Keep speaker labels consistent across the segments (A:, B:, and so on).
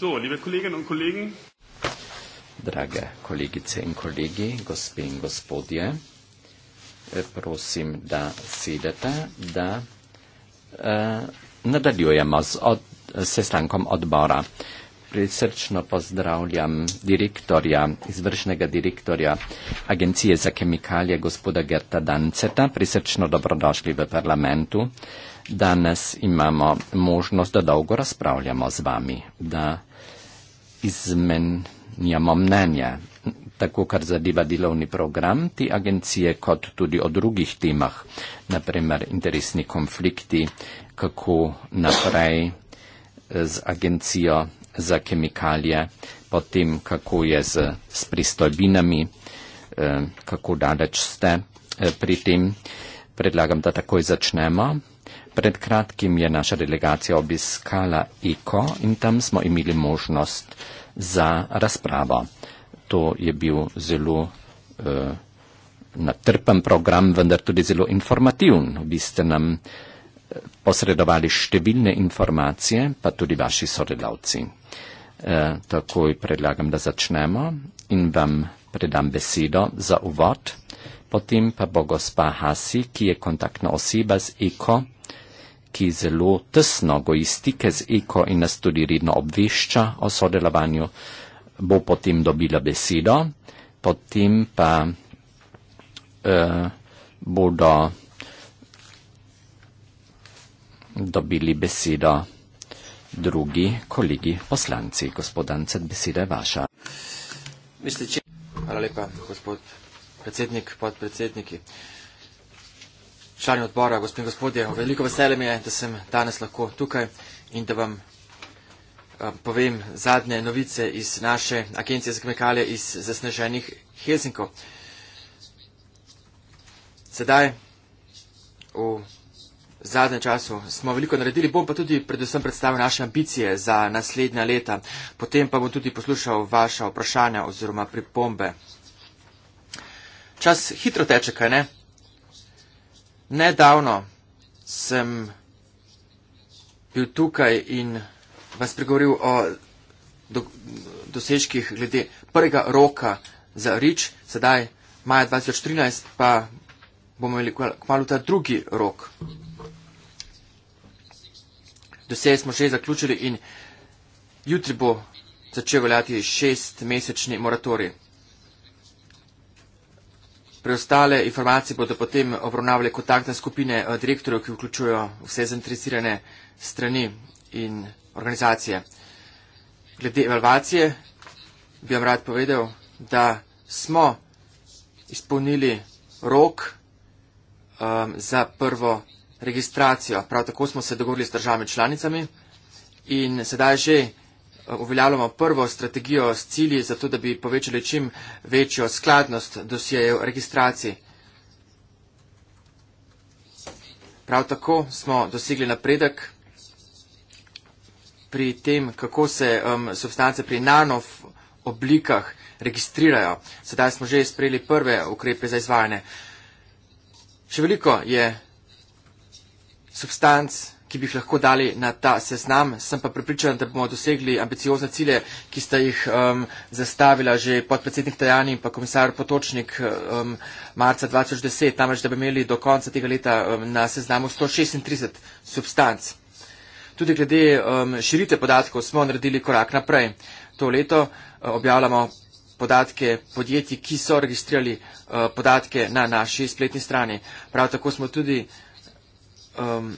A: So, liebe Kolleginnen und Kollegen.
B: Drage kolegice in kolegi, gospe in gospodje, eh, prosim, da sedete, da eh, nadaljujemo s od, sestankom odbora. Prisrčno pozdravljam direktorja, izvršnega direktorja Agencije za kemikalije, gospoda Gerta Danceta. Prisrčno dobrodošli v parlamentu danes imamo možnost, da dolgo razpravljamo z vami, da izmenjamo mnenje, tako kar zadeva delovni program te agencije, kot tudi o drugih temah, naprimer interesni konflikti, kako naprej eh, z agencijo za kemikalije, potem kako je z, s pristojbinami, eh, kako daleč ste eh, pri tem. Predlagam, da takoj začnemo. Pred kratkim je naša delegacija obiskala IKO in tam smo imeli možnost za razpravo. To je bil zelo eh, natrpen program, vendar tudi zelo informativen. Vi ste nam eh, posredovali številne informacije, pa tudi vaši sodelavci. Eh, takoj predlagam, da začnemo in vam predam besedo za uvod. Potem pa bo gospa Hasi, ki je kontaktna oseba z IKO ki zelo tesno goji stike z Eko in nas tudi redno obvešča o sodelovanju, bo potem dobila besedo, potem pa eh, bodo dobili besedo drugi kolegi poslanci. Gospod Ancet, beseda je vaša.
C: Misliči. Hvala lepa, gospod predsednik, podpredsedniki člani odbora, gospod in gospodje, veliko vesele mi je, da sem danes lahko tukaj in da vam eh, povem zadnje novice iz naše agencije za kemikalije iz zasneženih Helsinkov. Sedaj v zadnjem času smo veliko naredili, bom pa tudi predvsem predstavil naše ambicije za naslednja leta, potem pa bom tudi poslušal vaša vprašanja oziroma pripombe. Čas hitro teče, kaj ne? Nedavno sem bil tukaj in vas pregovoril o dosežkih glede prvega roka za rič, sedaj maja 2013 pa bomo imeli kmalo ta drugi rok. Dosej smo že zaključili in jutri bo začel veljati šest mesečni moratorij. Preostale informacije bodo potem obravnavale kontaktne skupine eh, direktorjev, ki vključujo vse zainteresirane strani in organizacije. Glede evalvacije bi vam rad povedal, da smo izpolnili rok um, za prvo registracijo. Prav tako smo se dogovorili s državami članicami in sedaj že uveljavljamo prvo strategijo s cilji za to, da bi povečali čim večjo skladnost dosjejev registracij. Prav tako smo dosegli napredek pri tem, kako se um, substance pri nanov oblikah registrirajo. Sedaj smo že sprejeli prve ukrepe za izvajanje. Še veliko je substanc ki bi jih lahko dali na ta seznam. Sem pa pripričan, da bomo dosegli ambiciozne cilje, ki sta jih um, zastavila že podpredsednik Tajani in pa komisar Potočnik um, marca 2010, namreč da bi imeli do konca tega leta um, na seznamu 136 substanc. Tudi glede um, širite podatkov smo naredili korak naprej. To leto uh, objavljamo podatke podjetij, ki so registrirali uh, podatke na naši spletni strani. Prav tako smo tudi um,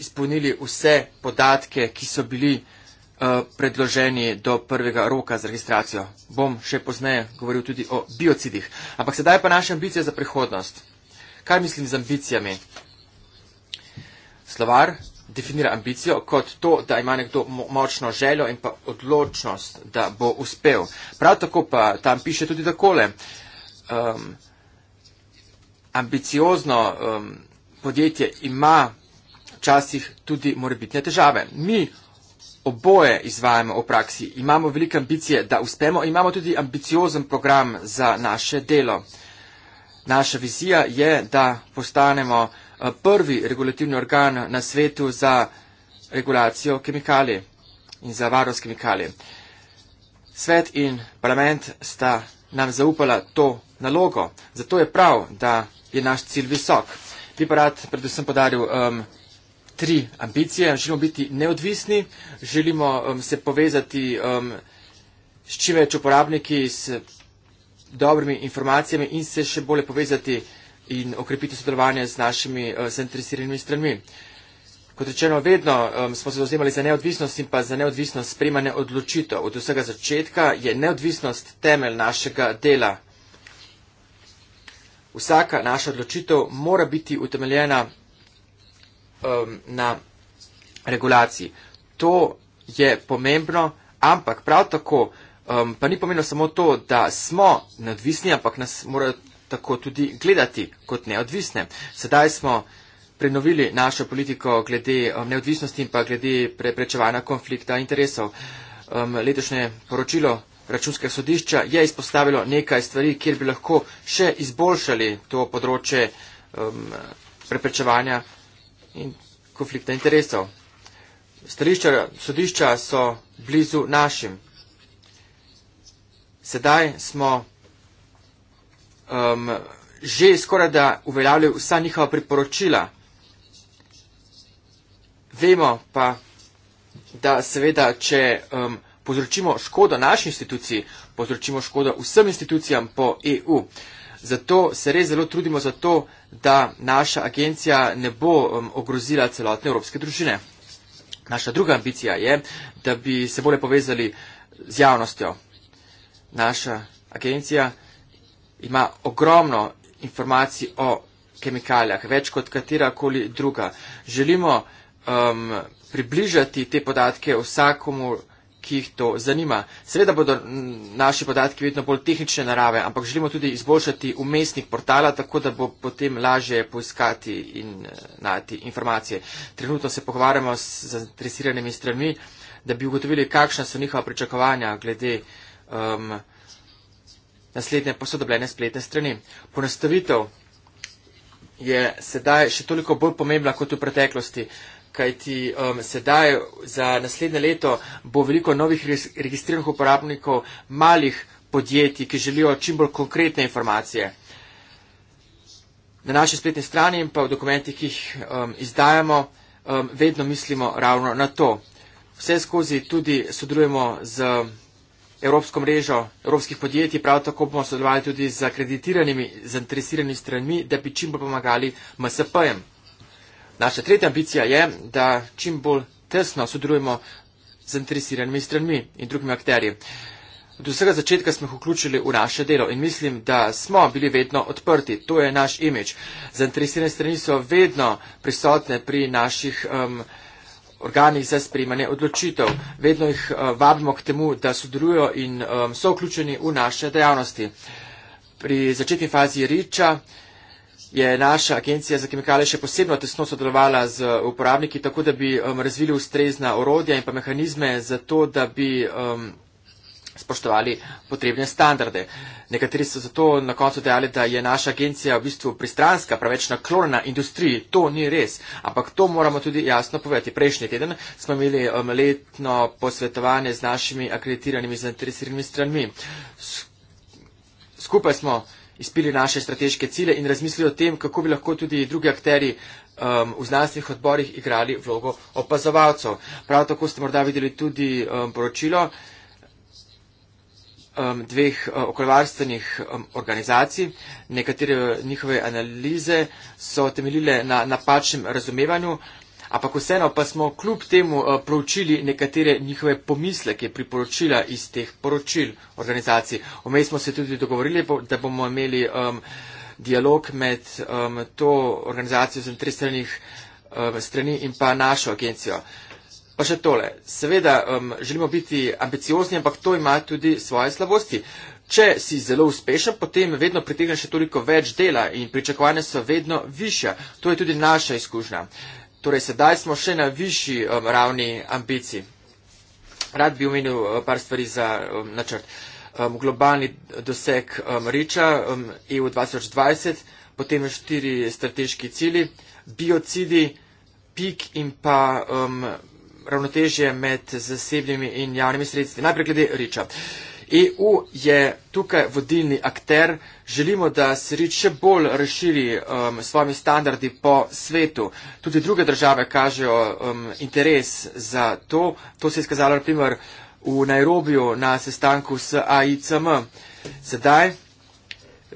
C: izpolnili vse podatke, ki so bili uh, predloženi do prvega roka z registracijo. Bom še pozneje govoril tudi o biocidih. Ampak sedaj pa naše ambicije za prihodnost. Kaj mislim z ambicijami? Slovar definira ambicijo kot to, da ima nekdo močno željo in pa odločnost, da bo uspel. Prav tako pa tam piše tudi takole. Um, ambiciozno um, podjetje ima včasih tudi morebitne težave. Mi oboje izvajamo v praksi, imamo velike ambicije, da uspemo, imamo tudi ambiciozen program za naše delo. Naša vizija je, da postanemo eh, prvi regulativni organ na svetu za regulacijo kemikalij in za varnost kemikalij. Svet in parlament sta nam zaupala to nalogo, zato je prav, da je naš cilj visok. Bi pa rad predvsem podaril um, tri ambicije. Želimo biti neodvisni, želimo um, se povezati um, s čim več uporabniki, s dobrimi informacijami in se še bolje povezati in okrepiti sodelovanje z našimi uh, zainteresiranimi stranmi. Kot rečeno, vedno um, smo se zauzemali za neodvisnost in pa za neodvisnost sprejmanja odločitev. Od vsega začetka je neodvisnost temelj našega dela. Vsaka naša odločitev mora biti utemeljena um, na regulaciji. To je pomembno, ampak prav tako, um, pa ni pomembno samo to, da smo neodvisni, ampak nas morajo tako tudi gledati kot neodvisne. Sedaj smo prenovili našo politiko glede um, neodvisnosti in pa glede preprečevanja konflikta interesov. Um, letošnje poročilo računskega sodišča je izpostavilo nekaj stvari, kjer bi lahko še izboljšali to področje um, preprečevanja in konflikta interesov. Stališča sodišča so blizu našim. Sedaj smo um, že skoraj da uveljavljali vsa njihova priporočila. Vemo pa, da seveda, če um, povzročimo škodo naši instituciji, povzročimo škodo vsem institucijam po EU. Uh, Zato se res zelo trudimo za to, da naša agencija ne bo um, ogrozila celotne evropske družine. Naša druga ambicija je, da bi se bolje povezali z javnostjo. Naša agencija ima ogromno informacij o kemikalijah, več kot katerakoli druga. Želimo um, približati te podatke vsakomu ki jih to zanima. Seveda bodo naši podatki vedno bolj tehnične narave, ampak želimo tudi izboljšati umestnik portala, tako da bo potem lažje poiskati in eh, najti informacije. Trenutno se pogovarjamo s zainteresiranimi stranmi, da bi ugotovili, kakšna so njihova pričakovanja glede um, naslednje posodobljene spletne strani. Ponastavitev je sedaj še toliko bolj pomembna kot v preteklosti. Uh, kajti um, sedaj za naslednje leto bo veliko novih registriranih uporabnikov malih podjetij, ki želijo čim bolj konkretne informacije. Na naši spletni strani in pa v dokumentih, ki jih um, izdajamo, um, vedno mislimo ravno na to. Vse skozi tudi sodelujemo z Evropsko mrežo evropskih podjetij, prav tako bomo sodelovali tudi z akreditiranimi, zainteresiranimi stranmi, da bi čim bolj pomagali MSP-jem. Naša tretja ambicija je, da čim bolj tesno sodelujemo z interesiranimi stranmi in drugimi akterji. Od vsega začetka smo jih vključili v naše delo in mislim, da smo bili vedno odprti. To je naš imič. Zainteresirane strani so vedno prisotne pri naših um, organih za sprejmanje odločitev. Vedno jih uh, vabimo k temu, da sodelujo in um, so vključeni v naše dejavnosti. Pri začetni fazi riča je naša agencija za kemikalije še posebno tesno sodelovala z uporabniki, tako da bi um, razvili ustrezna orodja in pa mehanizme za to, da bi um, spoštovali potrebne standarde. Nekateri so zato na koncu dejali, da je naša agencija v bistvu pristranska, preveč naklonjena industriji. To ni res, ampak to moramo tudi jasno povedati. Prejšnji teden smo imeli um, letno posvetovanje z našimi akreditiranimi zainteresiranimi stranmi. Skupaj smo izpili naše strateške cile in razmislili o tem, kako bi lahko tudi drugi akteri um, v znanstvenih odborih igrali vlogo opazovalcev. Prav tako ste morda videli tudi um, poročilo um, dveh uh, okoljvarstvenih um, organizacij. Nekatere njihove analize so temeljile na napačnem razumevanju Ampak vseeno pa smo kljub temu eh, proučili nekatere njihove pomisleke, priporočila iz teh poročil organizacij. Omej smo se tudi dogovorili, da bomo imeli um, dialog med um, to organizacijo z tristranih um, strani in pa našo agencijo. Pa še tole. Seveda um, želimo biti ambiciozni, ampak to ima tudi svoje slabosti. Če si zelo uspešen, potem vedno pritegneš toliko več dela in pričakovanja so vedno više. To je tudi naša izkušnja. Torej, sedaj smo še na višji um, ravni ambicij. Rad bi omenil uh, par stvari za um, načrt. Um, globalni doseg um, Riča um, EU 2020, potem štiri strateški cili, biocidi, pik in pa um, ravnotežje med zasebnimi in javnimi sredstvi. Najprej glede Riča. Uh, EU je tukaj vodilni akter, želimo, da se rič še bolj razširi um, svojimi standardi po svetu. Tudi druge države kažejo um, interes za to. To se je skazalo, na primer, v Nairobiju na sestanku s AICM. Sedaj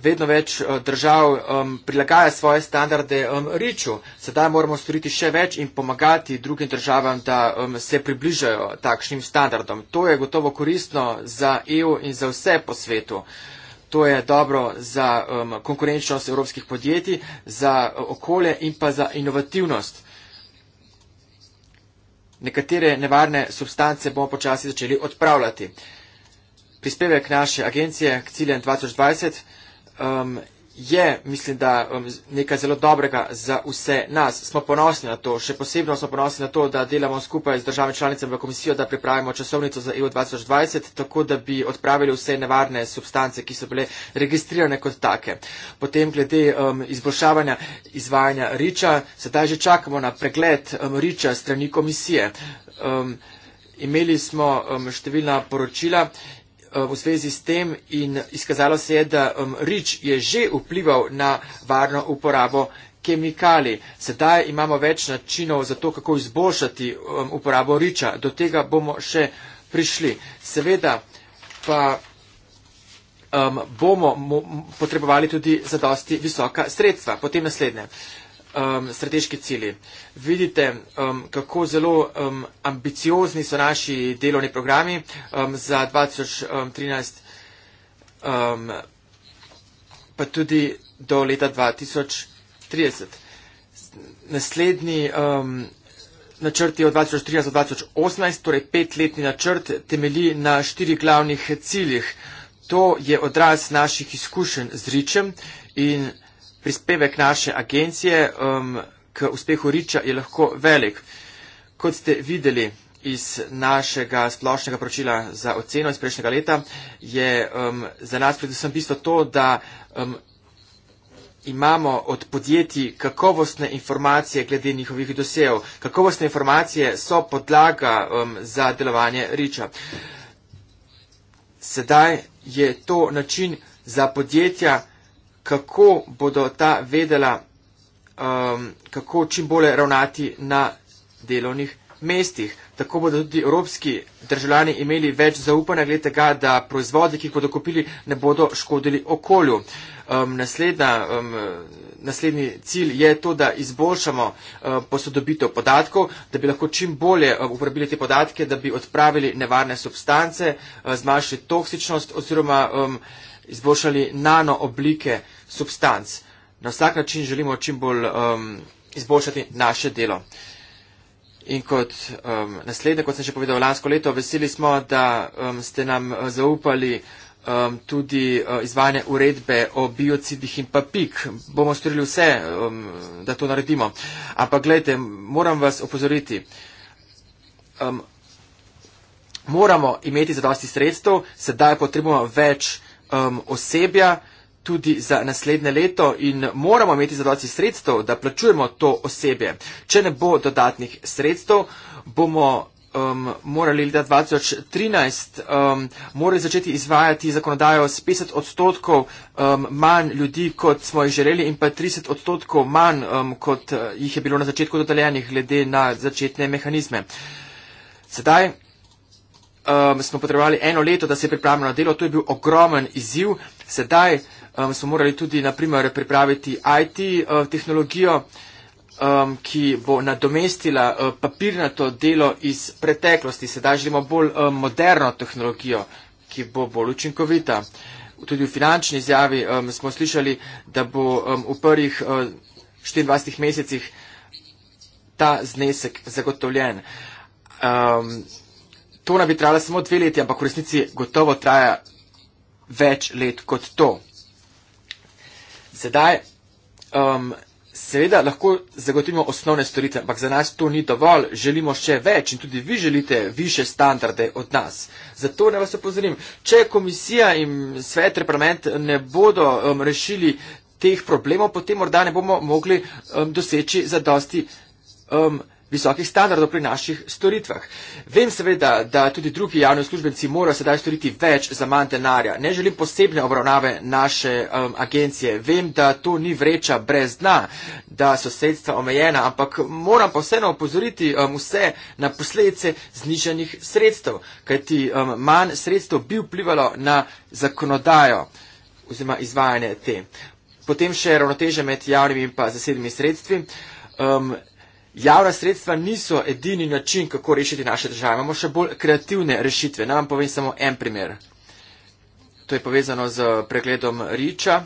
C: vedno več eh, držav um, prilagaja svoje standarde um, riču. Sedaj moramo storiti še več in pomagati drugim državam, da um, se približajo takšnim standardom. To je gotovo koristno za EU in za vse po svetu. To je dobro za um, konkurenčnost evropskih podjetij, za eh, okolje in pa za inovativnost. Nekatere nevarne substance bomo počasi začeli odpravljati. Prispevek naše agencije k ciljem 2020 um, je, mislim, da um, nekaj zelo dobrega za vse nas. Smo ponosni na to, še posebno smo ponosni na to, da delamo skupaj z državami članicami v komisijo, da pripravimo časovnico za EU 2020, tako da bi odpravili vse nevarne substance, ki so bile registrirane kot take. Potem glede um, izboljšavanja izvajanja riča, sedaj že čakamo na pregled um, riča strani komisije. Um, imeli smo um, številna poročila Eh, v zvezi s tem in izkazalo se je, da Rič je že vplival na varno uporabo kemikali. Sedaj imamo več načinov za to, kako izboljšati uporabo Riča. Do tega bomo še prišli. Seveda pa bomo potrebovali tudi za dosti visoka sredstva. Potem naslednje um, strateški cilji. Vidite, um, kako zelo um, ambiciozni so naši delovni programi um, za 2013, um, um, pa tudi do leta 2030. Naslednji um, načrt je od 2013 do 2018, torej petletni načrt temelji na štirih glavnih ciljih. To je odraz naših izkušenj z ričem in prispevek naše agencije um, k uspehu Riča je lahko velik. Kot ste videli iz našega splošnega pročila za oceno iz prejšnjega leta, je um, za nas predvsem bistvo to, da um, imamo od podjetij kakovostne informacije glede njihovih dosejev. Kakovostne informacije so podlaga um, za delovanje Riča. Sedaj je to način za podjetja, kako bodo ta vedela, um, kako čim bolje ravnati na delovnih mestih. Tako bodo tudi evropski državljani imeli več zaupanja glede tega, da proizvodi, ki jih bodo kupili, ne bodo škodili okolju. Um, naslednja, um, naslednji cilj je to, da izboljšamo um, posodobitev podatkov, da bi lahko čim bolje um, uporabili te podatke, da bi odpravili nevarne substance, um, zmanjšali toksičnost oziroma um, izboljšali nano oblike substanc. Na vsak način želimo čim bolj um, izboljšati naše delo. In kot um, naslednje, kot sem že povedal lansko leto, veseli smo, da um, ste nam uh, zaupali um, tudi uh, izvajanje uredbe o biocidih in papik. Bomo storili vse, um, da to naredimo. Ampak gledajte, moram vas opozoriti. Um, moramo imeti zadosti sredstev, sedaj potrebujemo več um, osebja tudi za naslednje leto in moramo imeti zadosti sredstev, da plačujemo to osebje. Če ne bo dodatnih sredstev, bomo um, morali leta 2013 um, morali začeti izvajati zakonodajo s 50 odstotkov um, manj ljudi, kot smo jih želeli in pa 30 odstotkov manj, um, kot uh, jih je bilo na začetku dodeljenih glede na začetne mehanizme. Sedaj um, smo potrebovali eno leto, da se pripravimo na delo, to je bil ogromen izziv. Sedaj um, smo morali tudi, naprimer, pripraviti IT uh, tehnologijo, um, ki bo nadomestila uh, papirnato delo iz preteklosti. Sedaj želimo bolj uh, moderno tehnologijo, ki bo bolj učinkovita. Tudi v finančni izjavi um, smo slišali, da bo um, v prvih uh, 24 mesecih ta znesek zagotovljen. Um, to naj bi trajalo samo dve leti, ampak v resnici gotovo traja več let kot to. Sedaj, um, seveda lahko zagotovimo osnovne storitve, ampak za nas to ni dovolj, želimo še več in tudi vi želite više standarde od nas. Zato ne vas opozorim, če komisija in svet reprement ne bodo um, rešili teh problemov, potem morda ne bomo mogli um, doseči za dosti. Um, visokih standardov pri naših storitvah. Vem seveda, da tudi drugi javni službenci morajo sedaj storiti več za manj denarja. Ne želim posebne obravnave naše um, agencije. Vem, da to ni vreča brez dna, da so sredstva omejena, ampak moram pa vseeno opozoriti um, vse na posledice znižanih sredstev, kajti um, manj sredstev bi vplivalo na zakonodajo oziroma izvajanje te. Potem še ravnoteže med javnimi in pa zasebnimi sredstvi. Um, Javna sredstva niso edini način, kako rešiti naše države. Imamo še bolj kreativne rešitve. Naj vam povem samo en primer. To je povezano z pregledom Riča.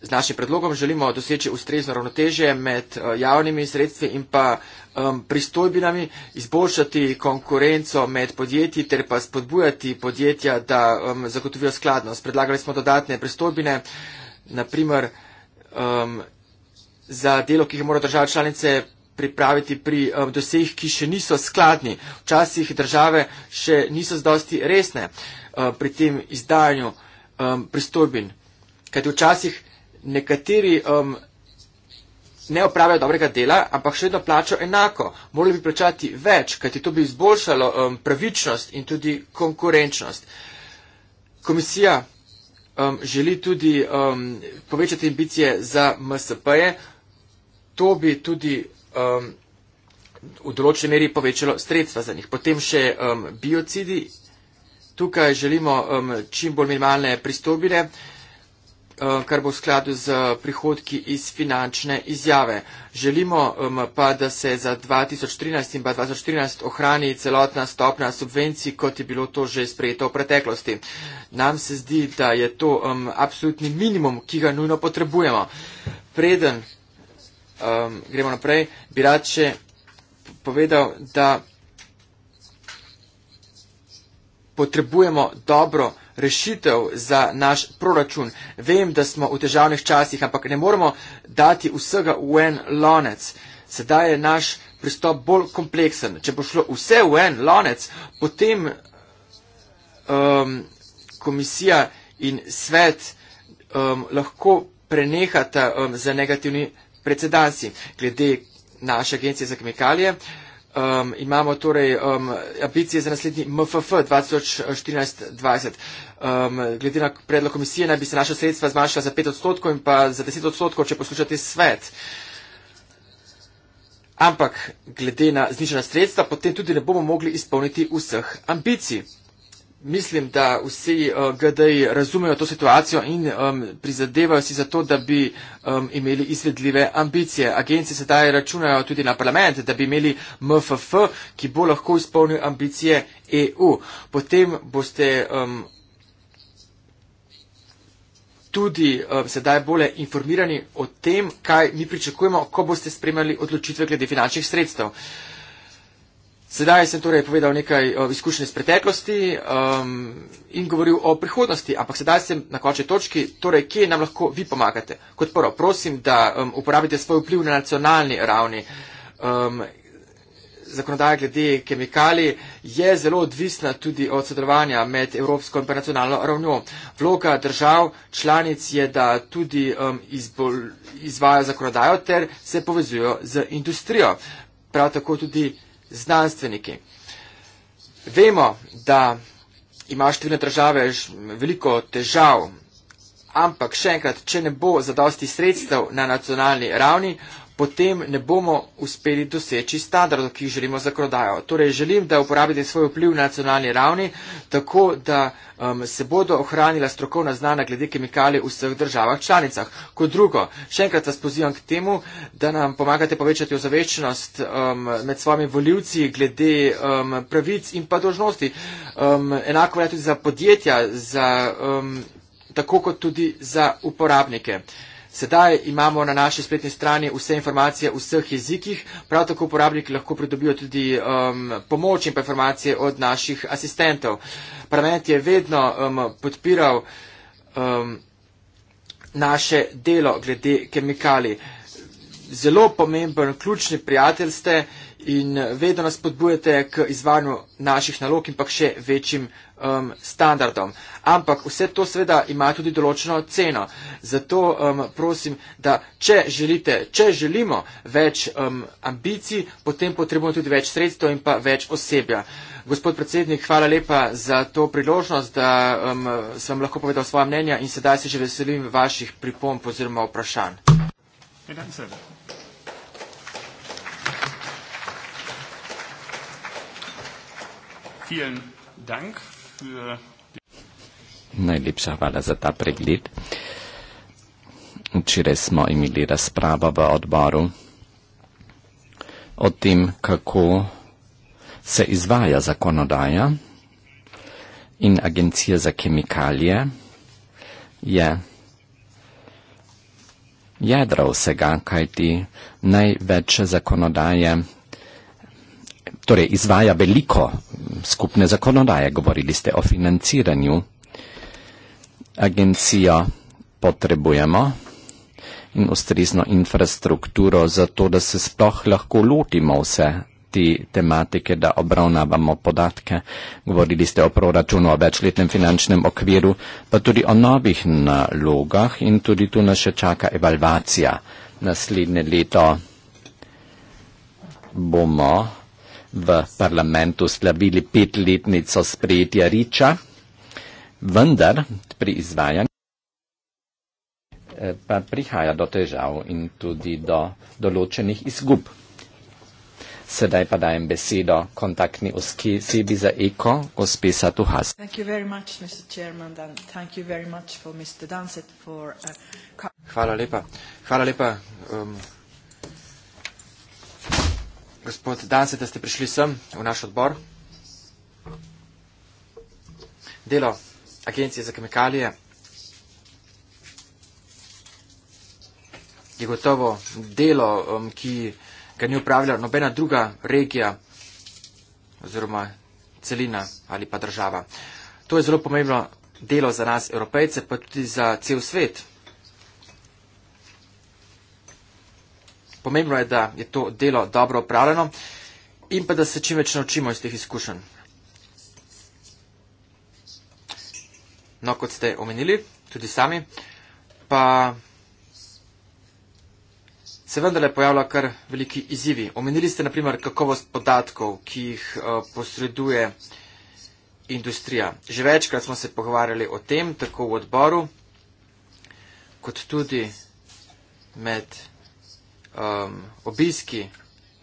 C: Z našim predlogom želimo doseči ustrezno ravnotežje med eh, javnimi sredstvi in pa um, pristojbinami, izboljšati konkurenco med podjetji ter pa spodbujati podjetja, da um, zagotovijo skladnost. Predlagali smo dodatne pristojbine, naprimer um, za delo, ki jih morajo države članice pripraviti pri um, dosegih, ki še niso skladni. Včasih države še niso zdosti resne um, pri tem izdajanju um, pristojbin. Kajti včasih nekateri um, ne opravijo dobrega dela, ampak še vedno plačajo enako. Morali bi plačati več, kajti to bi izboljšalo um, pravičnost in tudi konkurenčnost. Komisija um, želi tudi um, povečati ambicije za MSP-je to bi tudi um, v določeni meri povečalo sredstva za njih. Potem še um, biocidi. Tukaj želimo um, čim bolj minimalne pristopine, um, kar bo v skladu z prihodki iz finančne izjave. Želimo um, pa, da se za 2013 in pa 2014 ohrani celotna stopna subvencij, kot je bilo to že sprejeto v preteklosti. Nam se zdi, da je to um, absolutni minimum, ki ga nujno potrebujemo. Preden um, gremo naprej, bi rad še povedal, da potrebujemo dobro rešitev za naš proračun. Vem, da smo v težavnih časih, ampak ne moramo dati vsega v en lonec. Sedaj je naš pristop bolj kompleksen. Če bo šlo vse v en lonec, potem um, komisija in svet um, lahko prenehata um, za negativni predsedanci. Glede naše agencije za kemikalije. Um, imamo torej um, ambicije za naslednji MFF 2014-2020. Um, glede na predlog komisije naj bi se naša sredstva zmanjšala za 5 odstotkov in pa za 10 odstotkov, če poslušate svet. Ampak glede na znižena sredstva, potem tudi ne bomo mogli izpolniti vseh ambicij. Mislim, da vsi uh, eh, GDI razumejo to situacijo in um, prizadevajo si za to, da bi um, imeli izvedljive ambicije. Agencije sedaj računajo tudi na parlament, da bi imeli MFF, ki bo lahko izpolnil ambicije EU. Potem boste um, tudi um, sedaj bolje informirani o tem, kaj mi pričakujemo, ko boste spremljali odločitve glede finančnih sredstev. Uh, Sedaj sem torej povedal nekaj izkušenj iz preteklosti um, in govoril o prihodnosti, ampak sedaj sem na končni točki, torej kje nam lahko vi pomagate. Kot prvo, prosim, da um, uporabite svoj vpliv na nacionalni ravni. Um, zakonodaja glede kemikalij je zelo odvisna tudi od sodelovanja med evropsko in pa nacionalno ravnjo. Vloga držav članic je, da tudi um, izvajo zakonodajo ter se povezujo z industrijo. Prav tako tudi znanstveniki. Vemo, da ima številne države veliko težav, ampak še enkrat, če ne bo zadosti sredstev na nacionalni ravni, potem ne bomo uspeli doseči standardov, ki jih želimo zakonodajo. Torej, želim, da uporabite svoj vpliv na nacionalni ravni, tako da um, se bodo ohranila strokovna znana glede kemikalije v vseh državah članicah. Kot drugo, še enkrat vas pozivam k temu, da nam pomagate povečati ozavečenost um, med svojimi voljivci glede um, pravic in pa dožnosti. Um, enako je tudi za podjetja, za, um, tako kot tudi za uporabnike. Sedaj imamo na naši spletni strani vse informacije v vseh jezikih, prav tako uporabniki lahko pridobijo tudi um, pomoč in pa informacije od naših asistentov. Parlament je vedno um, podpiral um, naše delo glede kemikali. Zelo pomemben, ključni prijatelj ste in vedno nas podbujate k izvanju naših nalog in pa k še večjim um, standardom. Ampak vse to seveda ima tudi določeno ceno. Zato um, prosim, da če želite, če želimo več um, ambicij, potem potrebujemo tudi več sredstev in pa več osebja. Gospod predsednik, hvala lepa za to priložnost, da um, sem lahko povedal svoje mnenja in sedaj se že veselim vaših pripomp oziroma vprašanj. Vielen Dank.
B: Najlepša hvala za ta pregled. Včeraj smo imeli razpravo v odboru o tem, kako se izvaja zakonodaja in agencija za kemikalije je jedro vsega, kajti največ zakonodaje torej izvaja veliko skupne zakonodaje, govorili ste o financiranju. Agencijo potrebujemo in ustrezno infrastrukturo za to, da se sploh lahko lotimo vse te tematike, da obravnavamo podatke. Govorili ste o proračunu, o večletnem finančnem okviru, pa tudi o novih nalogah in tudi tu nas še čaka evalvacija. Naslednje leto bomo v parlamentu slavili petletnico sprejetja Riča, vendar pri izvajanju eh, pa prihaja do težav in tudi do določenih izgub. Sedaj pa dajem besedo kontaktni osebi za eko, gospe Satuhas.
A: Uh,
C: Hvala lepa. Hvala lepa. Um, gospod Danse, da ste prišli sem v naš odbor. Delo Agencije za kemikalije je gotovo delo, um, ki ga ni upravljala nobena druga regija oziroma celina ali pa država. To je zelo pomembno delo za nas, evropejce, pa tudi za cel svet. Pomembno je, da je to delo dobro upravljeno in pa da se čim več naučimo iz teh izkušenj. No, kot ste omenili, tudi sami, pa se vendarle pojavlja kar veliki izzivi. Omenili ste naprimer kakovost podatkov, ki jih eh, posreduje industrija. Že večkrat smo se pogovarjali o tem, tako v odboru, kot tudi med um, obiski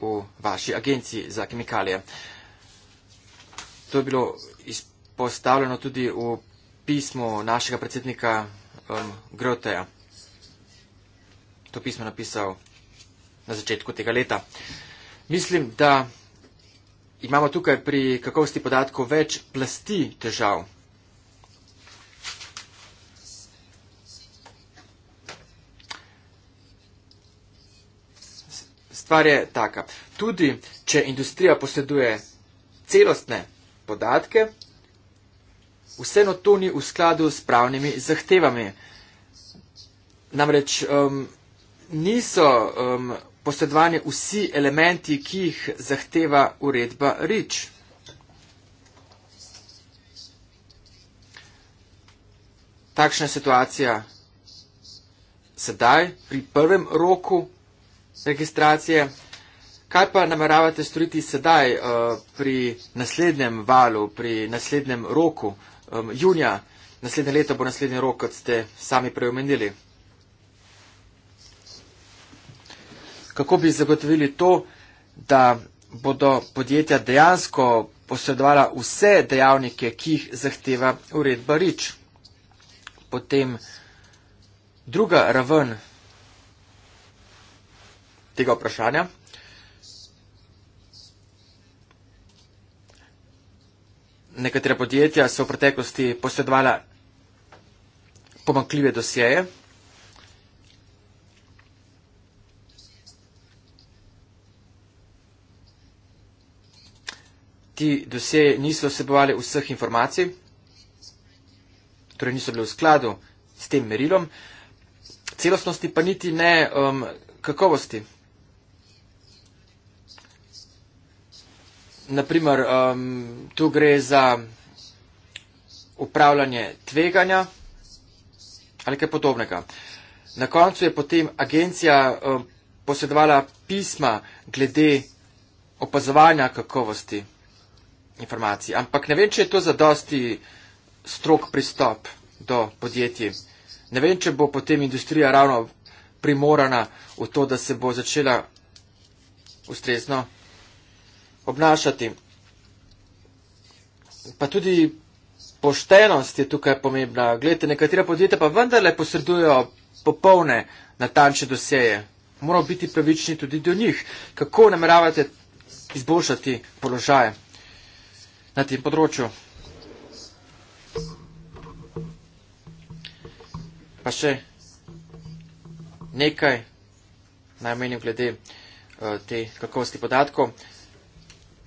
C: v vaši agenciji za kemikalije. To je bilo izpostavljeno tudi v pismu našega predsednika um, Groteja. To pismo je napisal na začetku tega leta. Mislim, da imamo tukaj pri kakovosti podatkov več plasti težav. stvar je taka. Tudi, če industrija poseduje celostne podatke, vseeno to ni v skladu s pravnimi zahtevami. Namreč um, niso um, posedovani vsi elementi, ki jih zahteva uredba REACH. Takšna situacija sedaj pri prvem roku registracije. Kaj pa nameravate storiti sedaj eh, pri naslednjem valu, pri naslednjem roku, junija? Naslednje leto bo naslednji rok, kot ste sami preomenili. Kako bi zagotovili to, da bodo podjetja dejansko posredovala vse dejavnike, ki jih zahteva uredba RIČ? Potem druga raven tega vprašanja. Nekatera podjetja so v preteklosti posredovala pomankljive dosjeje. Ti dosjeje niso vsebovali vseh informacij, torej niso bili v skladu s tem merilom, celostnosti pa niti ne um, kakovosti. naprimer, um, tu gre za upravljanje tveganja ali kaj podobnega. Na koncu je potem agencija um, posedovala pisma glede opazovanja kakovosti informacij. Ampak ne vem, če je to za dosti strok pristop do podjetij. Ne vem, če bo potem industrija ravno primorana v to, da se bo začela ustrezno obnašati. Pa tudi poštenost je tukaj pomembna. Glede, nekatera podjetja pa vendarle posredujo popolne natančne doseje. Moramo biti pravični tudi do njih. Kako nameravate izboljšati položaje na tem področju? Pa še nekaj najmenim glede eh, te kakovosti podatkov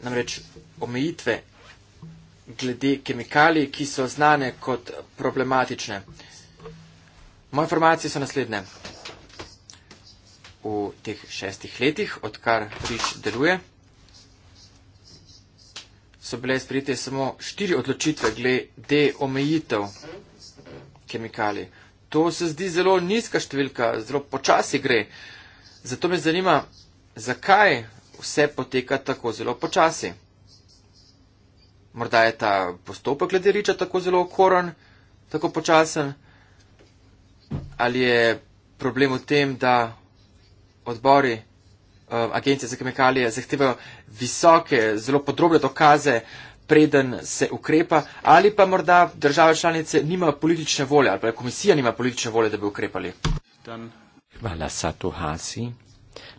C: namreč omejitve glede kemikalij, ki so znane kot problematične. Moje informacije so naslednje. V teh šestih letih, odkar Rič deluje, so bile sprejete samo štiri odločitve glede omejitev kemikalij. To se zdi zelo nizka številka, zelo počasi gre. Zato me zanima, zakaj vse poteka tako zelo počasi. Morda je ta postopek glede riča tako zelo okoren, tako počasen, ali je problem v tem, da odbori, um, agencije za kemikalije zahtevajo visoke, zelo podrobne dokaze, preden se ukrepa, ali pa morda države članice nimajo politične volje, ali pa komisija nima politične volje, da bi ukrepali.
B: Hvala, Satu Hasi.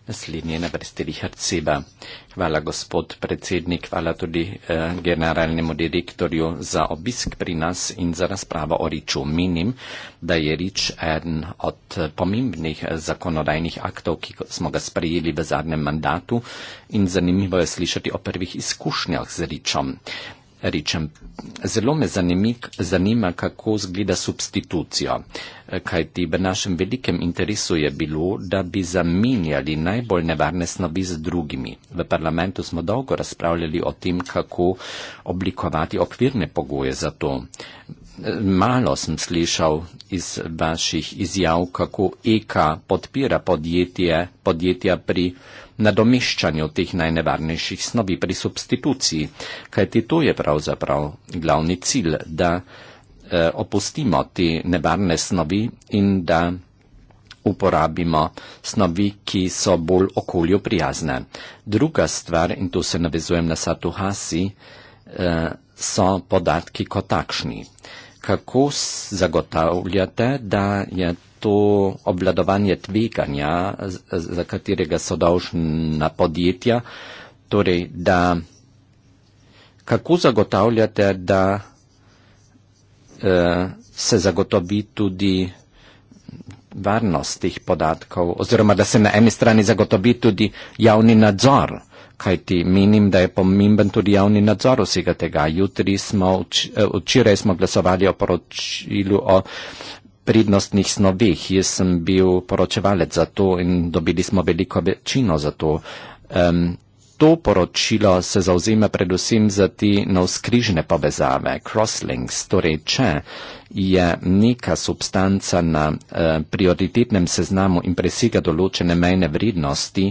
B: Naslednji je na vrsti Richard Seba. Hvala gospod predsednik, hvala tudi eh, generalnemu direktorju za obisk pri nas in za razpravo o Riču. Menim, da je Rič eden od eh, pomembnih eh, zakonodajnih aktov, ki smo ga sprejeli v zadnjem mandatu in zanimivo je slišati o prvih izkušnjah z Ričom. Ričem, zelo me zanimik, zanima, kako zgleda substitucija, kajti v našem velikem interesu je bilo, da bi zamenjali najbolj nevarne snovi z drugimi. V parlamentu smo dolgo razpravljali o tem, kako oblikovati okvirne pogoje za to. Malo sem slišal iz vaših izjav, kako EK podpira podjetje, podjetja pri nadomeščanju teh najnevarnejših snovi pri substituciji, kajti to je pravzaprav glavni cilj, da eh, opustimo te nevarne snovi in da uporabimo snovi, ki so bolj okolju prijazne. Druga stvar, in tu se navezujem na Satuhasi, eh, so podatki kot takšni. Kako zagotavljate, da je to obvladovanje tveganja, za katerega so dolžna podjetja. Torej, da kako zagotavljate, da eh, se zagotovi tudi varnost teh podatkov, oziroma da se na eni strani zagotovi tudi javni nadzor, kajti menim, da je pomemben tudi javni nadzor vsega tega. Jutri smo, eh, včeraj smo glasovali o poročilu o pridnostnih snovih. Jaz sem bil poročevalec za to in dobili smo veliko večino za to. Um, to poročilo se zauzema predvsem za te navskrižne povezave, crosslinks, torej če je neka substanca na uh, prioritetnem seznamu in presega določene mejne vrednosti,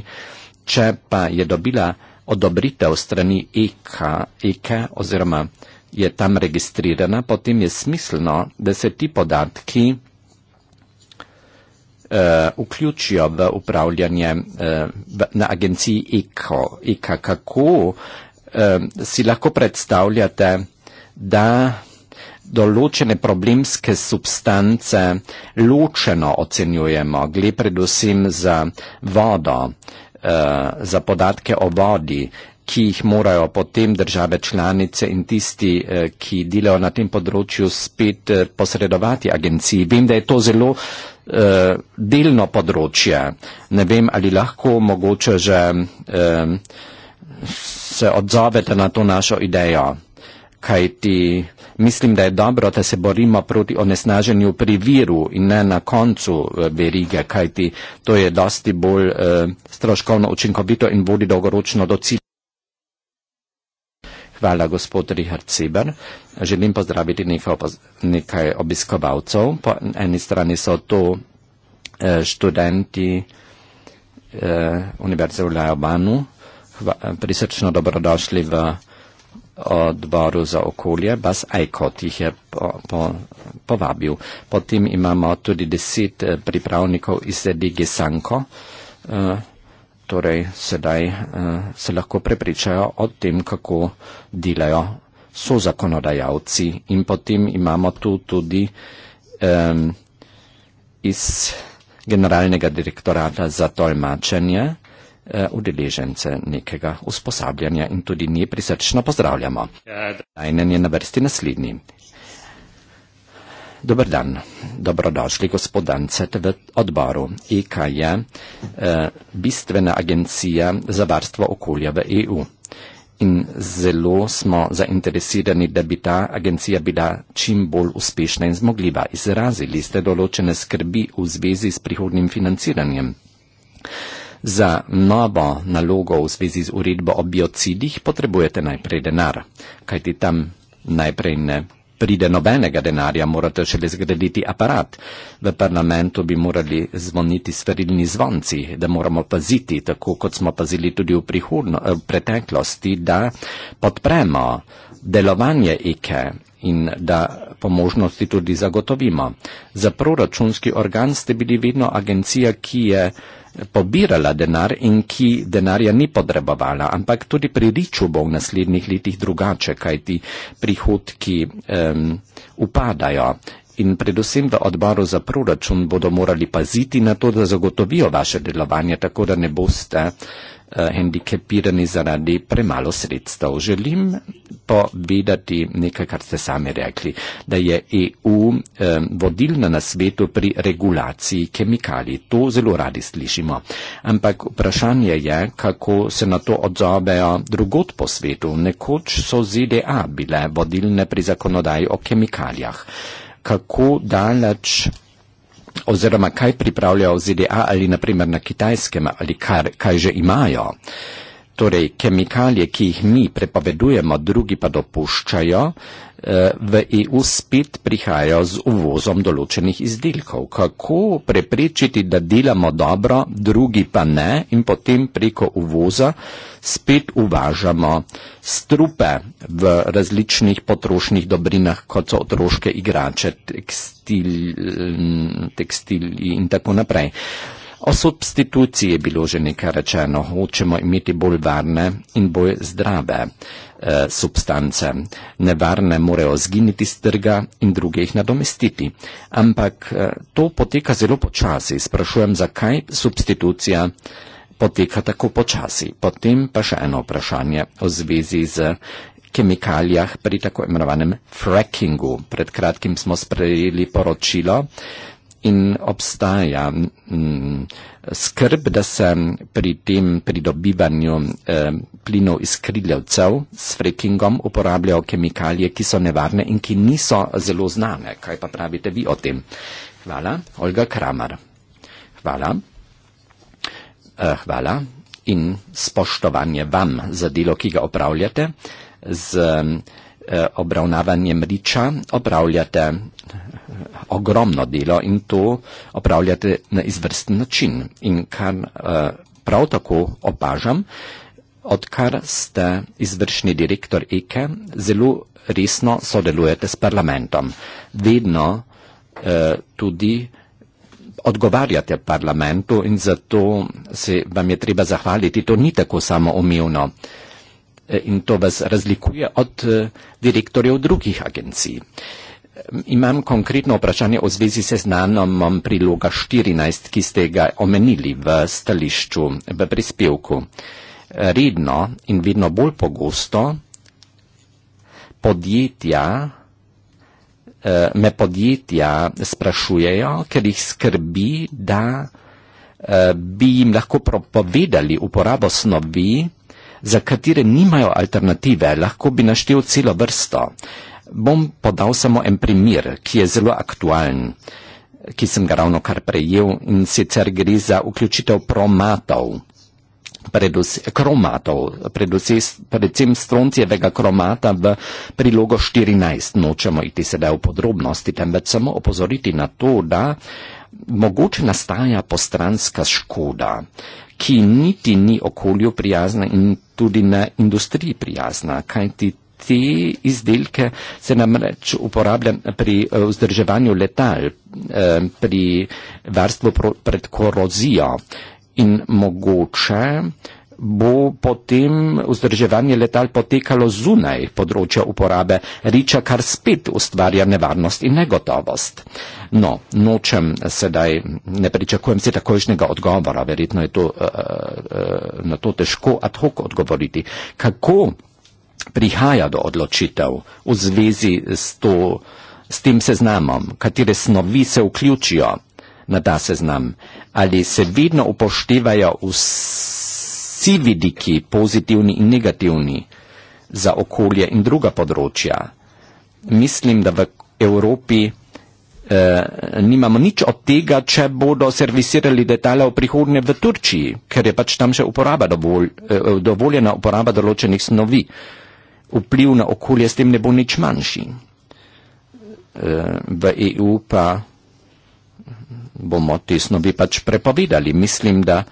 B: če pa je dobila odobritev strani EKA, EKA oziroma je tam registrirana, potem je smiselno, da se ti podatki uh, vključijo v upravljanje uh, na agenciji ICO. ICA kako uh, si lahko predstavljate, da določene problemske substance ločeno ocenjujemo, gre predvsem za vodo, uh, za podatke o vodi, uh, ki jih morajo potem države članice in tisti, eh, ki delajo na tem področju, spet eh, posredovati agenciji. Vem, da je to zelo uh, delno področje. Ne vem, ali lahko mogoče že uh, se odzovete na to našo idejo. Kaj ti mislim, da je dobro, da se borimo proti onesnaženju pri viru in ne na koncu verige, kaj ti to je dosti bolj uh, stroškovno učinkovito in vodi dolgoročno do cilja. Hvala gospod Richard Ciber. Želim pozdraviti nekaj, opaz, nekaj obiskovalcev. Po eni strani so to eh, študenti eh, Univerze v Leobanu. Prisrčno dobrodošli v odboru za okolje. Bas Ajkot jih je po, po, povabil. Potem imamo tudi deset eh, pripravnikov iz Digi Sanko. Eh, torej sedaj uh, se lahko prepričajo o tem, kako delajo so zakonodajalci. In potem imamo tu tudi um, iz generalnega direktorata za tolmačenje uh, udeležence nekega usposabljanja in tudi nje prisrčno pozdravljamo. Ja, Najnen je na vrsti naslednji. Dobar dan, dobrodošli gospod Dancet v odboru IKA je e, eh, bistvena agencija za varstvo okolja v EU. In zelo smo zainteresirani, da bi ta agencija bila čim bolj uspešna in zmogljiva. Izrazili ste določene skrbi v zvezi s prihodnim financiranjem. Za novo nalogo v zvezi z uredbo o biocidih potrebujete najprej denar, kajti tam najprej ne pride nobenega denarja, morate šele zgraditi aparat. V parlamentu bi morali zvoniti sferilni zvonci, da moramo paziti, tako kot smo pazili tudi v, prihurno, eh, v preteklosti, da podpremo delovanje IKE in da po možnosti tudi zagotovimo. Za proračunski organ ste bili vedno agencija, ki je pobirala denar in ki denarja ni potrebovala, ampak tudi pri riču bo v naslednjih letih drugače, kajti prihodki um, upadajo in predvsem v odboru za proračun bodo morali paziti na to, da zagotovijo vaše delovanje, tako da ne boste eh, hendikepirani zaradi premalo sredstev. Želim povedati nekaj, kar ste sami rekli, da je EU eh, vodilna na svetu pri regulaciji kemikalij. To zelo radi slišimo. Ampak vprašanje je, kako se na to odzovejo drugot po svetu. Nekoč so ZDA bile vodilne pri zakonodaji o kemikalijah kako daleč oziroma kaj pripravljajo v ZDA ali naprimer na kitajskem ali kar, kaj že imajo. Uh, Torej, kemikalije, ki jih mi prepovedujemo, drugi pa dopuščajo, eh, v EU spet prihajajo z uvozom določenih izdelkov. Kako preprečiti, da delamo dobro, drugi pa ne in potem preko uvoza spet uvažamo strupe v različnih potrošnih dobrinah, kot so otroške igrače, tekstil, mm, tekstil in tako naprej. O substituciji je bilo že nekaj rečeno. Hočemo imeti bolj varne in bolj zdrave eh, substance. Nevarne morajo zginiti z trga in druge jih nadomestiti. Ampak eh, to poteka zelo počasi. Sprašujem, zakaj substitucija poteka tako počasi. Potem pa še eno vprašanje o zvezi z kemikalijah pri tako imenovanem frackingu. Pred kratkim smo sprejeli poročilo, eh, in obstaja mm, skrb, da se pri tem pridobivanju eh, plinov iz kriljevcev s frekingom uporabljajo kemikalije, ki so nevarne in ki niso zelo znane. Kaj pa pravite vi o tem? Hvala. Olga Kramar. Hvala. Eh, hvala in spoštovanje vam za delo, ki ga opravljate. Z eh, obravnavanjem riča opravljate ogromno delo in to opravljate na izvrsten način. In kar eh, prav tako opažam, odkar ste izvršni direktor Eke, zelo resno sodelujete s parlamentom. Vedno eh, tudi odgovarjate parlamentu in zato se vam je treba zahvaliti. To ni tako samoumevno eh, in to vas razlikuje od direktorjev drugih agencij. Imam konkretno vprašanje v zvezi se znanom priloga 14, ki ste ga omenili v stališču, v prispevku. Redno in vedno bolj pogosto podjetja, eh, me podjetja sprašujejo, ker jih skrbi, da eh, bi jim lahko propovedali uporabo snovi, za katere nimajo alternative, lahko bi naštel celo vrsto bom podal samo en primer, ki je zelo aktualen, ki sem ga ravno kar prejel in sicer gre za vključitev promatov. Predvs kromatov, predvse, predvsem stroncijevega kromata v prilogo 14. Nočemo iti sedaj v podrobnosti, temveč samo opozoriti na to, da mogoče nastaja postranska škoda, ki niti ni okolju prijazna in tudi ne industriji prijazna, kajti te izdelke se namreč uporablja pri eh, vzdrževanju letal, eh, pri varstvu pred korozijo in mogoče bo potem vzdrževanje letal potekalo zunaj področja uporabe riča, kar spet ustvarja nevarnost in negotovost. No, nočem sedaj, ne pričakujem se takojšnjega odgovora, verjetno je to uh, uh, na to težko ad hoc odgovoriti. Kako prihaja do odločitev v zvezi s, to, s tem seznamom, katere snovi se vključijo na ta seznam, ali se vedno upoštevajo vsi vidiki, pozitivni in negativni, za okolje in druga področja. Mislim, da v Evropi eh, nimamo nič od tega, če bodo servisirali detale o prihodnje v Turčiji, ker je pač tam še uporaba dovolj, eh, dovoljena uporaba določenih snovi. Eh, vpliv na okolje s tem ne bo nič manjši. E, v EU pa bomo te snovi pač prepovedali. Mislim, da e,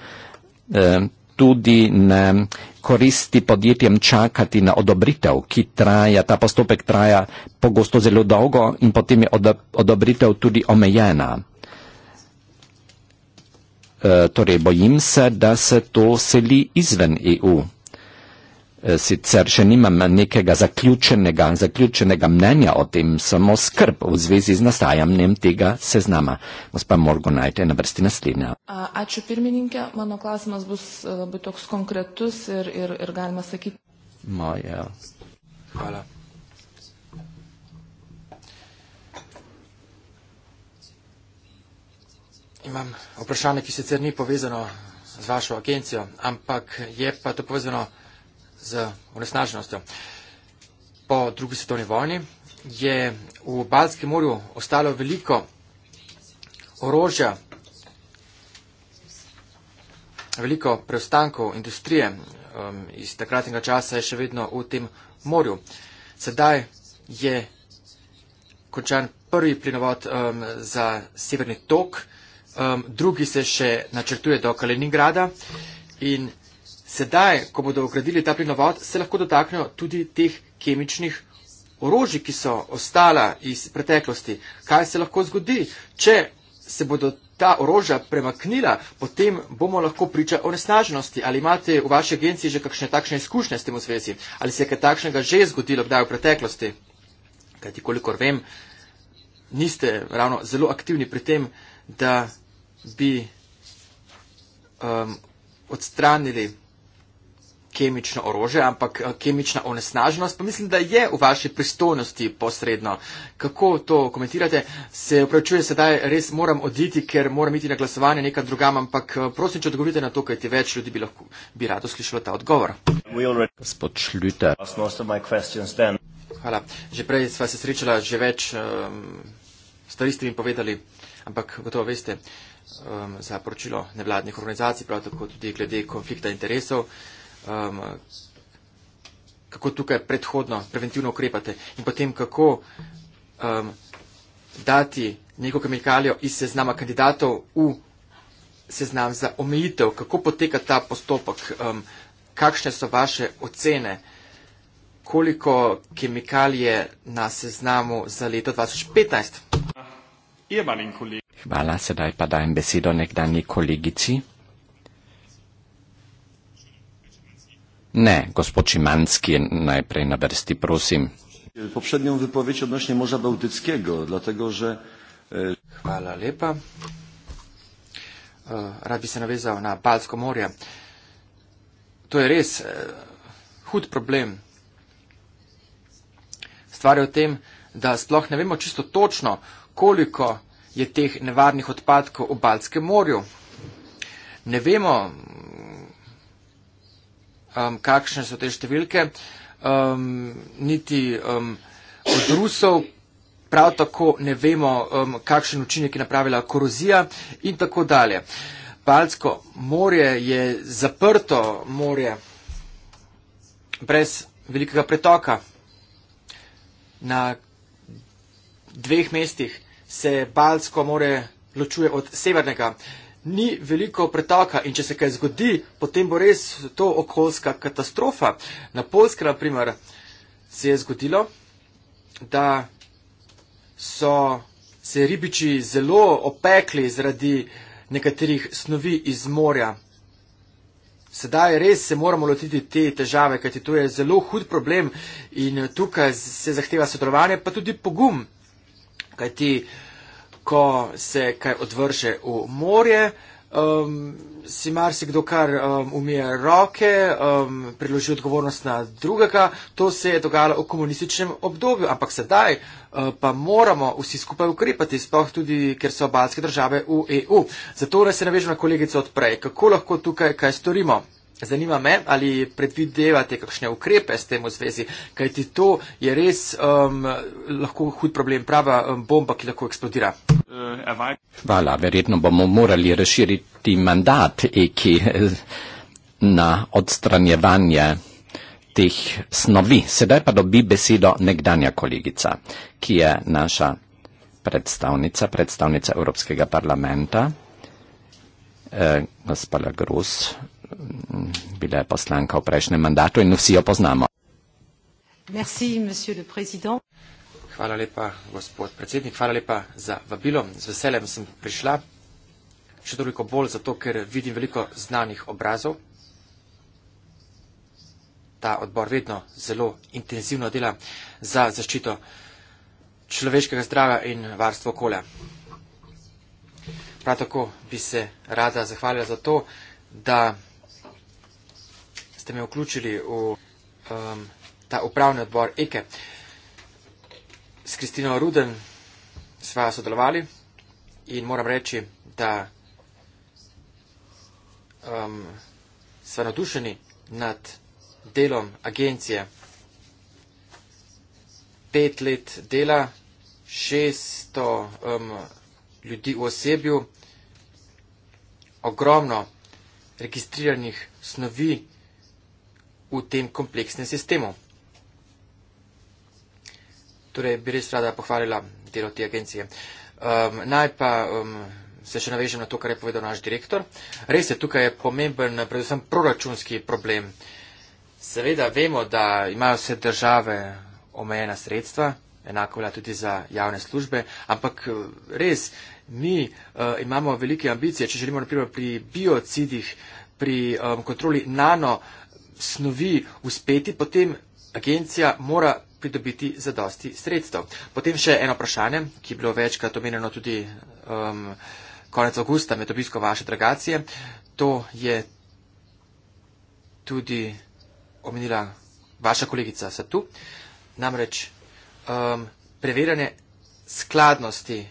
B: tudi ne koristi podjetjem čakati na odobritev, ki traja, ta postopek traja pogosto zelo dolgo in potem je odobritev tudi omejena. E, torej, bojim se, da se to seli izven EU. Eh, sicer še nimam nekega zaključenega, zaključenega mnenja o tem, samo skrb v zvezi z nastajanjem tega seznama. Gospa Morgo, najte na vrsti naslednja.
A: Ačiū pirmininkė, mano klausimas e, bus toks konkretus ir, ir, ir
C: galima sakyti.
B: Moja. Hvala.
C: Imam vprašanje, ki sicer ni povezano z vašo agencijo, ampak je pa to povezano z onesnaženostjo. Po drugi svetovni vojni je v Balskem morju ostalo veliko orožja, veliko preostankov industrije um, iz takratnega časa je še vedno v tem morju. Sedaj je končan prvi plinovod um, za severni tok, um, drugi se še načrtuje do Kaliningrada in Sedaj, ko bodo ugradili ta plinovod, se lahko dotaknejo tudi teh kemičnih orožij, ki so ostala iz preteklosti. Kaj se lahko zgodi, če se bodo ta orožja premaknila, potem bomo lahko priča o nesnaženosti. Ali imate v vaši agenciji že kakšne takšne izkušnje s tem v zvezi? Ali se je kaj takšnega že zgodilo kdaj v preteklosti? Kajti, kolikor vem, niste ravno zelo aktivni pri tem, da bi um, odstranili kemično orože, ampak eh, kemična onesnaženost. Pa mislim, da je v vaši pristojnosti posredno. Kako to komentirate? Se upravičuje, sedaj res moram oditi, ker moram iti na glasovanje nekam drugam, ampak eh, prosim, če odgovorite na to, kajti več ljudi bi lahko bi rado slišalo ta odgovor.
B: Gospod Šljuter.
C: Hvala. Že prej sva se srečala, že več um, stvari ste mi povedali, ampak gotovo veste um, za poročilo nevladnih organizacij, prav tako tudi glede konflikta interesov. Uh, um, kako tukaj predhodno, preventivno ukrepate in potem kako um, dati neko kemikalijo iz seznama kandidatov v seznam za omejitev, kako poteka ta postopek, um, kakšne so vaše ocene, koliko kemikalije na seznamu za leto 2015.
B: Hvala, sedaj pa dajem besedo nekdani kolegici. Ne, gospod Szymanski, najprej na vrsti, prosim.
A: Poprednjo vypoveď odnosno Morza
C: Bałtyckiego, dlatego že... E, Hvala lepa. E, rad bi se navezal na Balsko morje. To je res e, hud problem. Stvar je v tem, da sploh ne vemo čisto točno, koliko je teh nevarnih odpadkov v Balskem morju. Ne vemo, um, kakšne so te številke, um, niti um, od Rusov. Prav tako ne vemo, um, kakšen učinek je napravila korozija in tako dalje. Balsko morje je zaprto morje brez velikega pretoka. Na dveh mestih se Balsko morje ločuje od severnega ni veliko pretaka in če se kaj zgodi, potem bo res to okoljska katastrofa. Na Polske, naprimer, se je zgodilo, da so se ribiči zelo opekli zaradi nekaterih snovi iz morja. Sedaj res se moramo lotiti te težave, kajti to je zelo hud problem in tukaj se zahteva sodelovanje, pa tudi pogum, kajti uh, ko se kaj odvrže v morje. Um, si marsikdo kar um, umije roke, um, priloži odgovornost na drugega, to se je dogajalo v komunističnem obdobju, ampak sedaj uh, pa moramo vsi skupaj ukrepati, sploh tudi, ker so balske države v EU. Zato se navežem na kolegico odprej, kako lahko tukaj kaj storimo. Zanima me, ali predvidevate kakšne ukrepe s tem v zvezi, kajti to je res um, lahko hud problem, prava um, bomba, ki lahko eksplodira.
B: Hvala, verjetno bomo morali razširiti mandat EKI na odstranjevanje teh snovi. Sedaj pa dobi besedo nekdanja kolegica, ki je naša predstavnica, predstavnica Evropskega parlamenta, eh, gospod Lagros bila je poslanka v prejšnjem mandatu in vsi jo poznamo. Merci,
C: hvala lepa, gospod predsednik, hvala lepa za vabilo. Z veseljem sem prišla, še toliko bolj zato, ker vidim veliko znanih obrazov. Ta odbor vedno zelo intenzivno dela za zaščito človeškega zdravja in varstvo okolja. Prav tako bi se rada zahvalila za to, da ste me vključili v um, ta upravni odbor Eke. S Kristino Ruden sva sodelovali in moram reči, da um, sva nadušeni nad delom agencije. Pet let dela, šesto um, ljudi v osebju, ogromno registriranih snovi, v tem kompleksnem sistemu. Torej, bi res rada pohvalila delo te agencije. Um, naj pa um, se še navežem na to, kar je povedal naš direktor. Res je, tukaj je pomemben predvsem proračunski problem. Seveda vemo, da imajo vse države omejena sredstva, enako velja tudi za javne službe, ampak uh, res, mi uh, imamo velike ambicije, če želimo naprimer pri biocidih, pri um, kontroli nano snovi uspeti, potem agencija mora pridobiti zadosti sredstev. Potem še eno vprašanje, ki je bilo večkrat omenjeno tudi um, konec avgusta med obisko vaše dragacije. To je tudi omenila vaša kolegica Satu. Namreč um, preverjanje skladnosti,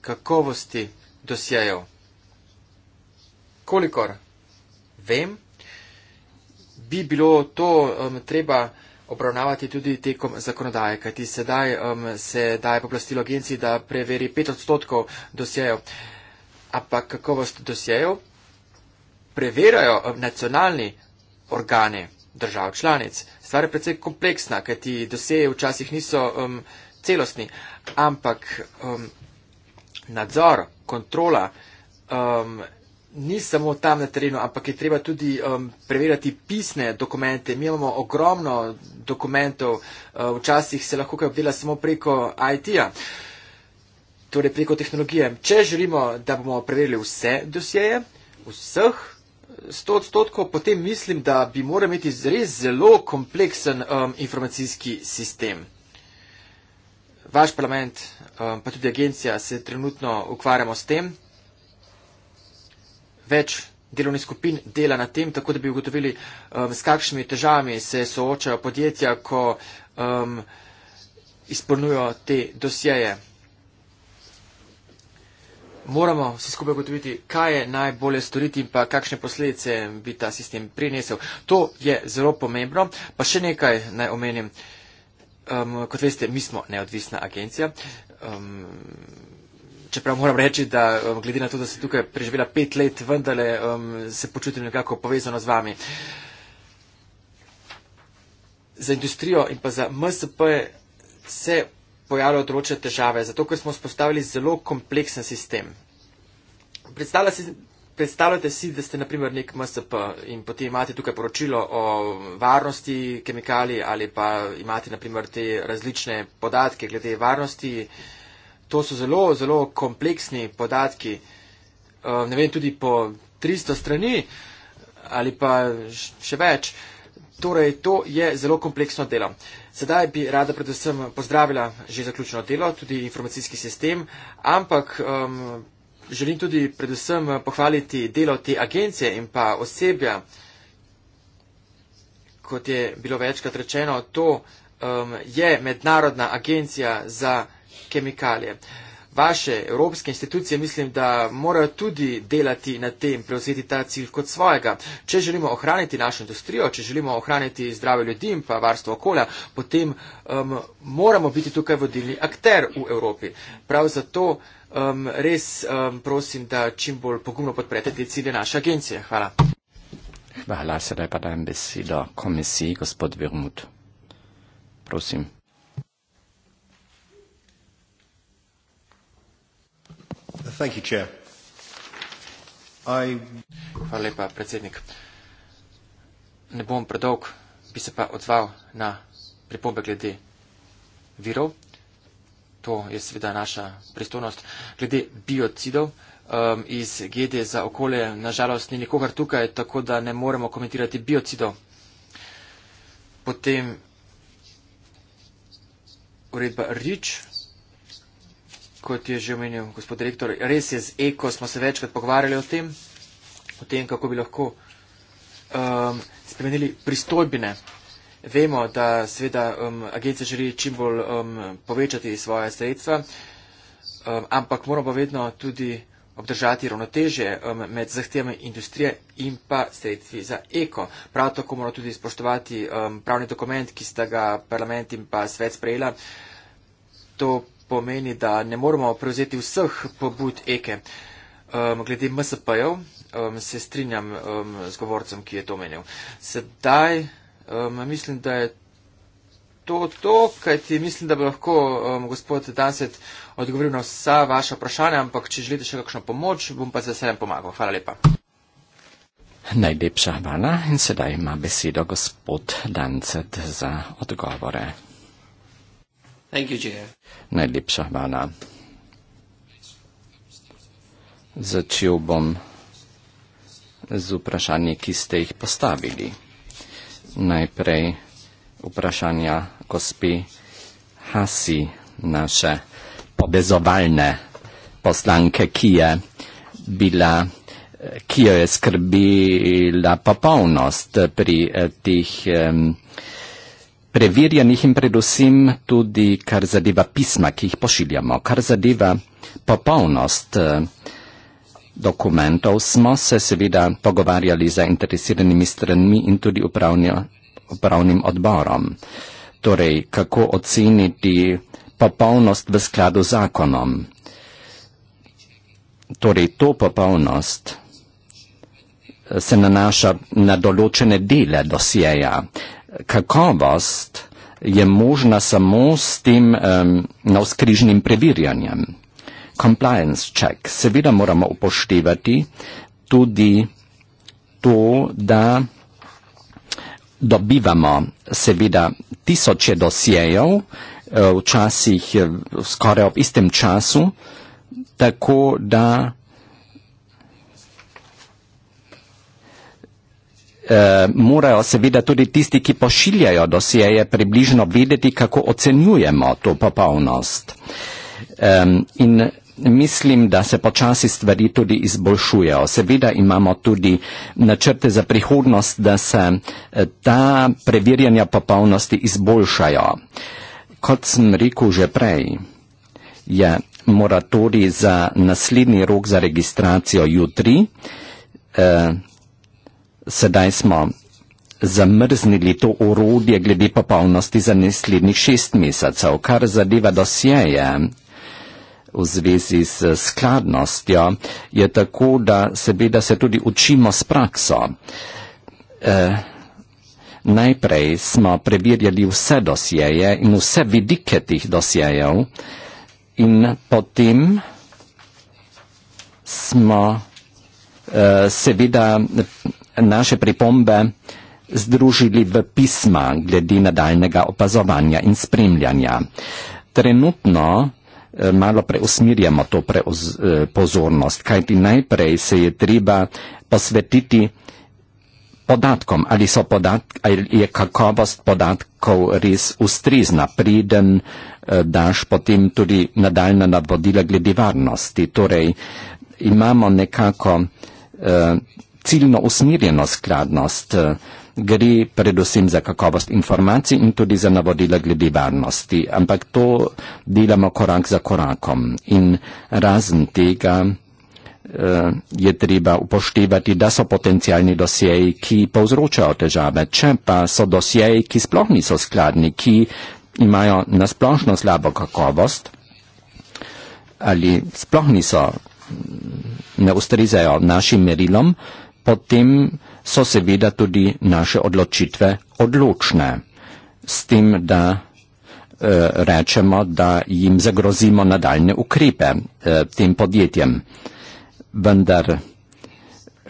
C: kakovosti dosjejev. Kolikor vem, bi bilo to um, treba obravnavati tudi tekom zakonodaje, kajti sedaj um, se daje poplastilo agenciji, da preveri pet odstotkov dosjejev. Ampak kakovost dosjejev preverjajo um, nacionalni organi držav članic. Stvar je predvsej kompleksna, kajti dosjeje včasih niso um, celostni, ampak um, nadzor, kontrola um, ni samo tam na terenu, ampak je treba tudi um, preverjati pisne dokumente. Mi imamo ogromno dokumentov, uh, včasih se lahko kaj obdela samo preko IT-ja, torej preko tehnologije. Če želimo, da bomo preverili vse dosjeje, vseh 100 odstotkov, potem mislim, da bi morali imeti res zelo kompleksen um, informacijski sistem. Vaš parlament, um, pa tudi agencija, se trenutno ukvarjamo s tem več delovnih skupin dela na tem, tako da bi ugotovili, um, s kakšnimi težavami se soočajo podjetja, ko um, izpolnjujo te dosjeje. Moramo si skupaj ugotoviti, kaj je najbolje storiti in pa kakšne posledice bi ta sistem prinesel. To je zelo pomembno. Pa še nekaj naj omenim. Um, kot veste, mi smo neodvisna agencija. Um, čeprav moram reči, da um, glede na to, da sem tukaj preživela pet let, vendarle um, se počutim nekako povezano z vami. Za industrijo in pa za MSP se pojavljajo določene težave, zato ker smo spostavili zelo kompleksen sistem. Predstavljate si, predstavljate si, da ste naprimer nek MSP in potem imate tukaj poročilo o varnosti kemikalij ali pa imate naprimer te različne podatke glede varnosti. Uh, to so zelo, zelo kompleksni podatki. Ehm, ne vem, tudi po 300 strani ali pa še več. Torej, to je zelo kompleksno delo. Sedaj bi rada predvsem pozdravila že zaključeno delo, tudi informacijski sistem, ampak um, želim tudi predvsem pohvaliti delo te agencije in pa osebja, kot je bilo večkrat rečeno, to um, je mednarodna agencija za kemikalije. Vaše evropske institucije mislim, da morajo tudi delati na tem, prevzeti ta cilj kot svojega. Če želimo ohraniti našo industrijo, če želimo ohraniti zdrave ljudi in pa varstvo okolja, potem um, moramo biti tukaj vodilni akter v Evropi. Prav zato um, res um, prosim, da čim bolj pogumno podprete te cilje naše agencije. Hvala.
B: Hvala, sedaj pa dajem besedo komisiji, gospod Virmut. Prosim.
C: Hvala lepa, predsednik. Ne bom predolg, bi se pa odzval na pripombe glede virov. To je seveda naša pristojnost. Glede biocidov um, iz GD za okolje, nažalost, ni nikogar tukaj, tako da ne moremo komentirati biocidov. Potem uredba REACH kot je že omenil gospod direktor, res je z eko, smo se večkrat pogovarjali o tem, o tem, kako bi lahko um, spremenili pristojbine. Vemo, da seveda um, agencija želi čim bolj um, povečati svoje sredstva, um, ampak moramo vedno tudi obdržati ravnoteže um, med zahtevami industrije in pa sredstvi za eko. Prav tako moramo tudi spoštovati um, pravni dokument, ki sta ga parlament in pa svet sprejela. To pomeni, da ne moramo prevzeti vseh pobud Eke. Um, glede MSP-jev um, se strinjam um, z govorcem, ki je to menil. Sedaj um, mislim, da je to to, kajti mislim, da bi lahko um, gospod Danset odgovoril na vsa vaša vprašanja, ampak če želite še kakšno pomoč, bom pa z veseljem pomagal. Hvala lepa.
B: Najlepša hvala in sedaj ima besedo gospod Dancet za odgovore. Thank you, Najlepša hvala. Začel bom z vprašanji, ki ste jih postavili. Najprej vprašanja gospi Hasi, naše povezovalne poslanke, ki je bila ki jo je skrbila popolnost pri eh, tih eh, preverjenih in predvsem tudi kar zadeva pisma, ki jih pošiljamo. Kar zadeva popolnost eh, dokumentov, smo se seveda pogovarjali z zainteresiranimi stranmi in tudi upravnjo, upravnim odborom. Torej, kako oceniti popolnost v skladu z zakonom. Torej, to popolnost eh, se nanaša na določene dele dosjeja kakovost je možna samo s tem um, navskrižnim preverjanjem. Compliance check. Seveda moramo upoštevati tudi to, da dobivamo seveda tisoče dosjejev, eh, včasih skoraj ob istem času, tako da eh, morajo seveda tudi tisti, ki pošiljajo dosjeje, približno vedeti, kako ocenjujemo to popolnost. Um, in mislim, da se počasi stvari tudi izboljšujejo. Seveda imamo tudi načrte za prihodnost, da se eh, ta preverjanja popolnosti izboljšajo. Kot sem rekel že prej, je moratori za naslednji rok za registracijo jutri. Eh, sedaj smo zamrznili to orodje glede popolnosti za naslednjih šest mesecev, kar zadeva dosjeje. V zvezi s skladnostjo je tako, da seveda se tudi učimo s prakso. E, najprej smo preverjali vse dosjeje in vse vidike tih dosjejev in potem smo e, seveda naše pripombe združili v pisma glede nadaljnega opazovanja in spremljanja. Trenutno eh, malo preusmirjamo to preuz, eh, pozornost, kajti najprej se je treba posvetiti podatkom, ali, podat, ali je kakovost podatkov res ustrezna, priden eh, daš potem tudi nadaljna nadvodila glede varnosti. Torej imamo nekako ciljno usmirjeno skladnost. Gre predvsem za kakovost informacij in tudi za navodila glede varnosti, ampak to delamo korak za korakom. In razen tega eh, je treba upoštevati, da so potencijalni dosjeji, ki povzročajo težave. Če pa so dosjeji, ki sploh niso skladni, ki imajo nasplošno slabo kakovost ali sploh niso, ne ustrezajo našim merilom, potem so seveda tudi naše odločitve odločne. S tem, da e, rečemo, da jim zagrozimo nadaljne ukrepe e, tem podjetjem. Vendar,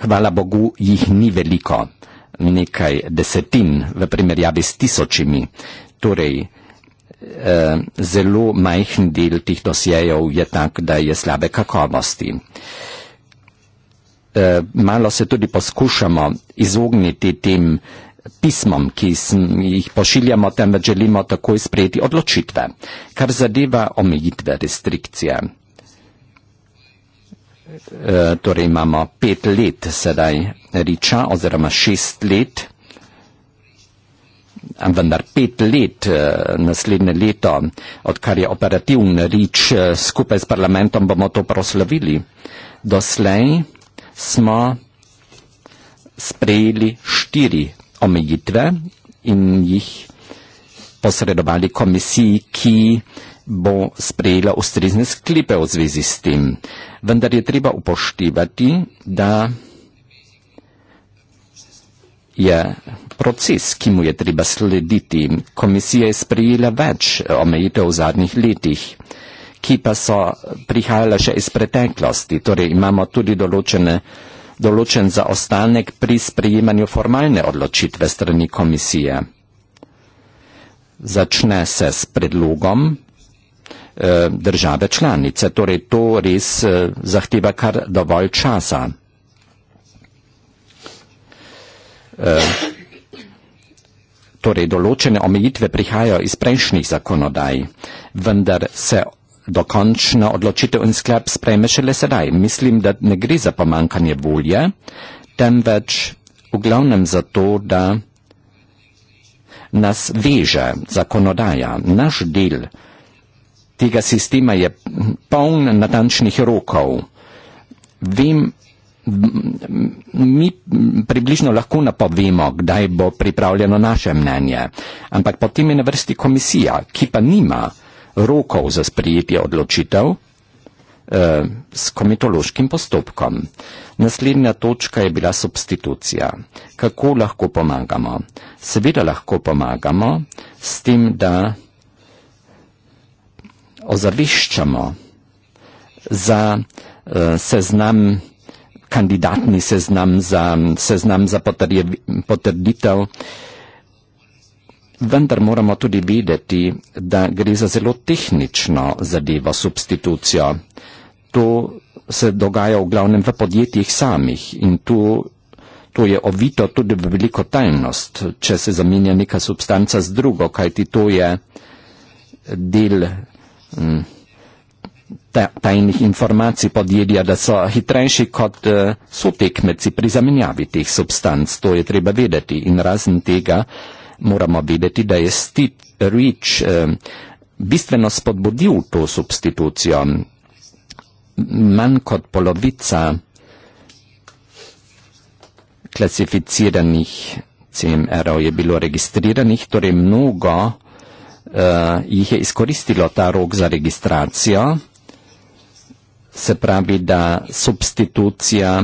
B: hvala Bogu, jih ni veliko, nekaj desetin v primerjavi s tisočimi. Torej, e, zelo majhen del teh dosjejev je tak, da je slabe kakovosti. E, Eh, malo se tudi poskušamo izogniti tem pismom, ki jih pošiljamo, temveč želimo takoj sprejeti odločitve, kar zadeva omejitve restrikcije. Eh, torej imamo pet let sedaj riča oziroma šest let, vendar pet let eh, naslednje leto, odkar je operativni rič skupaj s parlamentom, bomo to proslavili. Doslej smo sprejeli štiri omejitve in jih posredovali komisiji, ki bo sprejela ustrezne sklepe v zvezi s tem. Vendar je treba upoštevati, da je proces, ki mu je treba slediti. Komisija je sprejela več omejitev v zadnjih letih ki pa so prihajale še iz preteklosti. Torej imamo tudi določene, določen zaostanek pri sprejemanju formalne odločitve strani komisije. Začne se s predlogom eh, države članice. Torej to res eh, zahteva kar dovolj časa. Eh, torej določene omejitve prihajajo iz prejšnjih zakonodaj, vendar se dokončno odločitev in sklep sprejme šele sedaj. Mislim, da ne gre za pomankanje volje, temveč v glavnem zato, da nas veže zakonodaja. Naš del tega sistema je poln natančnih rokov. Vem, mi približno lahko napovemo, kdaj bo pripravljeno naše mnenje, ampak potem je na vrsti komisija, ki pa nima rokov za sprejetje odločitev eh, s komitološkim postopkom. Naslednja točka je bila substitucija. Kako lahko pomagamo? Seveda lahko pomagamo s tem, da ozaviščamo za eh, seznam, kandidatni seznam za, seznam za potrje, potrditev vendar moramo tudi videti, da gre za zelo tehnično zadevo substitucijo. To se dogaja v glavnem v podjetjih samih in tu, to je ovito tudi v veliko tajnost, če se zamenja neka substanca z drugo, kajti to je del m, mm, ta, tajnih informacij podjedja, da so hitrejši kot eh, so tekmeci pri zamenjavi teh substanc, to je treba vedeti in razen tega, moramo videti, da je Steve Rich eh, bistveno spodbudil to substitucijo. Manj kot polovica klasificiranih CMR-ov je bilo registriranih, torej mnogo eh, jih je izkoristilo ta rok za registracijo. Se pravi, da substitucija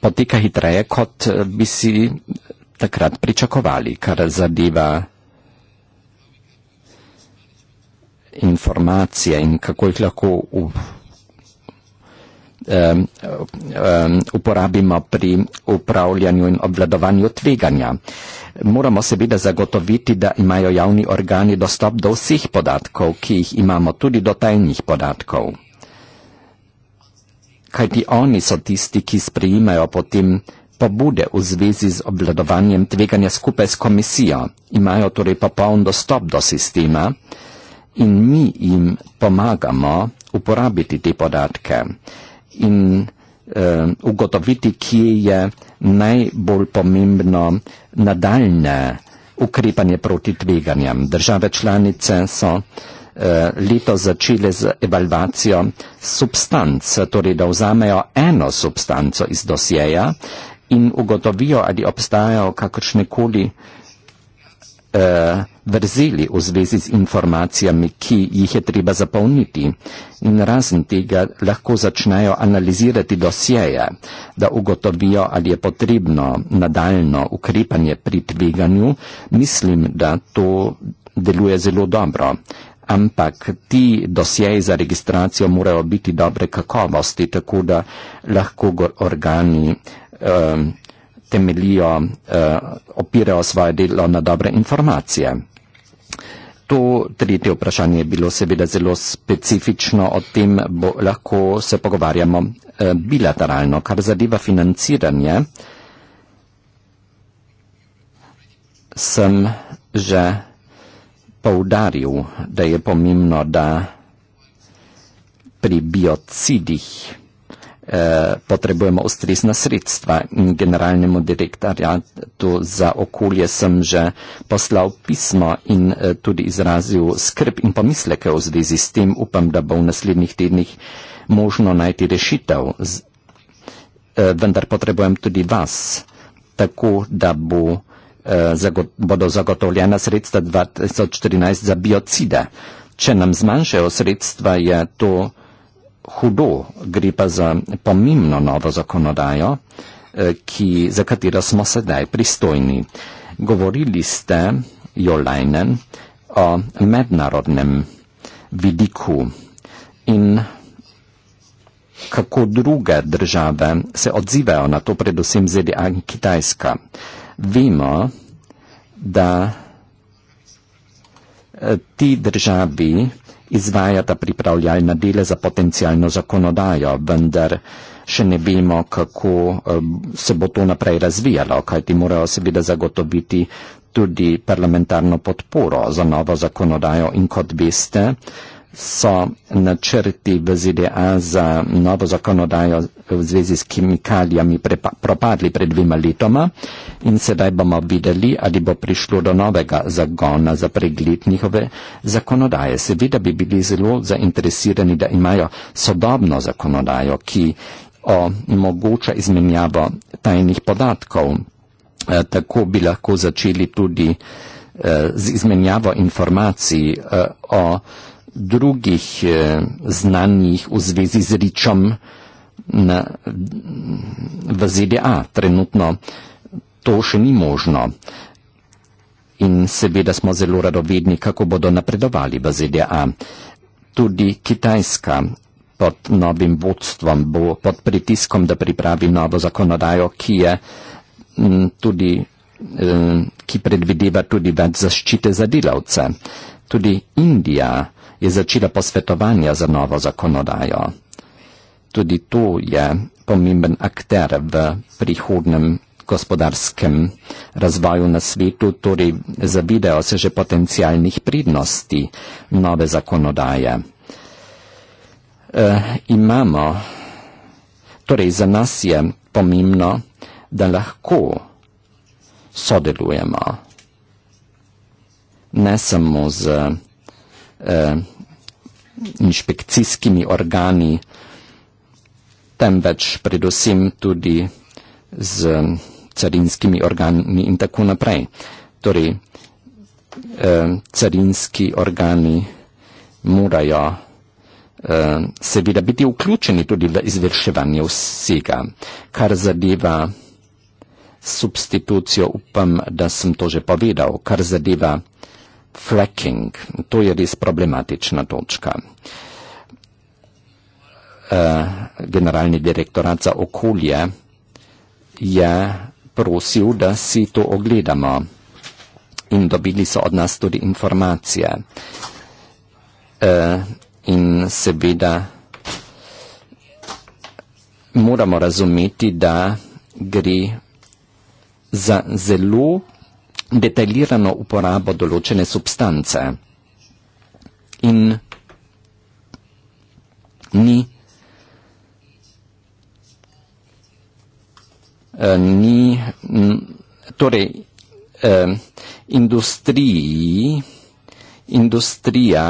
B: poteka hitreje, kot bi si takrat pričakovali, kar zadeva informacije in kako jih lahko v, um, um, uporabimo pri upravljanju in obvladovanju tveganja. Moramo seveda zagotoviti, da imajo javni organi dostop do vseh podatkov, ki jih imamo, tudi do tajnih podatkov. Kajti oni so tisti, ki sprejimajo potem pobude v zvezi z obvladovanjem tveganja skupaj s komisijo, imajo torej popoln dostop do sistema in mi jim pomagamo uporabiti te podatke in uh, ugotoviti, kje je najbolj pomembno nadaljne ukrepanje proti tveganjem. Države članice so eh, leto začele z evalvacijo substanc, torej da vzamejo eno substanco iz dosjeja in ugotovijo, ali obstajajo kakršnekoli eh, vrzeli v zvezi z informacijami, ki jih je treba zapolniti. In razen tega lahko začnejo analizirati dosjeje, da ugotovijo, ali je potrebno nadaljno ukrepanje pri tveganju. Mislim, da to deluje zelo dobro. Ampak ti dosjeji za registracijo morajo biti dobre kakovosti, tako da lahko organi uh, eh, temelijo, uh, eh, opirajo svoje delo na dobre informacije. To tretje vprašanje je bilo seveda zelo specifično, o tem bo, lahko se pogovarjamo uh, bilateralno, kar zadeva financiranje. Sem že poudaril, da je pomembno, da pri biocidih Eh, potrebujemo ustrezna sredstva in generalnemu direktorju za okolje sem že poslal pismo in eh, tudi izrazil skrb in pomisleke v zvezi s tem. Upam, da bo v naslednjih tednih možno najti rešitev, eh, vendar potrebujem tudi vas, tako da bo, bodo zagotovljena sredstva 2014 za biocide. Če nam zmanjšajo sredstva, je to hudo, gre pa za pomembno novo zakonodajo, eh, ki, za katero smo sedaj pristojni. Govorili ste, Jolajnen, o mednarodnem vidiku in kako druge države se odzivajo na to, predvsem ZDA in Kitajska. Vemo, da eh, ti državi izvajata pripravljalna dele za potencijalno zakonodajo, vendar še ne vemo, kako eh, se bo to naprej razvijalo, kajti morajo seveda zagotoviti tudi parlamentarno podporo za novo zakonodajo in kot veste, so načrti v ZDA za novo zakonodajo v zvezi s kemikalijami propadli pred dvima letoma in sedaj bomo videli, ali bo prišlo do novega zagona za pregled njihove zakonodaje. Seveda bi bili zelo zainteresirani, da imajo sodobno zakonodajo, ki omogoča izmenjavo tajnih podatkov. Eh, tako bi lahko začeli tudi eh, z izmenjavo informacij eh, o drugih eh, znanjih v zvezi z ričom na, v ZDA trenutno to še ni možno. In seveda smo zelo radovedni, kako bodo napredovali v ZDA. Tudi Kitajska pod novim vodstvom bo pod pritiskom, da pripravi novo zakonodajo, ki, je, tudi, eh, ki predvideva tudi več zaščite za delavce tudi Indija je začela posvetovanja za novo zakonodajo. Tudi to je pomemben akter v prihodnem gospodarskem razvoju na svetu, torej zavidejo se že potencijalnih prednosti nove zakonodaje. E, imamo, torej za nas je pomembno, da lahko sodelujemo ne samo z eh, inšpekcijskimi organi, temveč predvsem tudi z carinskimi organi in tako naprej. Torej, eh, carinski organi morajo eh, seveda biti vključeni tudi v izvrševanje vsega, kar zadeva substitucijo, upam, da sem to že povedal, kar zadeva fracking. To je res problematična točka. Eh, generalni direktorat za okolje je prosil, da si to ogledamo in dobili so od nas tudi informacije. Eh, in seveda moramo razumeti, da gre za zelo detaljirano uporabo določene substance in ni, eh, ni torej eh, industriji, industrija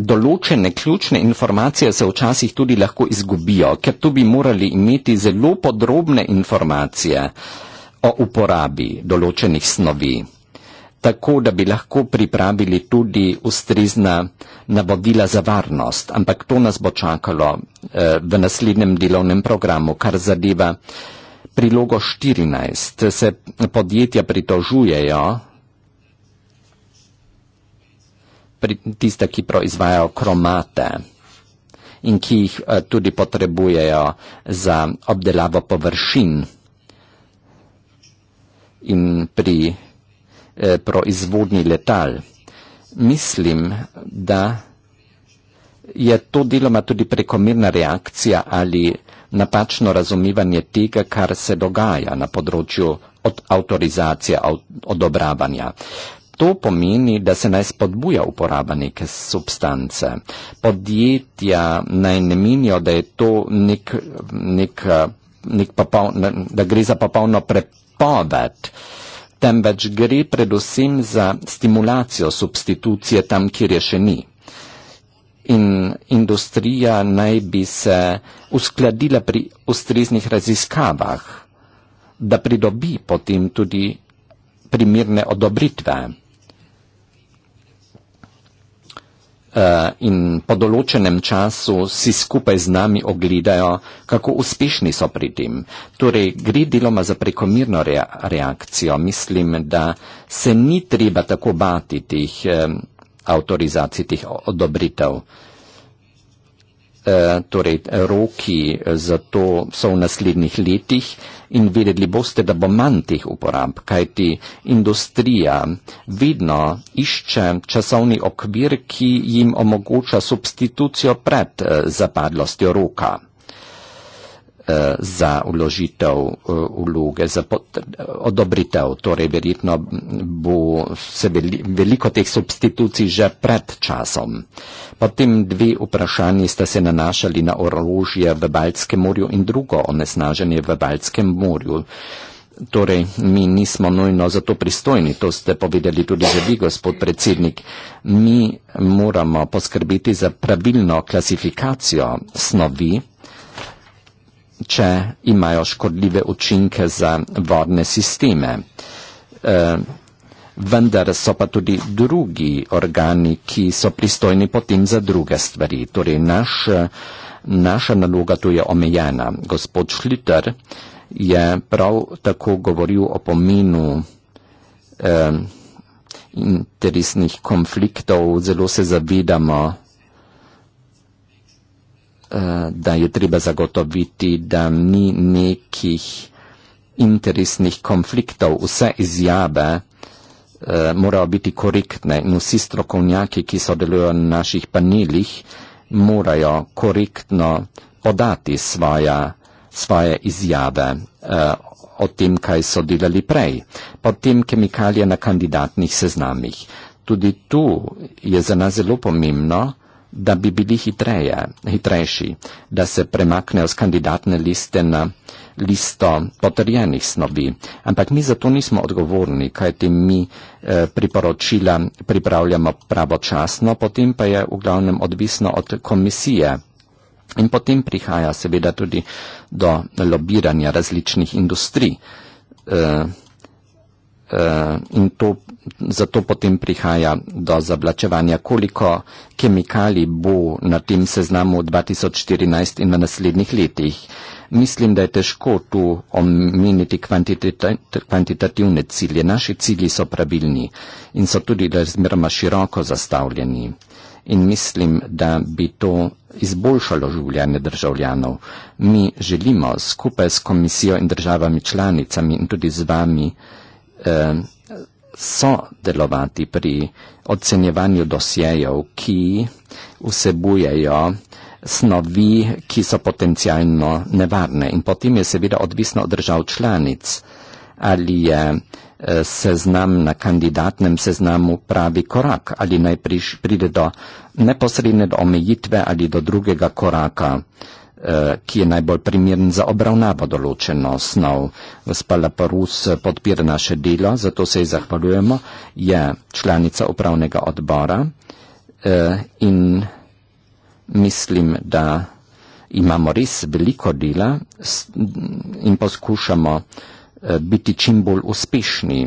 B: določene ključne informacije se včasih tudi lahko izgubijo, ker tu bi morali imeti zelo podrobne informacije o uporabi določenih snovi, tako da bi lahko pripravili tudi ustrezna navodila za varnost, ampak to nas bo čakalo eh, v naslednjem delovnem programu, kar zadeva prilogo 14. Se podjetja pritožujejo, pri, tiste, ki proizvajajo kromate in ki jih eh, tudi potrebujejo za obdelavo površin in pri eh, proizvodni letal. Mislim, da je to deloma tudi prekomirna reakcija ali napačno razumivanje tega, kar se dogaja na področju od avtorizacije, od, odobravanja. To pomeni, da se naj spodbuja uporaba neke substance. Podjetja naj ne menijo, da je to nek, nek, nek popoln, da gre za popolno prepoved, temveč gre predvsem za stimulacijo substitucije tam, kjer je še ni. In industrija naj bi se uskladila pri ustreznih raziskavah, da pridobi potem tudi primirne odobritve. uh, in po določenem času si skupaj z nami ogledajo, kako uspešni so pri tem. Torej, gre deloma za prekomirno re reakcijo. Mislim, da se ni treba tako bati teh um, avtorizacij, teh odobritev. Uh, Eh, torej roki eh, za to so v naslednjih letih in vedeli boste, da bo manj teh uporab, kajti industrija vedno išče časovni okvir, ki jim omogoča substitucijo pred eh, zapadlostjo roka. Eh, za vložitev eh, vloge, za odobritev. Torej, verjetno bo se veliko teh substitucij že pred časom. Potem dve vprašanji sta se nanašali na orožje v Baltskem morju in drugo onesnaženje v Baltskem morju. Torej, mi nismo nujno za to pristojni, to ste povedali tudi že vi, gospod predsednik. Mi moramo poskrbiti za pravilno klasifikacijo snovi, če imajo škodljive učinke za vodne sisteme. E, vendar so pa tudi drugi organi, ki so pristojni potem za druge stvari. Torej naš, naša naloga tu je omejena. Gospod Šliter je prav tako govoril o pomenu e, interesnih konfliktov, zelo se zavedamo Eh, da je treba zagotoviti, da ni nekih interesnih konfliktov, vse izjave eh, morajo biti korektne in vsi strokovnjaki, ki sodelujo na naših panelih, morajo korektno podati svoja, svoje izjave eh, o tem, kaj so delali prej. Potem kemikalije na kandidatnih seznamih. Tudi tu je za nas zelo pomembno, da bi bili hitreje, hitrejši, da se premaknejo z kandidatne liste na listo potrjenih snovi. Ampak mi za to nismo odgovorni, kajti mi eh, priporočila pripravljamo pravočasno, potem pa je v glavnem odvisno od komisije. In potem prihaja seveda tudi do lobiranja različnih industrij. Eh, Eh, in to, zato potem prihaja do zablačevanja, koliko kemikalij bo na tem seznamu 2014 in v naslednjih letih. Mislim, da je težko tu omeniti kvantitativne cilje. Naši cilji so pravilni in so tudi razmeroma široko zastavljeni. In mislim, da bi to izboljšalo življenje državljanov. Mi želimo skupaj s komisijo in državami članicami in tudi z vami, Eh, so delovati pri ocenjevanju dosjejev, ki vsebujejo snovi, ki so potencijalno nevarne. In potem je seveda odvisno od držav članic, ali je eh, seznam na kandidatnem seznamu pravi korak, ali najprej pride do neposredne omejitve ali do drugega koraka. Eh, ki je najbolj primern za obravnavo določeno snov. Gospa Laparus eh, podpira naše delo, zato se ji zahvaljujemo, je članica upravnega odbora eh, in mislim, da imamo res veliko dela in poskušamo biti čim bolj uspešni.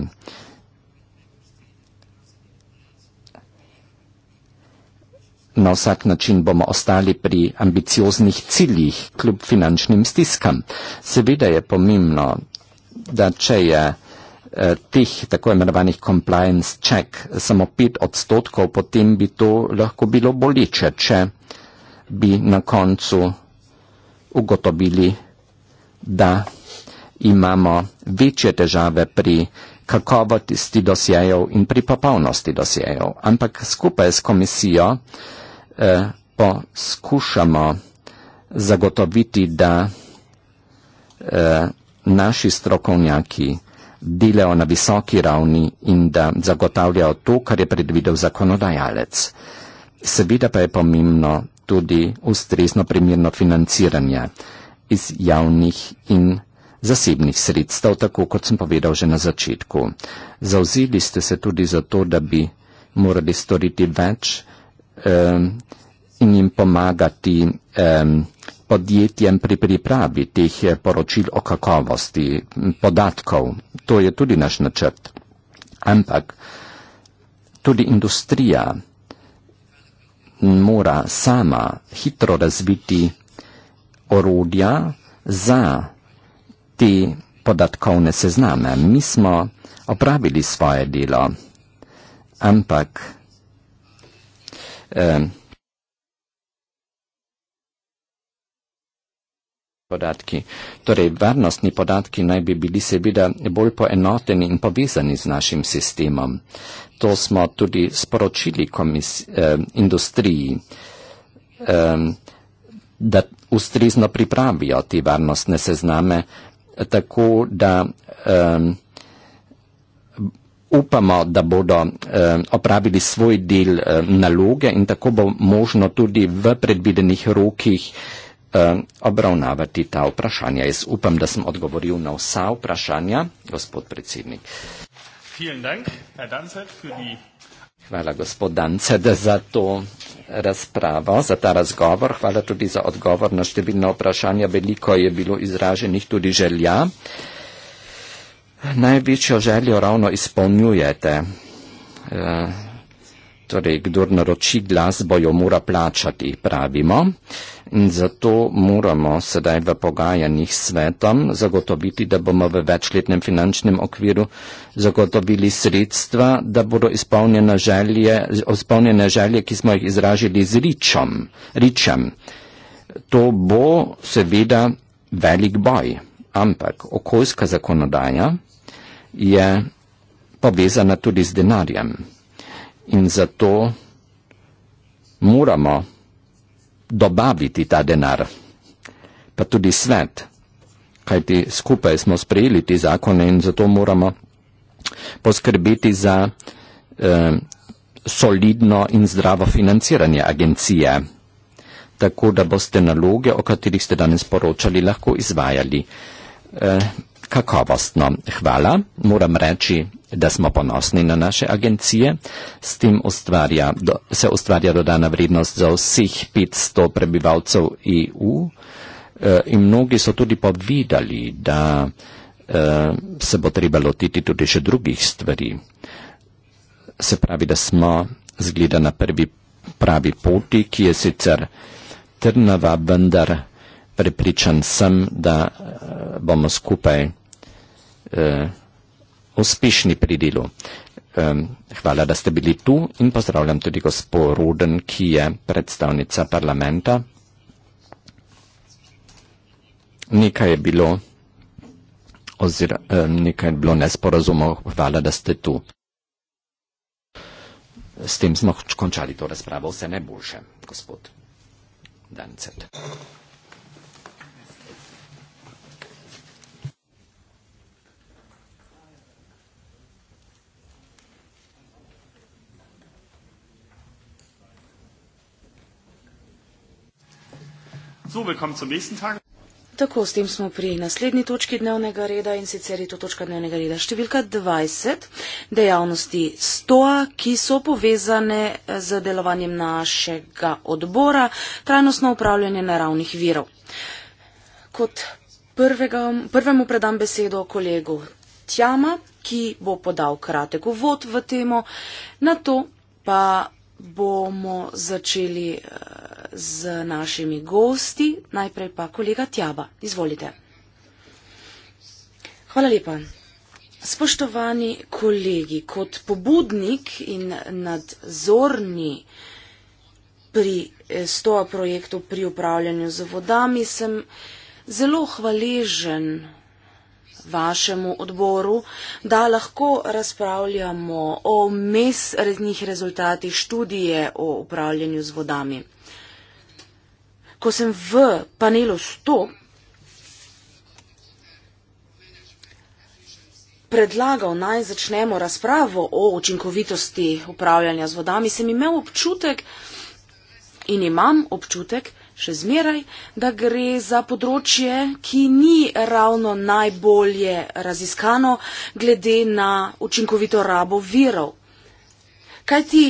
B: na vsak način bomo ostali pri ambicioznih ciljih kljub finančnim stiskam. Seveda je pomembno, da če je eh, teh tako imenovanih compliance check samo pet odstotkov, potem bi to lahko bilo boliče, če bi na koncu ugotovili, da imamo večje težave pri kakovosti dosjejev in pri popolnosti dosjejev. Ampak skupaj s komisijo Eh, poskušamo zagotoviti, da eh, naši strokovnjaki delajo na visoki ravni in da zagotavljajo to, kar je predvidel zakonodajalec. Seveda pa je pomembno tudi ustrezno primirno financiranje iz javnih in zasebnih sredstev, tako kot sem povedal že na začetku. Zauzeli ste se tudi za to, da bi morali storiti več, Ehm, in jim pomagati ehm, podjetjem pri pripravi teh eh, poročil o kakovosti podatkov. To je tudi naš načrt. Ampak tudi industrija mora sama hitro razviti orodja za te podatkovne sezname. Mi smo opravili svoje delo, ampak Um, podatki. Torej, varnostni podatki naj bi bili seveda bolj poenoteni in povezani z našim sistemom. To smo tudi sporočili komis, eh, industriji, eh, da ustrezno pripravijo te varnostne sezname, tako da eh, upamo, da bodo eh, opravili svoj del eh, naloge in tako bo možno tudi v predvidenih rokih eh, obravnavati ta vprašanja. Jaz upam, da sem odgovoril na vsa vprašanja, gospod predsednik. Hvala, gospod Danced, za to razpravo, za ta razgovor. Hvala tudi za odgovor na številna vprašanja. Veliko je bilo izraženih tudi želja največjo željo ravno izpolnjujete. E, torej, kdor naroči glasbo, jo mora plačati, pravimo. In zato moramo sedaj v pogajanjih s svetom zagotoviti, da bomo v večletnem finančnem okviru zagotovili sredstva, da bodo izpolnjene želje, izpolnjene želje ki smo jih izražili z ričom. ričem. To bo seveda velik boj, ampak okoljska zakonodaja, je povezana tudi z denarjem. In zato moramo dobaviti ta denar, pa tudi svet, kajti skupaj smo sprejeli ti zakone in zato moramo poskrbeti za eh, solidno in zdravo financiranje agencije, tako da boste naloge, o katerih ste danes poročali, lahko izvajali. Eh, kakovostno. Hvala. Moram reči, da smo ponosni na naše agencije. S tem ustvarja, do, se ustvarja dodana vrednost za vseh 500 prebivalcev EU e, in mnogi so tudi povedali, da e, se bo treba lotiti tudi še drugih stvari. Se pravi, da smo zgleda na prvi pravi poti, ki je sicer trnava, vendar prepričan sem, da eh, bomo skupaj uh, uspešni pri delu. Um, hvala, da ste bili tu in pozdravljam tudi gospod Ruden, ki je predstavnica parlamenta. Nekaj je bilo, oziroma um, eh, nekaj je bilo nesporazumov. Hvala, da ste tu. S tem smo končali to razpravo. Vse najboljše, gospod Dancet.
C: zu, willkommen zum nächsten Tag.
A: Tako, s tem smo pri naslednji točki dnevnega reda in sicer je to točka dnevnega reda številka 20, dejavnosti stoa, ki so povezane z delovanjem našega odbora, trajnostno upravljanje naravnih virov. Kot prvega, prvemu predam besedo kolegu Tjama, ki bo podal kratek uvod v temo, na to pa bomo začeli eh, z našimi gosti. Najprej pa kolega Tjaba. Izvolite. Hvala lepa. Spoštovani kolegi, kot pobudnik in nadzorni pri eh, stoa projektu pri upravljanju z vodami sem zelo hvaležen vašemu odboru, da lahko razpravljamo o mesrednih rezultatih študije o upravljanju z vodami. Ko sem v panelu 100, predlagal naj začnemo razpravo o učinkovitosti upravljanja z vodami, sem imel občutek in imam občutek, še zmeraj, da gre za področje, ki ni ravno najbolje raziskano glede na učinkovito rabo virov. Kajti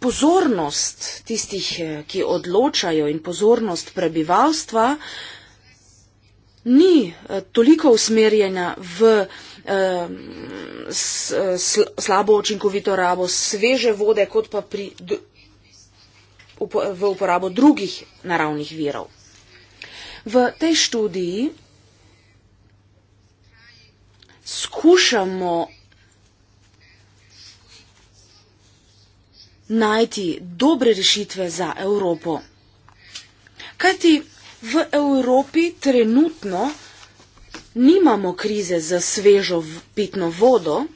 A: pozornost tistih, eh, ki odločajo in pozornost prebivalstva ni eh, toliko usmerjena v eh, eh slabo učinkovito rabo sveže vode, kot pa pri v uporabo drugih naravnih virov. V tej študiji skušamo najti dobre rešitve za Evropo. Kajti v Evropi trenutno nimamo krize z svežo pitno vodo,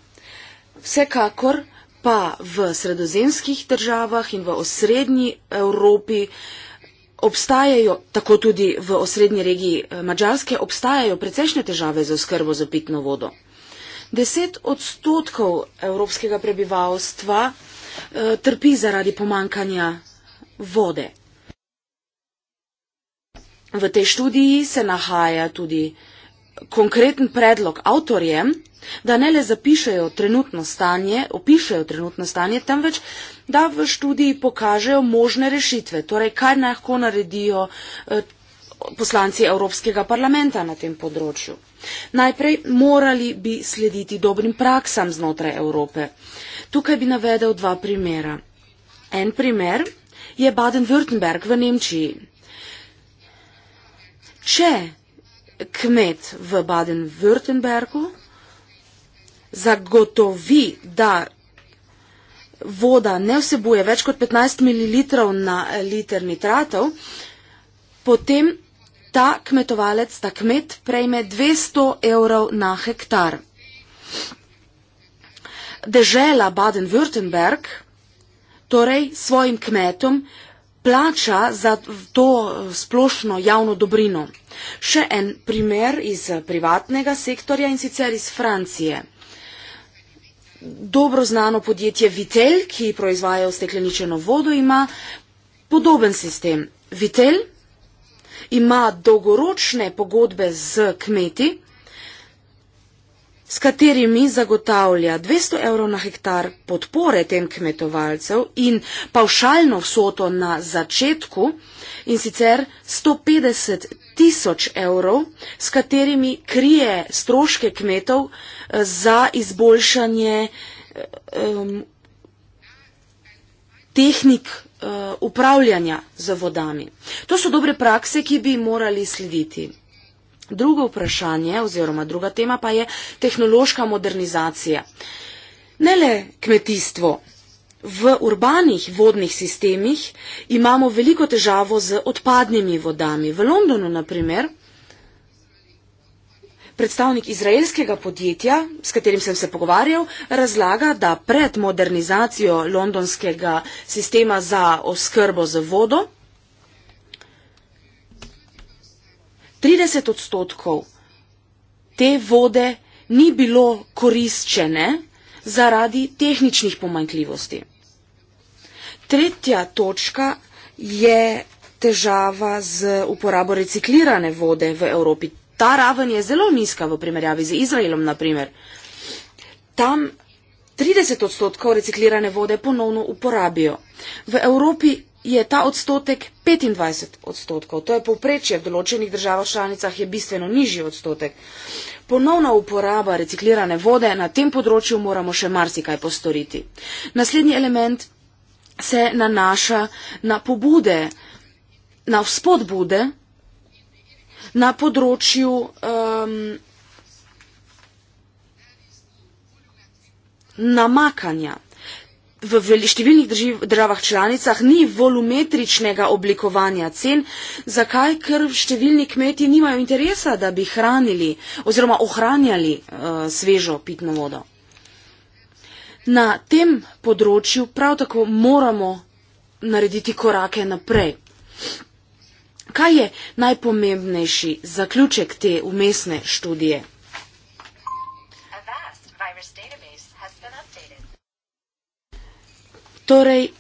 A: vsekakor pa v sredozemskih državah in v osrednji Evropi obstajajo, tako tudi v osrednji regiji eh, Mačarske, obstajajo precejšnje težave za oskrbo za pitno vodo. Deset odstotkov evropskega prebivalstva eh, trpi zaradi pomankanja vode. V tej študiji se nahaja tudi konkreten predlog avtorjem, da ne le zapišajo trenutno stanje, opišajo trenutno stanje, temveč da v študiji pokažejo možne rešitve, torej kaj lahko naredijo eh, poslanci Evropskega parlamenta na tem področju. Najprej morali bi slediti dobrim praksam znotraj Evrope. Tukaj bi navedel dva primera. En primer je Baden-Württemberg v Nemčiji. Če kmet v Baden-Württembergu zagotovi, da voda ne vsebuje več kot 15 ml na liter nitratov, potem ta kmetovalec, ta kmet prejme 200 evrov na hektar. Dežela Baden-Württemberg torej svojim kmetom plača za to splošno javno dobrino. Še en primer iz privatnega sektorja in sicer iz Francije. Dobro znano podjetje Vitel, ki proizvaja ustekleničeno vodo, ima podoben sistem. Vitel ima dolgoročne pogodbe z kmeti, s katerimi zagotavlja 200 evrov na hektar podpore tem kmetovalcev in pavšalno vsoto na začetku in sicer 150 tisoč evrov, s katerimi krije stroške kmetov eh, za izboljšanje um, tehnik eh, upravljanja z vodami. To so dobre prakse, ki bi morali slediti. Drugo vprašanje oziroma druga tema pa je tehnološka modernizacija. Ne le kmetijstvo. V urbanih vodnih sistemih imamo veliko težavo z odpadnimi vodami. V Londonu, naprimer, predstavnik izraelskega podjetja, s katerim sem se pogovarjal, razlaga, da pred modernizacijo londonskega sistema za oskrbo z vodo 30 odstotkov te vode ni bilo koriščene zaradi tehničnih pomankljivosti. Tretja točka je težava z uporabo reciklirane vode v Evropi. Ta raven je zelo nizka v primerjavi z Izraelom, naprimer. Tam 30 odstotkov reciklirane vode ponovno uporabijo. V Evropi je ta odstotek 25 odstotkov. To je povprečje v določenih državah članicah, je bistveno nižji odstotek. Ponovna uporaba reciklirane vode na tem področju moramo še marsikaj postoriti. Naslednji element se nanaša na pobude, na vzpodbude na področju um, namakanja v številnih državah članicah ni volumetričnega oblikovanja cen. Zakaj? Ker številni kmeti nimajo interesa, da bi hranili oziroma ohranjali uh, svežo pitno vodo. Na tem področju prav tako moramo narediti korake naprej. Kaj je najpomembnejši zaključek te umestne študije? Torej,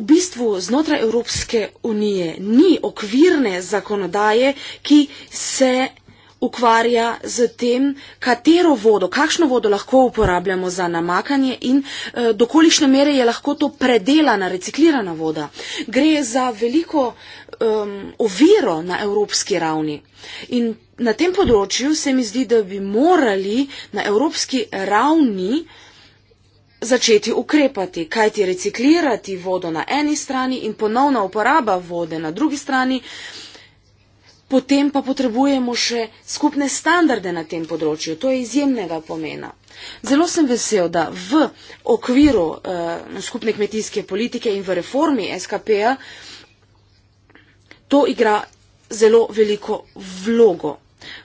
A: v bistvu znotraj Evropske unije ni okvirne zakonodaje, ki se ukvarja z tem, katero vodo, kakšno vodo lahko uporabljamo za namakanje in eh, do kolišne mere je lahko to predelana, reciklirana voda. Gre za veliko um, oviro na evropski ravni. In na tem področju se mi zdi, da bi morali na evropski ravni uh, začeti ukrepati, kajti reciklirati vodo na eni strani in ponovna uporaba vode na drugi strani, potem pa potrebujemo še skupne standarde na tem področju. To je izjemnega pomena. Zelo sem vesel, da v okviru uh, skupne kmetijske politike in v reformi SKP-a to igra zelo veliko vlogo.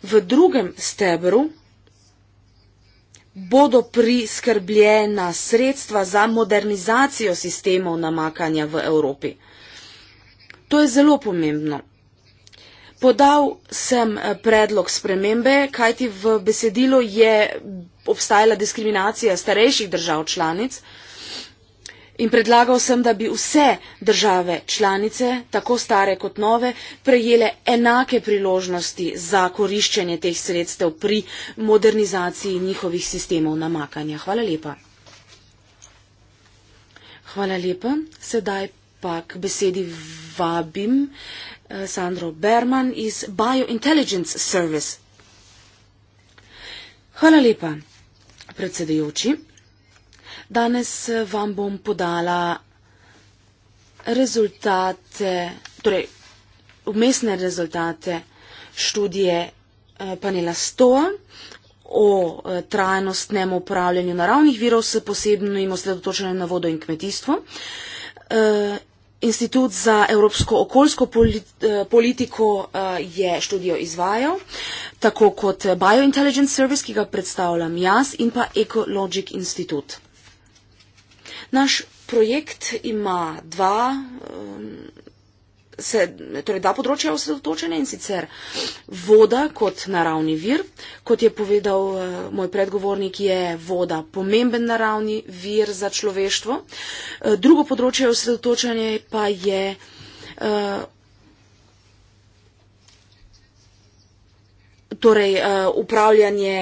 A: V drugem stebru bodo priskrbljena sredstva za modernizacijo sistemov namakanja v Evropi. To je zelo pomembno. Podal sem eh, predlog spremembe, kajti v besedilu je obstajala diskriminacija starejših držav članic in predlagal sem, da bi vse države članice, tako stare kot nove, prejele enake priložnosti za koriščenje teh sredstev pri modernizaciji njihovih sistemov namakanja. Hvala lepa. Hvala lepa. Sedaj pa k besedi vabim eh, Sandro Berman iz Biointelligence Service. Hvala lepa, predsedujoči. Danes eh, vam bom podala rezultate, torej umestne rezultate študije eh, panela 100 o eh, trajnostnem upravljanju naravnih virov s posebnim osredotočenjem na vodo in kmetijstvo. Institut za evropsko okoljsko politiko je študijo izvajal, tako kot Biointelligence Service, ki ga predstavljam jaz, in pa Ecologic Institute. Naš projekt ima dva, eh, se, torej dva področja osredotočene in sicer voda kot naravni vir. Kot je povedal eh, moj predgovornik, je voda pomemben naravni vir za človeštvo. Eh, drugo področje osredotočene pa je torej, upravljanje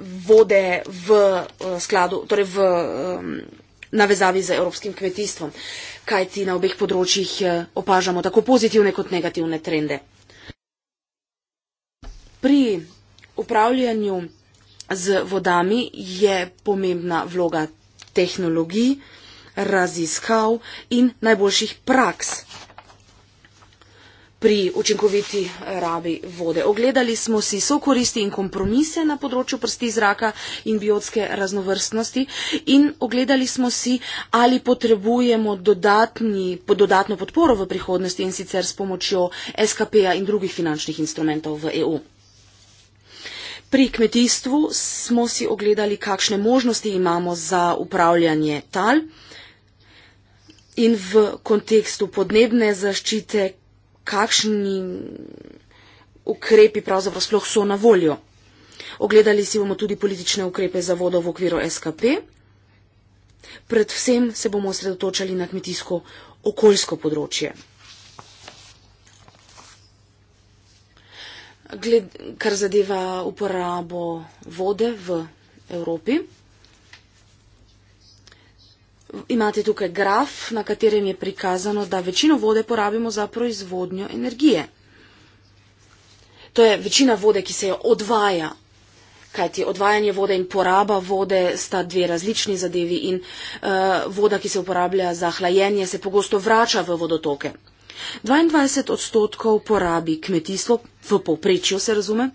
A: vode v eh, skladu, torej v navezavi z evropskim kmetijstvom, kaj ti na obeh področjih eh, opažamo tako pozitivne kot negativne trende. Pri upravljanju z vodami je pomembna vloga tehnologij, raziskav in najboljših praks pri učinkoviti eh, rabi vode. Ogledali smo si so koristi in kompromise na področju prsti zraka in biotske raznovrstnosti in ogledali smo si, ali potrebujemo dodatni, dodatno podporo v prihodnosti in sicer s pomočjo SKP-ja in drugih finančnih instrumentov v EU. Pri kmetijstvu smo si ogledali, kakšne možnosti imamo za upravljanje tal in v kontekstu podnebne zaščite, kakšni ukrepi pravzaprav sploh so na voljo. Ogledali si bomo tudi politične ukrepe za vodo v okviru SKP. Predvsem se bomo osredotočali na kmetijsko okoljsko področje. Gled, kar zadeva uporabo vode v Evropi. Imate tukaj graf, na katerem je prikazano, da večino vode porabimo za proizvodnjo energije. To je večina vode, ki se jo odvaja. Kajti odvajanje vode in poraba vode sta dve različni zadevi in uh, voda, ki se uporablja za hlajenje, se pogosto vrača v vodotoke. 22 odstotkov porabi kmetijstvo, v povprečju se razume,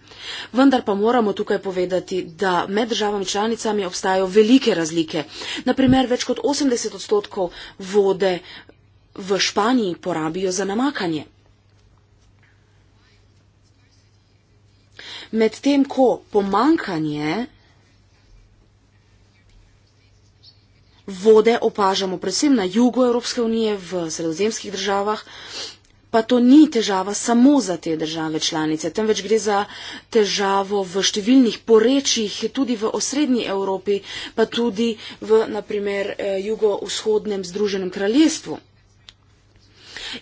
A: vendar pa moramo tukaj povedati, da med državami članicami obstajajo velike razlike. Naprimer, več kot 80 odstotkov vode v Španiji porabijo za namakanje. Medtem ko pomankanje vode opažamo predvsem na jugu Evropske unije, v sredozemskih državah, pa to ni težava samo za te države članice, temveč gre za težavo v številnih porečjih, tudi v osrednji Evropi, pa tudi v, naprimer, eh, jugovzhodnem združenem kraljestvu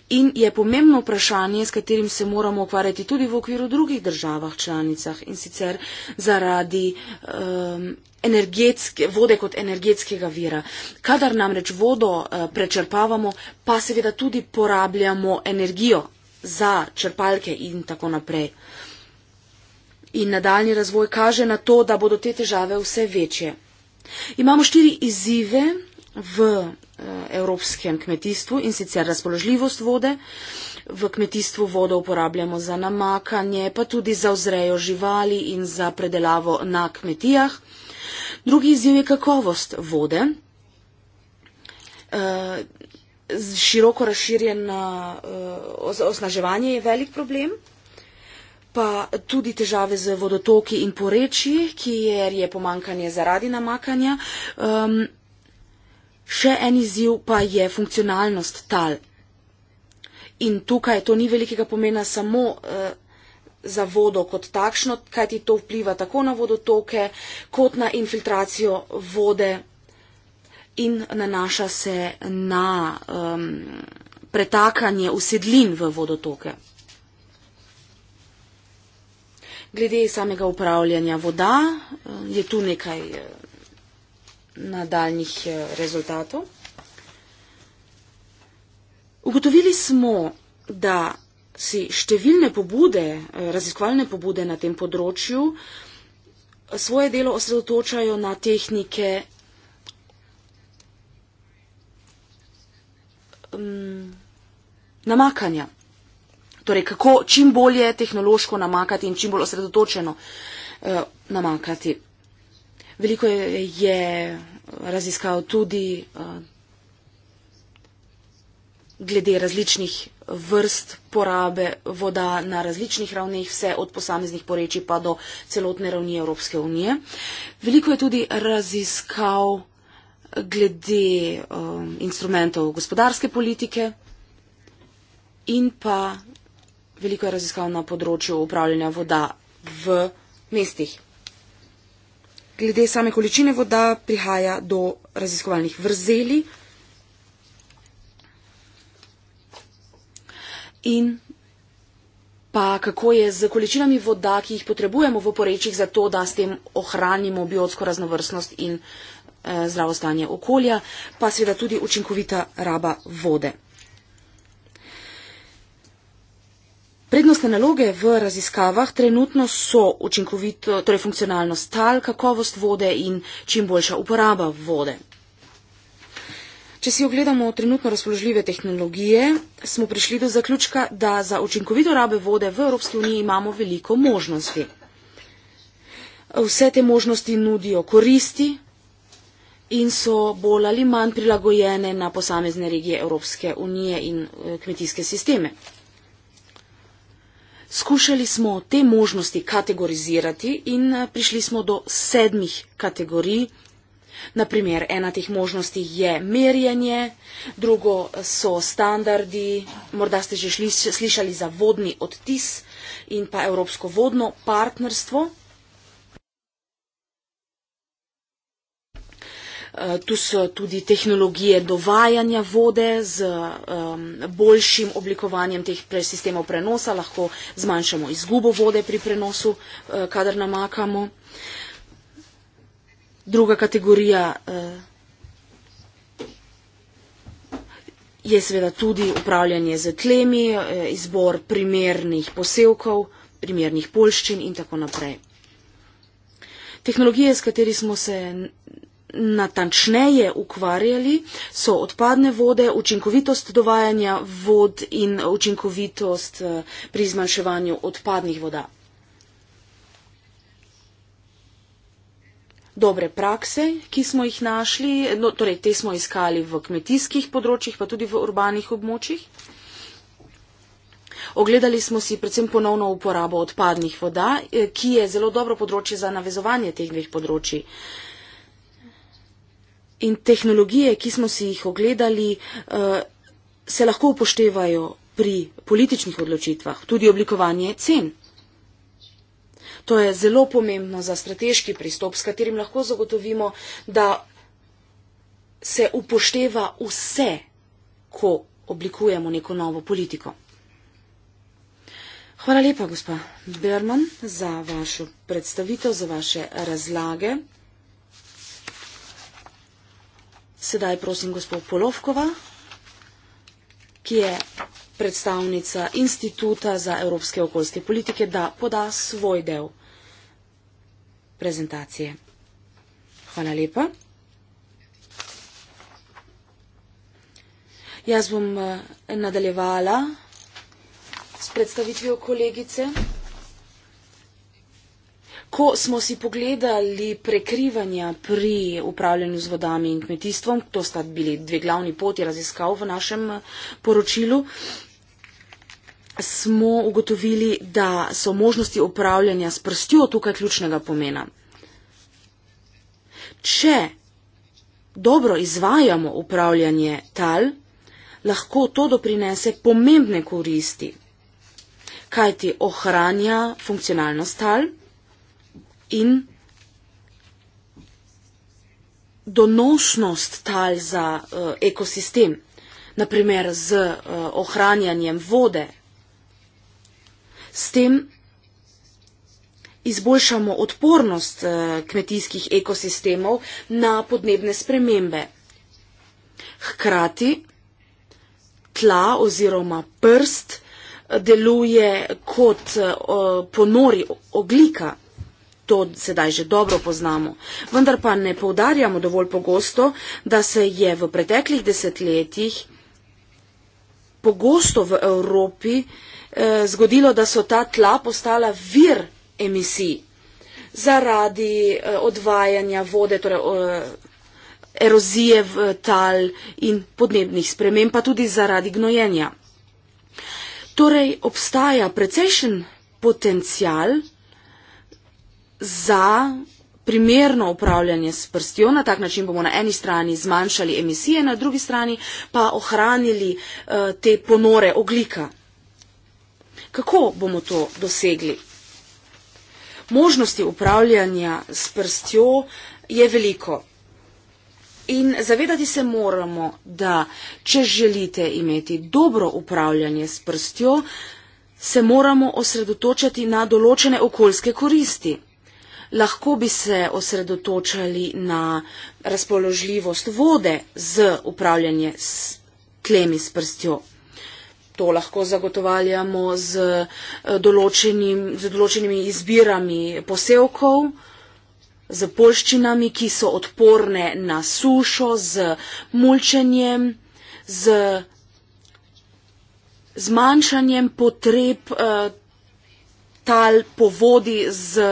A: in je pomembno vprašanje, s katerim se moramo ukvarjati tudi v okviru drugih državah članicah in sicer zaradi um, energetske, vode kot energetskega vira. Kadar namreč vodo uh, prečrpavamo, pa seveda tudi porabljamo energijo za črpalke in tako naprej. In nadaljni razvoj kaže na to, da bodo te težave vse večje. Imamo štiri izzive, v eh, evropskem kmetijstvu in sicer razpoložljivost vode. V kmetijstvu vodo uporabljamo za namakanje, pa tudi za vzrejo živali in za predelavo na kmetijah. Drugi izjiv je kakovost vode. Eh, široko razširjeno eh, osnaževanje je velik problem, pa tudi težave z vodotoki in porečji, kjer je pomankanje zaradi namakanja. Ehm, Še en izziv pa je funkcionalnost tal. In tukaj to ni velikega pomena samo uh, za vodo kot takšno, kajti to vpliva tako na vodotoke, kot na infiltracijo vode in nanaša se na um, pretakanje usedlin v vodotoke. Glede samega upravljanja voda eh, je tu nekaj. Uh, nadaljnih eh, rezultatov. Ugotovili smo, da si številne pobude, eh, raziskovalne pobude na tem področju svoje delo osredotočajo na tehnike um, namakanja. Torej, kako čim bolje tehnološko namakati in čim bolj osredotočeno uh, namakati. Veliko je, je raziskav tudi eh, glede različnih vrst porabe voda na različnih ravneh, vse od posameznih porečij pa do celotne ravni Evropske unije. Veliko je tudi raziskav glede um, instrumentov gospodarske politike in pa veliko je raziskav na področju upravljanja voda v mestih glede same količine voda prihaja do raziskovalnih vrzeli in pa kako je z količinami voda, ki jih potrebujemo v porečjih za to, da s tem ohranimo biotsko raznovrstnost in eh, zdravo stanje okolja, pa seveda tudi učinkovita raba vode. Prednostne naloge v raziskavah trenutno so učinkovito, torej funkcionalnost tal, kakovost vode in čim boljša uporaba vode. Če si ogledamo trenutno razpoložljive tehnologije, smo prišli do zaključka, da za učinkovito rabe vode v Evropski uniji imamo veliko možnosti. Vse te možnosti nudijo koristi in so bolj ali manj prilagojene na posamezne regije Evropske unije in eh, kmetijske sisteme. Skušali smo te možnosti kategorizirati in eh, prišli smo do sedmih kategorij. Naprimer, ena teh možnosti je merjenje, drugo so standardi, morda ste že šli, slišali za vodni odtis in pa Evropsko vodno partnerstvo. Eh, tu so tudi tehnologije dovajanja vode z um, boljšim oblikovanjem teh sistemov prenosa, lahko zmanjšamo izgubo vode pri prenosu, uh, kadar namakamo. Druga kategorija uh, je seveda tudi upravljanje z tlemi, uh, izbor primernih posevkov, primernih polščin in tako naprej. Tehnologije, s katerimi smo se natančneje ukvarjali, so odpadne vode, učinkovitost dovajanja vod in učinkovitost eh, pri zmanjševanju odpadnih voda. Dobre prakse, ki smo jih našli, no, torej te smo iskali v kmetijskih področjih, pa tudi v urbanih območjih. Ogledali smo si predvsem ponovno uporabo odpadnih voda, eh, ki je zelo dobro področje za navezovanje teh dveh področji. Uh, in tehnologije, ki smo si jih ogledali, eh, se lahko upoštevajo pri političnih odločitvah, tudi oblikovanje cen. To je zelo pomembno za strateški pristop, s katerim lahko zagotovimo, da se upošteva vse, ko oblikujemo neko novo politiko. Hvala lepa, gospa Berman, za vašo predstavitev, za vaše razlage. Sedaj prosim gospod Polovkova, ki je predstavnica Instituta za evropske okoljske politike, da poda svoj del prezentacije. Hvala lepa. Jaz bom eh, nadaljevala s predstavitvijo kolegice. Ko smo si pogledali prekrivanja pri upravljanju z vodami in kmetijstvom, to sta bili dve glavni poti raziskav v našem eh, poročilu, smo ugotovili, da so možnosti upravljanja s prstjo tukaj ključnega pomena. Če dobro izvajamo upravljanje tal, lahko to doprinese pomembne koristi, kajti ohranja funkcionalnost tal, in donosnost tal za uh, ekosistem, naprimer z uh, ohranjanjem vode, s tem izboljšamo odpornost uh, kmetijskih ekosistemov na podnebne spremembe. Hkrati tla oziroma prst deluje kot uh, ponori oglika to sedaj že dobro poznamo. Vendar pa ne poudarjamo dovolj pogosto, da se je v preteklih desetletjih pogosto v Evropi eh, zgodilo, da so ta tla postala vir emisij zaradi eh, odvajanja vode, torej eh, erozije v tal in podnebnih sprememb, pa tudi zaradi gnojenja. Torej obstaja precejšen potencial, za primerno upravljanje s prstjo. Na tak način bomo na eni strani zmanjšali emisije, na drugi strani pa ohranili eh, te ponore oglika. Kako bomo to dosegli? Možnosti upravljanja s prstjo je veliko. In zavedati se moramo, da če želite imeti dobro upravljanje s prstjo, se moramo osredotočati na določene okoljske koristi lahko bi se osredotočali na razpoložljivost vode z upravljanje s klemi s prstjo. To lahko zagotovaljamo z, eh, določenim, z določenimi izbirami posevkov, z polščinami, ki so odporne na sušo, z mulčenjem, z zmanjšanjem potreb eh, tal po vodi z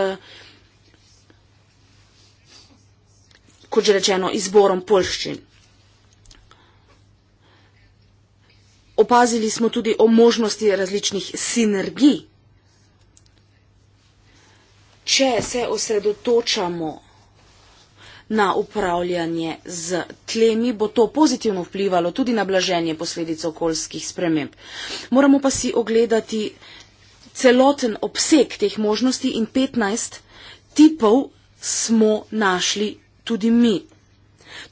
A: kot že rečeno, izborom polščin. Opazili smo tudi o možnosti različnih sinergij. Če se osredotočamo na upravljanje z tlemi, bo to pozitivno vplivalo tudi na blaženje posledic okoljskih sprememb. Moramo pa si ogledati celoten obseg teh možnosti in 15 tipov smo našli tudi mi.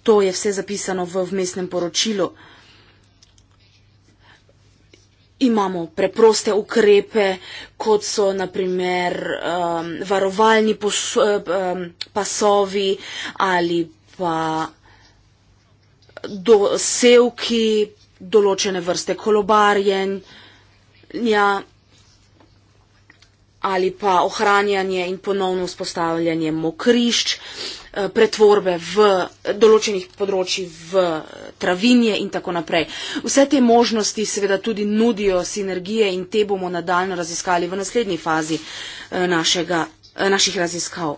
A: To je vse zapisano v vmesnem poročilu. Imamo preproste ukrepe, kot so naprimer um, varovalni pos, um, pasovi ali pa dosevki določene vrste kolobarjen ali pa ohranjanje in ponovno vzpostavljanje mokrišč. Eh, pretvorbe v določenih področjih, v eh, travinje in tako naprej. Vse te možnosti seveda tudi nudijo sinergije in te bomo nadaljno raziskali v naslednji fazi eh, našega, naših raziskav.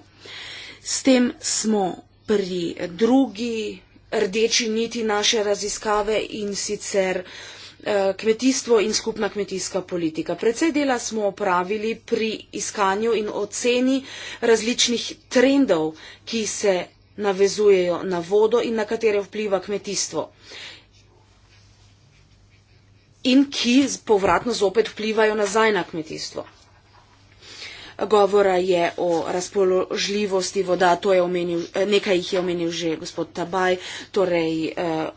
A: S tem smo pri drugi rdeči niti naše raziskave in sicer Eh, kmetijstvo in skupna kmetijska politika. Predvsej dela smo opravili pri iskanju in oceni različnih trendov, ki se navezujejo na vodo in na katere vpliva kmetijstvo in ki povratno zopet vplivajo nazaj na kmetijstvo. Govora je o razpoložljivosti voda, to je omenil, eh, nekaj jih je omenil že gospod Tabaj, torej eh,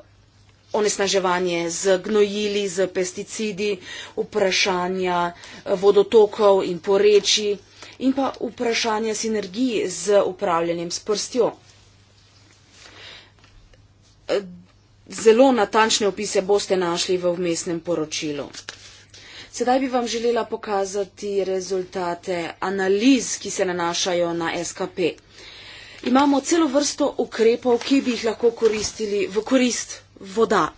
A: onesnaževanje z gnojili, z pesticidi, vprašanja eh, vodotokov in poreči in pa vprašanja sinergiji z upravljanjem s prstjo. Eh, zelo natančne opise boste našli v umestnem poročilu. Sedaj bi vam želela pokazati rezultate analiz, ki se nanašajo na SKP. Imamo celo vrsto ukrepov, ki bi jih lahko koristili v korist voda.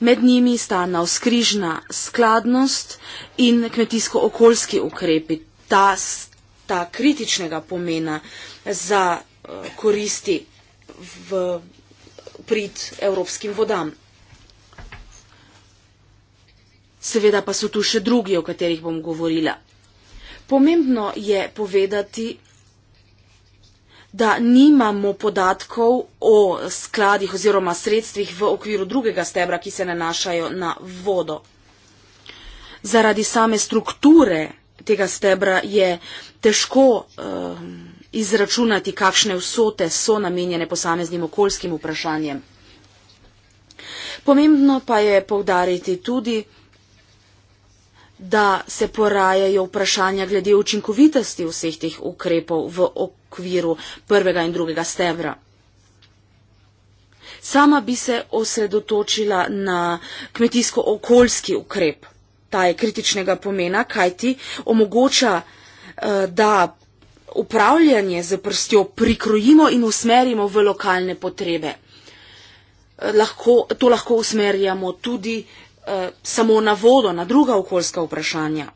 A: Med njimi sta navskrižna skladnost in kmetijsko-okoljski ukrepi, ta, ta kritičnega pomena za eh, koristi v prid evropskim vodam. Seveda pa so tu še drugi, o katerih bom govorila. Pomembno je povedati, da nimamo podatkov o skladih oziroma sredstvih v okviru drugega stebra, ki se nanašajo na vodo. Zaradi same strukture tega stebra je težko uh, izračunati, kakšne vsote so namenjene posameznim okoljskim vprašanjem. Pomembno pa je povdariti tudi, da se porajajo vprašanja glede učinkovitosti vseh teh ukrepov v okviru prvega in drugega stebra. Sama bi se osredotočila na kmetijsko-okoljski ukrep. Ta je kritičnega pomena, kajti omogoča, eh, da upravljanje z prstjo prikrojimo in usmerimo v lokalne potrebe. Eh, lahko, to lahko usmerjamo tudi eh, samo na vodo, na druga okoljska vprašanja.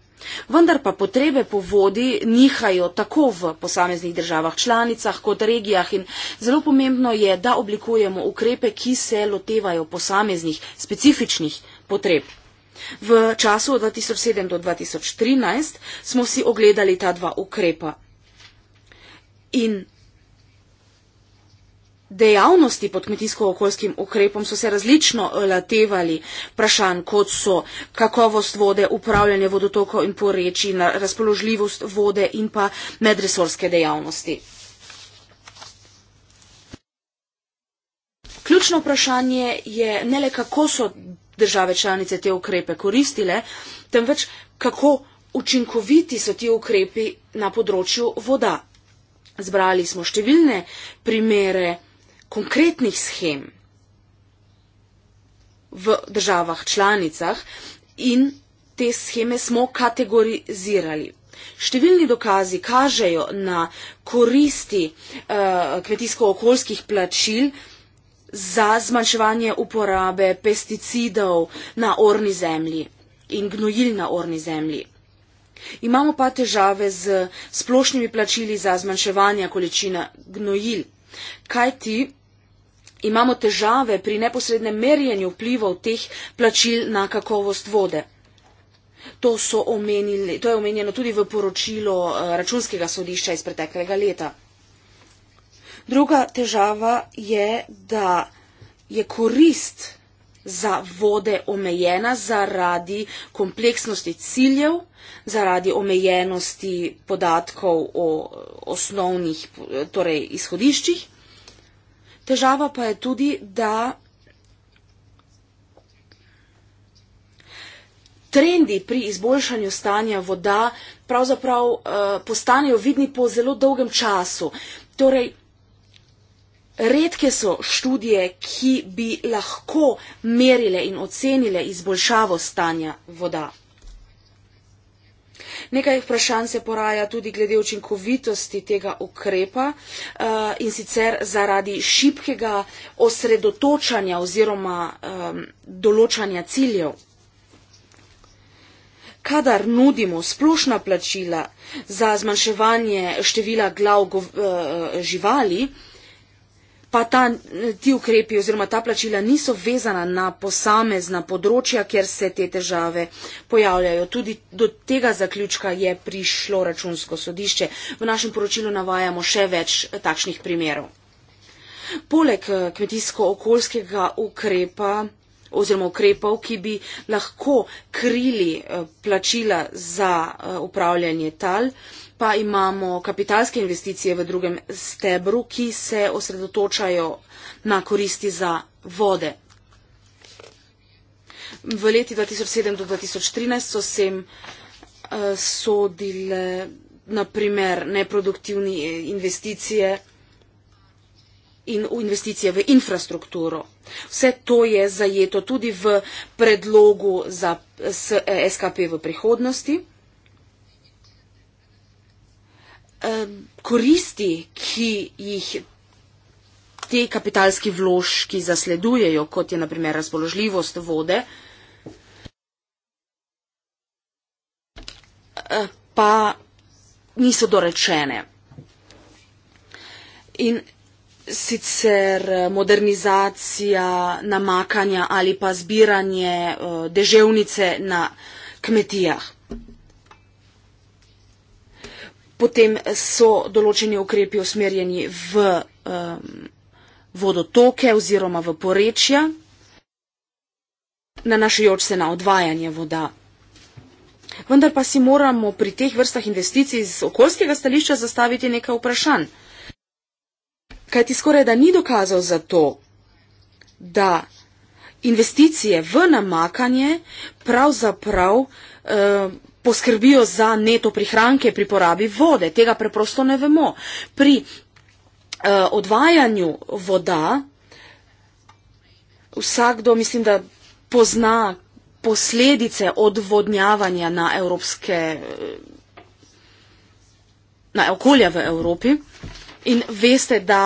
A: Vendar pa potrebe po vodi nihajo tako v posameznih državah članicah kot regijah in zelo pomembno je, da oblikujemo ukrepe, ki se lotevajo posameznih specifičnih potreb. V času od 2007 do 2013 smo si ogledali ta dva ukrepa. In Dejavnosti pod kmetijsko-okoljskim ukrepom so se različno eh, latevali vprašanj, kot so kakovost vode, upravljanje vodotokov in poreči, razpoložljivost vode in pa medresorske dejavnosti. Ključno vprašanje je ne le, kako so države članice te ukrepe koristile, temveč kako učinkoviti so ti ukrepi na področju voda. Zbrali smo številne primere, konkretnih schem v državah članicah in te scheme smo kategorizirali. Številni dokazi kažejo na koristi uh, kmetijsko-okoljskih plačil za zmanjševanje uporabe pesticidov na orni zemlji in gnojil na orni zemlji. Imamo pa težave z splošnimi plačili za zmanjševanje količine gnojil, kajti imamo težave pri neposrednem merjenju vplivov teh plačil na kakovost vode. To, omenili, to je omenjeno tudi v poročilu eh, računskega sodišča iz preteklega leta. Druga težava je, da je korist za vode omejena zaradi kompleksnosti ciljev, zaradi omejenosti podatkov o osnovnih torej izhodiščih. Težava pa je tudi, da trendi pri izboljšanju stanja voda pravzaprav uh, postanejo vidni po zelo dolgem času. Torej, redke so študije, ki bi lahko merile in ocenile izboljšavo stanja voda. Nekaj vprašanj se poraja tudi glede učinkovitosti tega ukrepa eh, in sicer zaradi šibkega osredotočanja oziroma določanja ciljev. Kadar nudimo splošna plačila za zmanjševanje števila glav eh, živali, pa ta, ti ukrepi oziroma ta plačila niso vezana na posamezna področja, kjer se te težave pojavljajo. Tudi do tega zaključka je prišlo računsko sodišče. V našem poročilu navajamo še več eh, takšnih primerov. Poleg eh, kmetijsko-okoljskega ukrepa oziroma ukrepov, ki bi lahko krili eh, plačila za upravljanje tal, pa imamo kapitalske investicije v drugem stebru, ki se osredotočajo na koristi za vode. V leti 2007 do 2013 so sem eh, sodile naprimer neproduktivne eh, investicije in investicije v infrastrukturo. Vse to je zajeto tudi v predlogu za eh, SKP v prihodnosti um, koristi, ki jih te kapitalski vložki zasledujejo, kot je naprimer razpoložljivost vode, eh, pa niso dorečene. In sicer eh, modernizacija namakanja ali pa zbiranje eh, deževnice na kmetijah potem so določeni ukrepi usmerjeni v um, vodotoke oziroma v porečja, nanašajoč se na odvajanje voda. Vendar pa si moramo pri teh vrstah investicij z okoljskega stališča zastaviti nekaj vprašanj. Kaj ti skoraj da ni dokazal za to, da investicije v namakanje pravzaprav eh, poskrbijo za neto prihranke pri porabi vode. Tega preprosto ne vemo. Pri uh, odvajanju voda vsakdo, mislim, da pozna posledice odvodnjavanja na evropske, eh, na okolja v Evropi in veste, da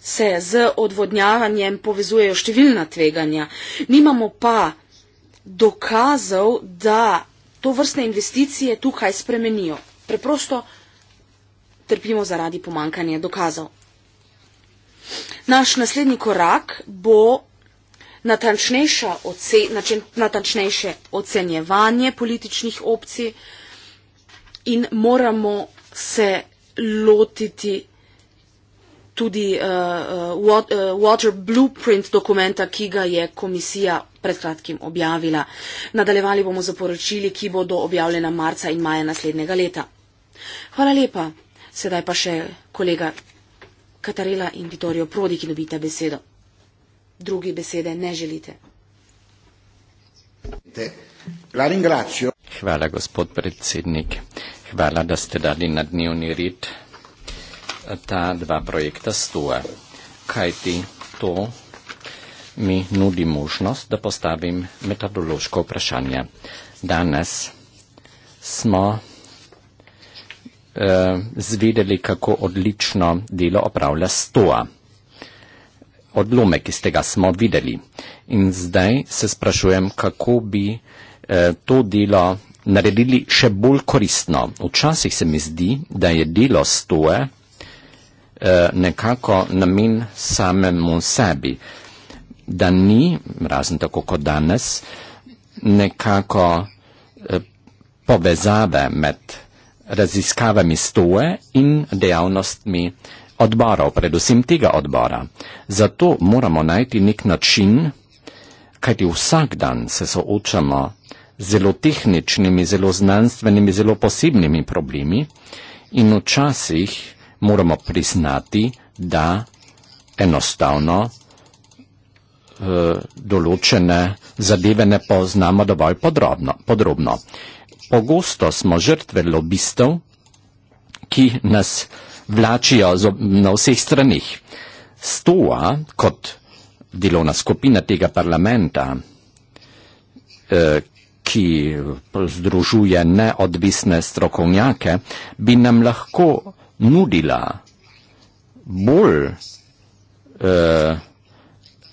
A: se z odvodnjavanjem povezujejo številna tveganja. Nimamo pa dokazov, da to vrstne investicije tukaj spremenijo. Preprosto trpimo zaradi pomankanja dokazov. Naš naslednji korak bo natančnejše ocenjevanje političnih opcij in moramo se lotiti tudi uh, uh, Water Blueprint dokumenta, ki ga je komisija pred kratkim objavila. Nadaljevali bomo z poročili, ki bodo objavljena marca in maja naslednjega leta. Hvala lepa. Sedaj pa še kolega Katarela in Vitorijo Prodi, ki dobita besedo. Drugi besede ne želite.
B: La ringrazio. Hvala, gospod predsednik. Hvala, da ste dali na dnevni red ta dva projekta stoja. Kaj ti to mi nudi možnost, da postavim metodološko vprašanje. Danes smo eh, zvedeli, kako odlično delo opravlja stoa. Odlomek iz tega smo videli. In zdaj se sprašujem, kako bi eh, to delo naredili še bolj koristno. Včasih se mi zdi, da je delo stoje eh, nekako namen samemu sebi da ni, razen tako kot danes, nekako eh, povezave med raziskavami stoje in dejavnostmi odborov, predvsem tega odbora. Zato moramo najti nek način, kajti vsak dan se soočamo z zelo tehničnimi, zelo znanstvenimi, zelo posebnimi problemi in včasih moramo priznati, da enostavno Eh, določene zadeve ne poznamo dovolj podrobno, podrobno. Pogosto smo žrtve lobistov, ki nas vlačijo na vseh stranih. Stoa kot delovna skupina tega parlamenta, eh, ki združuje neodvisne strokovnjake, bi nam lahko nudila bolj eh,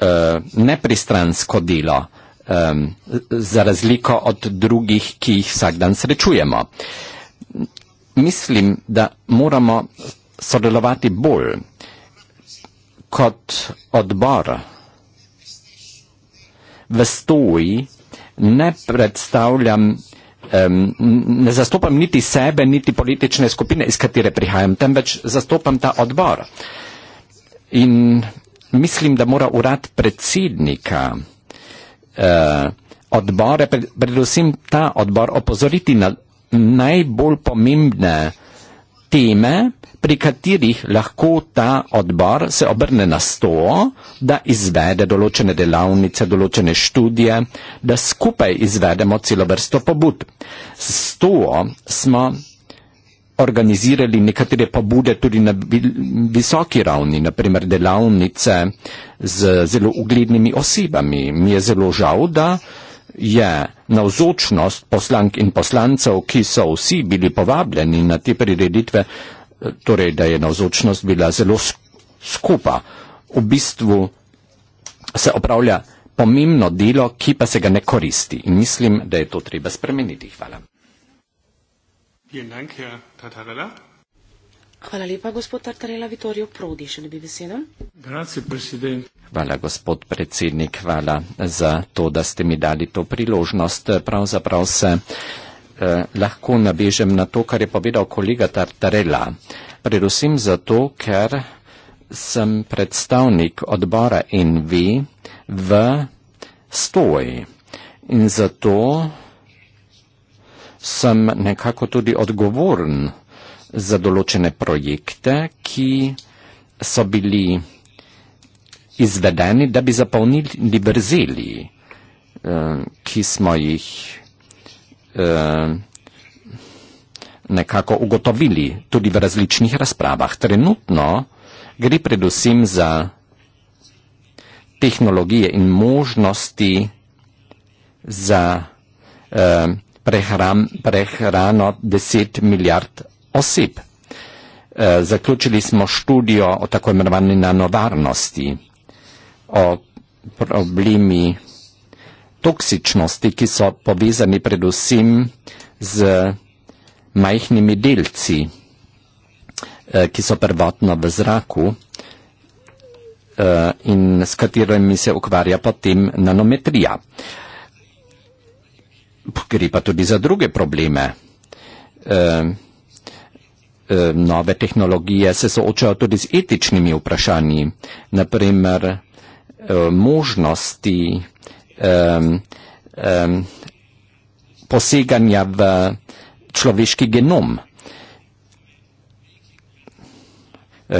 B: Eh, nepristransko delo, um, za razliko od drugih, ki jih vsak dan srečujemo. Mislim, da moramo sodelovati bolj kot odbor. V stoji ne predstavljam, um, ne zastopam niti sebe, niti politične skupine, iz katere prihajam, temveč zastopam ta odbor. In mislim, da mora urad predsednika eh, odbore, pred, predvsem ta odbor, opozoriti na najbolj pomembne teme, pri katerih lahko ta odbor se obrne na sto, da izvede določene delavnice, določene študije, da skupaj izvedemo celo vrsto pobud. S sto smo organizirali nekatere pobude tudi na visoki ravni, naprimer delavnice z zelo uglednimi osebami. Mi je zelo žal, da je navzočnost poslank in poslancev, ki so vsi bili povabljeni na te prireditve, torej da je navzočnost bila zelo skupa. V bistvu se opravlja pomembno delo, ki pa se ga ne koristi. In mislim, da je to treba spremeniti. Hvala.
C: Vielen Dank, Herr Tartarella.
A: Hvala lepa, gospod Tartarella Vittorio Prodi, še dobi besedo.
B: Grazie, hvala, gospod predsednik, hvala za to, da ste mi dali to priložnost. Pravzaprav se eh, lahko nabežem na to, kar je povedal kolega Tartarella. Predvsem zato, ker sem predstavnik odbora NV v stoji. In zato sem nekako tudi odgovoren za določene projekte, ki so bili izvedeni, da bi zapolnili brzeli, eh, ki smo jih eh, nekako ugotovili tudi v različnih razpravah. Trenutno gre predvsem za tehnologije in možnosti za eh, prehran, prehrano 10 milijard oseb. E, zaključili smo študijo o tako imenovani nanovarnosti, o problemi toksičnosti, ki so povezani predvsem z majhnimi delci, e, ki so prvotno v zraku e, in s katerimi se ukvarja potem nanometrija. E, gre pa tudi za druge probleme. E, e, nove tehnologije se soočajo tudi z etičnimi vprašanji, naprimer e, možnosti e, e, poseganja v človeški genom. Uh,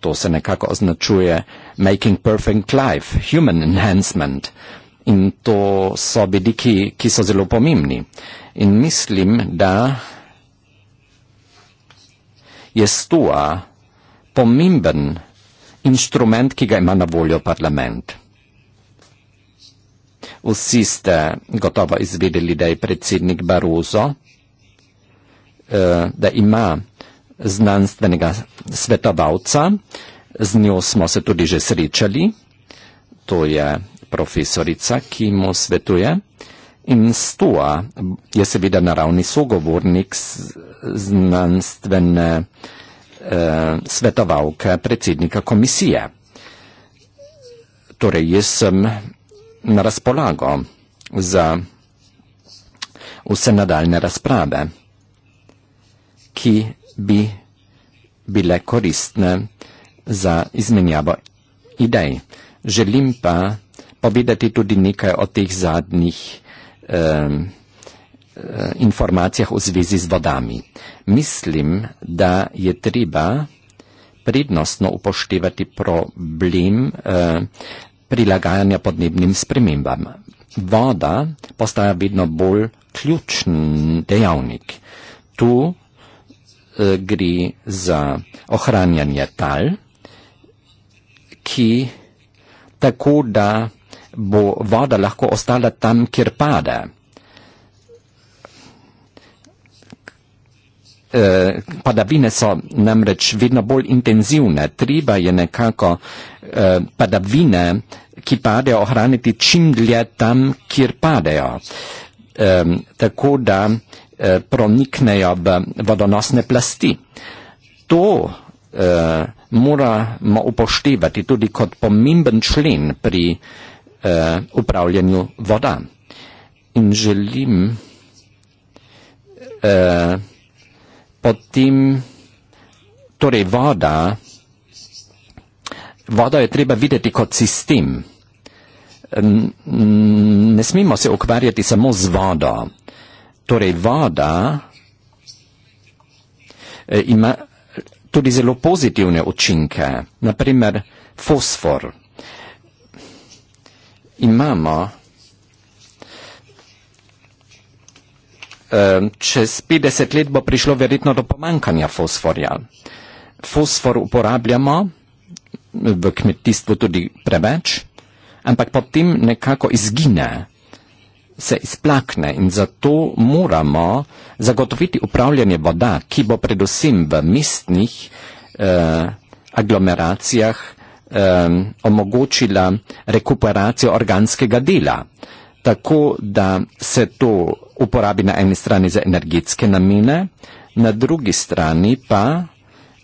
B: to se nekako označuje making perfect life, human enhancement. Uh, in to so vidiki, ki so zelo pomembni. In mislim, da je stoa pomemben inštrument, ki ga ima na voljo parlament. Vsi ste gotovo izvedeli, da je predsednik Barozo, eh, da ima znanstvenega svetovalca, z njo smo se tudi že srečali, to je profesorica, ki mu svetuje. In stoa je seveda naravni sogovornik znanstvene eh, svetovalke predsednika komisije. Torej, jaz sem na razpolago za vse nadaljne razprave, ki bi bile koristne za izmenjavo idej. Želim pa, pa videti tudi nekaj o teh zadnjih um, informacijah v zvezi z vodami. Mislim, da je treba prednostno upoštevati problem uh, prilagajanja podnebnim spremembam. Voda postaja vedno bolj ključen dejavnik. Tu uh, gre za ohranjanje tal, ki tako da bo voda lahko ostala tam, kjer pada. E, padavine so namreč vedno bolj intenzivne. Treba je nekako e, padavine, ki padejo, ohraniti čim dlje tam, kjer padejo. E, tako da proniknejo v vodonosne plasti. To moramo upoštevati tudi kot pomemben člen pri Eh, upravljanju voda. In želim eh, potem, torej voda, voda je treba videti kot sistem. Ne smemo se ukvarjati samo z vodo. Torej voda eh, ima tudi zelo pozitivne učinke, naprimer fosfor imamo, čez 50 let bo prišlo verjetno do pomankanja fosforja. Fosfor uporabljamo v kmetijstvu tudi preveč, ampak potem nekako izgine, se izplakne in zato moramo zagotoviti upravljanje voda, ki bo predvsem v mestnih eh, aglomeracijah um, omogočila rekuperacijo organskega dela, tako da se to uporabi na eni strani za energetske namene, na drugi strani pa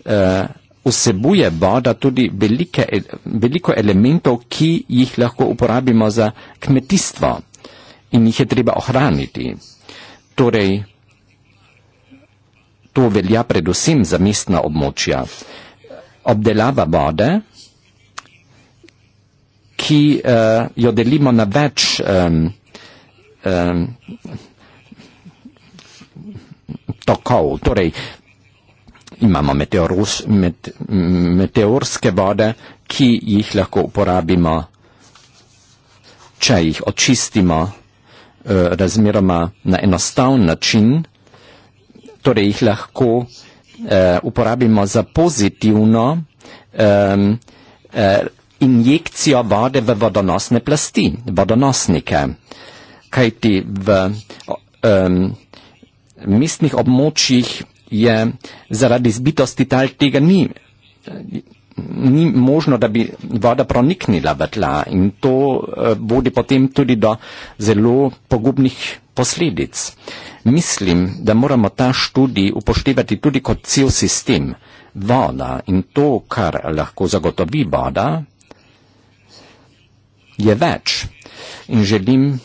B: uh, vsebuje voda tudi velike, veliko elementov, ki jih lahko uporabimo za kmetijstvo in jih je treba ohraniti. Torej, To velja predvsem za mestna območja. Obdelava vode ki uh, jo delimo na več um, um, tokov. Torej, imamo meteorus, met, meteorske vode, ki jih lahko uporabimo, če jih očistimo uh, razmeroma na enostavn način, torej jih lahko uh, uporabimo za pozitivno um, uh, injekcijo vode v vodonosne plasti, vodonosnike. Kaj ti v um, mestnih območjih je zaradi zbitosti tal tega ni, ni možno, da bi voda proniknila v tla in to uh, e, bodi potem tudi do zelo pogubnih posledic. Mislim, da moramo ta študij upoštevati tudi kot cel sistem. Voda in to, kar lahko zagotovi voda, je več. In želim eh,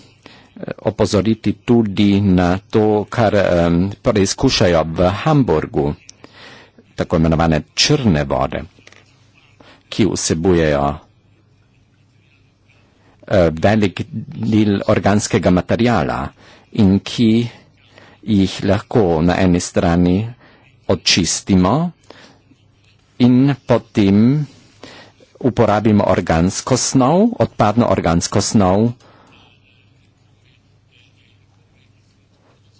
B: opozoriti tudi na to, kar um, preizkušajo v Hamburgu, tako imenovane črne vode, ki vsebujejo uh, velik del organskega materijala in ki jih lahko na eni strani očistimo in potem uporabim organsko snov, odpadno organsko snov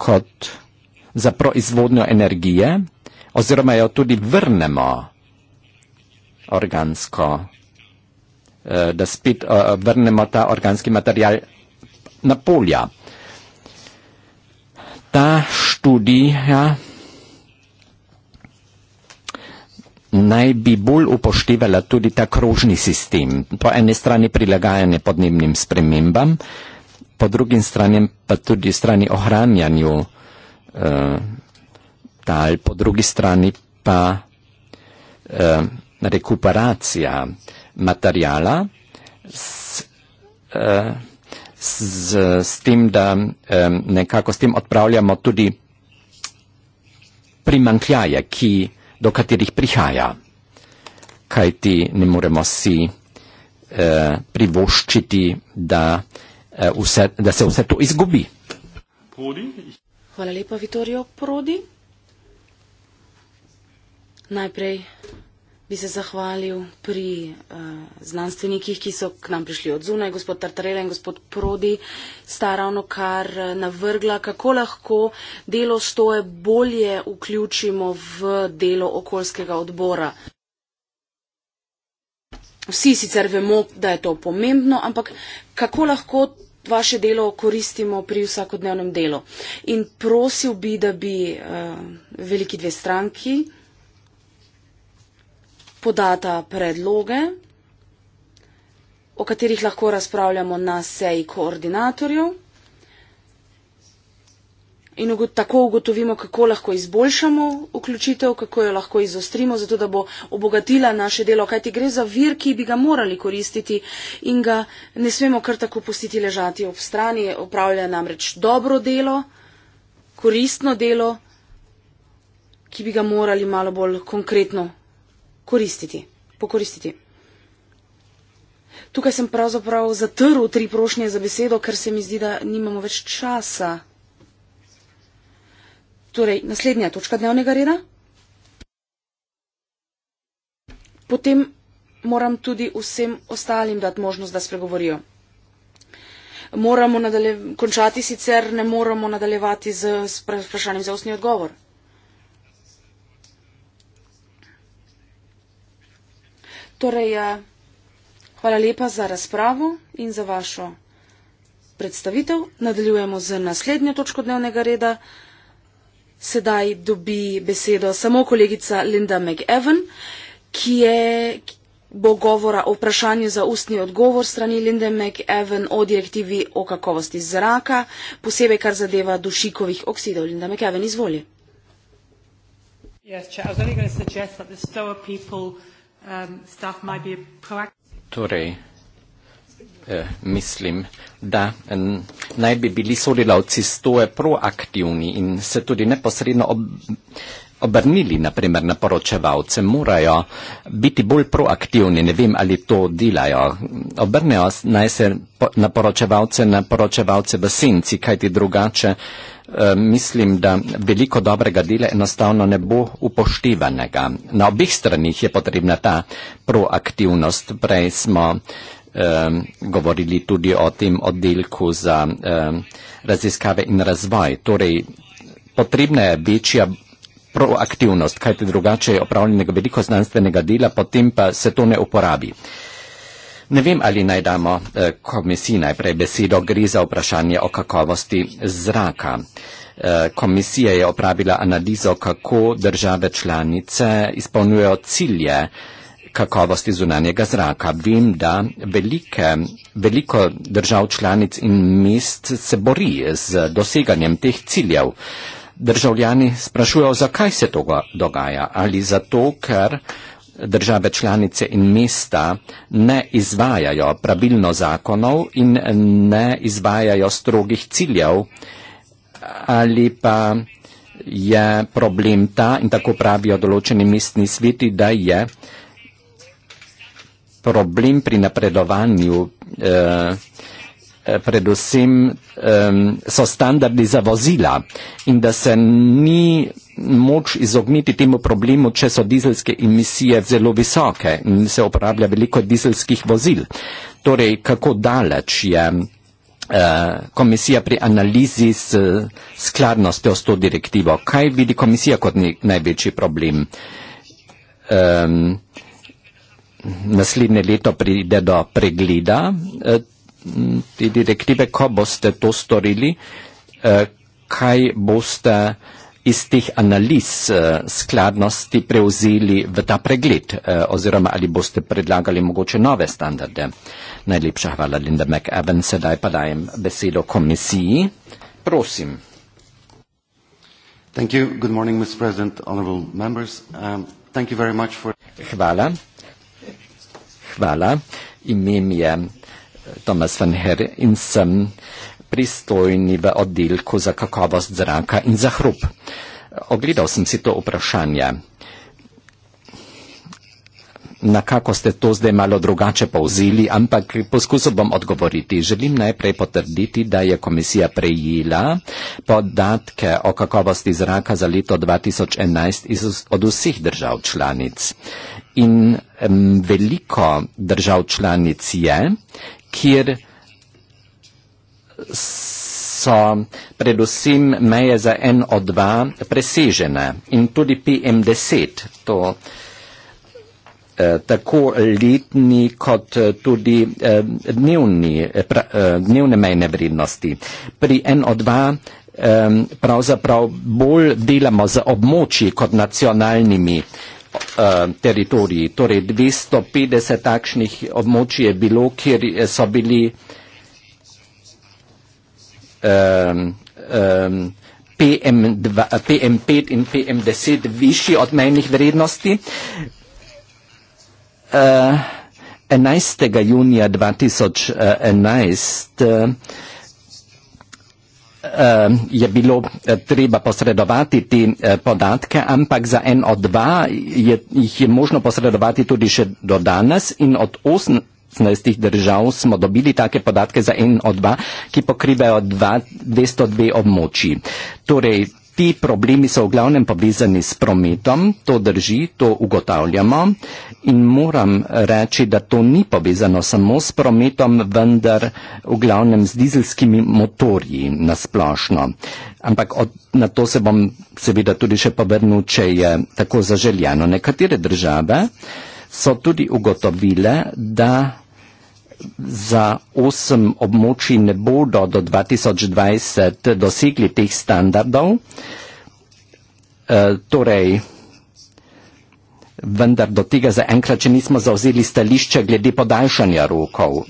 B: kot za proizvodnjo energije, oziroma jo tudi vrnemo organsko, eh, da spet eh, vrnemo ta organski material na polja. Ta študija naj bi bolj upoštevala tudi ta krožni sistem. Po eni strani prilagajanje podnebnim spremembam, po drugi strani pa tudi strani ohranjanju eh, tal, po drugi strani pa eh, rekuperacija materijala s, eh, s, s tem, da eh, nekako s tem odpravljamo tudi primankljaje, ki do katerih prihaja. Kaj ti ne moremo si eh, privoščiti, da, eh, vse, da se vse to izgubi.
A: Hvala lepa, Vitorijo Prodi. Najprej bi se zahvalil pri uh, znanstvenikih, ki so k nam prišli od zunaj, gospod Tartarela in gospod Prodi, sta ravno kar eh, navrgla, kako lahko delo stoje bolje vključimo v delo okoljskega odbora. Vsi sicer vemo, da je to pomembno, ampak kako lahko vaše delo koristimo pri vsakodnevnem delu. In prosil bi, da bi uh, veliki dve stranki, podata predloge, o katerih lahko razpravljamo na seji koordinatorjev in tako ugotovimo, kako lahko izboljšamo vključitev, kako jo lahko izostrimo, zato da bo obogatila naše delo, kajti gre za vir, ki bi ga morali koristiti in ga ne smemo kar tako pustiti ležati ob strani. Opravlja namreč dobro delo, koristno delo, ki bi ga morali malo bolj konkretno koristiti, pokoristiti. Tukaj sem pravzaprav zatrl tri prošnje za besedo, ker se mi zdi, da nimamo več časa. Torej, naslednja točka dnevnega reda. Potem moram tudi vsem ostalim dati možnost, da spregovorijo. Moramo končati sicer, ne moramo nadaljevati z vprašanjem za ustni odgovor. Torej, eh, hvala lepa za razpravo in za vašo predstavitev. Nadaljujemo z naslednjo točko dnevnega reda. Sedaj dobi besedo samo kolegica Linda McEwen, ki je bo govora o vprašanju za ustni odgovor strani Linde McEwen o direktivi o kakovosti zraka, posebej kar zadeva dušikovih oksidov. Linda McEwen, izvoli.
B: Yes, chair. I was only going to suggest that the slower people Um, torej, eh, mislim, da naj bi bili sodelavci stoje proaktivni in se tudi neposredno ob, obrnili, naprimer, na poročevalce. Morajo biti bolj proaktivni, ne vem, ali to delajo. Obrnejo naj se na poročevalce, na poročevalce v senci, kajti drugače. Eh, Eh, mislim, da veliko dobrega dela enostavno ne bo upoštevanega. Na obih stranih je potrebna ta proaktivnost. Prej smo eh, govorili tudi o tem oddelku za eh, raziskave in razvoj. Torej, potrebna je večja proaktivnost, kajte drugače je opravljenega veliko znanstvenega dela, potem pa se to ne uporabi. Ne vem, ali naj damo eh, komisiji najprej besedo, gre za vprašanje o kakovosti zraka. Eh, komisija je opravila analizo, kako države članice izpolnjujejo cilje kakovosti zunanjega zraka. Vem, da velike, veliko držav članic in mest se bori z doseganjem teh ciljev. Državljani sprašujejo, zakaj se to dogaja. Ali zato, ker države članice in mesta ne izvajajo pravilno zakonov in ne izvajajo strogih ciljev ali pa je problem ta in tako pravijo določeni mestni sveti, da je problem pri napredovanju eh, Eh, predvsem um, so standardi za vozila in da se ni moč izogniti temu problemu, če so dizelske emisije zelo visoke in se uporablja veliko dizelskih vozil. Torej, kako daleč je uh, komisija pri analizi s skladnostjo s to direktivo? Kaj vidi komisija kot ne, največji problem? Um, naslednje leto pride do pregleda. Uh, te direktive, ko boste to storili, eh, kaj boste iz teh analiz eh, skladnosti preuzeli v ta pregled eh, oziroma ali boste predlagali mogoče nove standarde. Najlepša hvala Linda McEwen, sedaj pa dajem besedo komisiji. Prosim. Thank you. Good morning, Mr.
C: President, honorable members. Um, thank you very much for... Hvala.
B: Hvala. Imem je uh, Thomas van Her in sem pristojni v oddelku za kakovost zraka in za hrup. Ogledal sem si to vprašanje. Na kako ste to zdaj malo drugače povzeli, ampak poskusil bom odgovoriti. Želim najprej potrditi, da je komisija prejela podatke o kakovosti zraka za leto 2011 iz, od vseh držav članic. In um, veliko držav članic je, kjer so predvsem meje za NO2 presežene in tudi PM10, to eh, tako letni kot eh, tudi eh, dnevni, dnevne mejne vrednosti. Pri NO2 pravzaprav bolj delamo z območji kot nacionalnimi Eh, teritorij. Torej 250 takšnih območij je bilo, kjer so bili PM2, PM5 in PM10 višji od mejnih vrednosti. 11. Eh, junija 2011 Ehm, je bilo eh, treba posredovati te eh, podatke, ampak za en od dva je, jih je možno posredovati tudi še do danes in od osn držav smo dobili take podatke za en od dva, ki pokrivajo 202 območji. Torej, Ti problemi so v glavnem povezani s prometom, to drži, to ugotavljamo in moram reči, da to ni povezano samo s prometom, vendar v glavnem z dizelskimi motorji nasplošno. Ampak od, na to se bom seveda tudi še povrnil, če je tako zaželjeno. Nekatere države so tudi ugotovile, da za osem območij ne bodo do 2020 dosegli teh standardov, e, torej vendar do tega zaenkrat, če nismo zauzeli stališče glede podaljšanja rokov.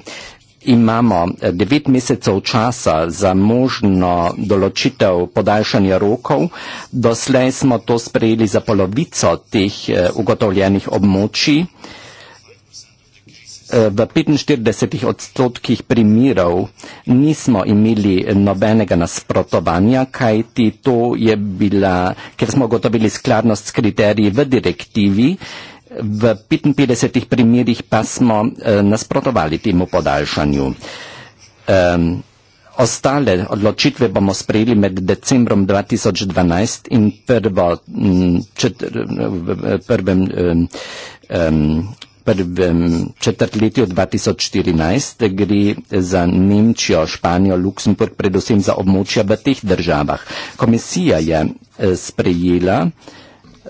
B: Imamo e, devet mesecev časa za možno določitev podaljšanja rokov, doslej smo to sprejeli za polovico teh e, ugotovljenih območij. Eh, v 45 odstotkih primirov nismo imeli nobenega nasprotovanja, kaj ti to je bila, ker smo gotovili skladnost s kriteriji v direktivi, v 55 primirih pa smo eh, nasprotovali temu podaljšanju. Um, Ostale odločitve bomo sprejeli med decembrom 2012 in prvo, četr, prvem um, um, prvem četrtletju 2014 gre za Nemčijo, Španijo, Luksemburg, predvsem za območja v teh državah. Komisija je eh, sprejela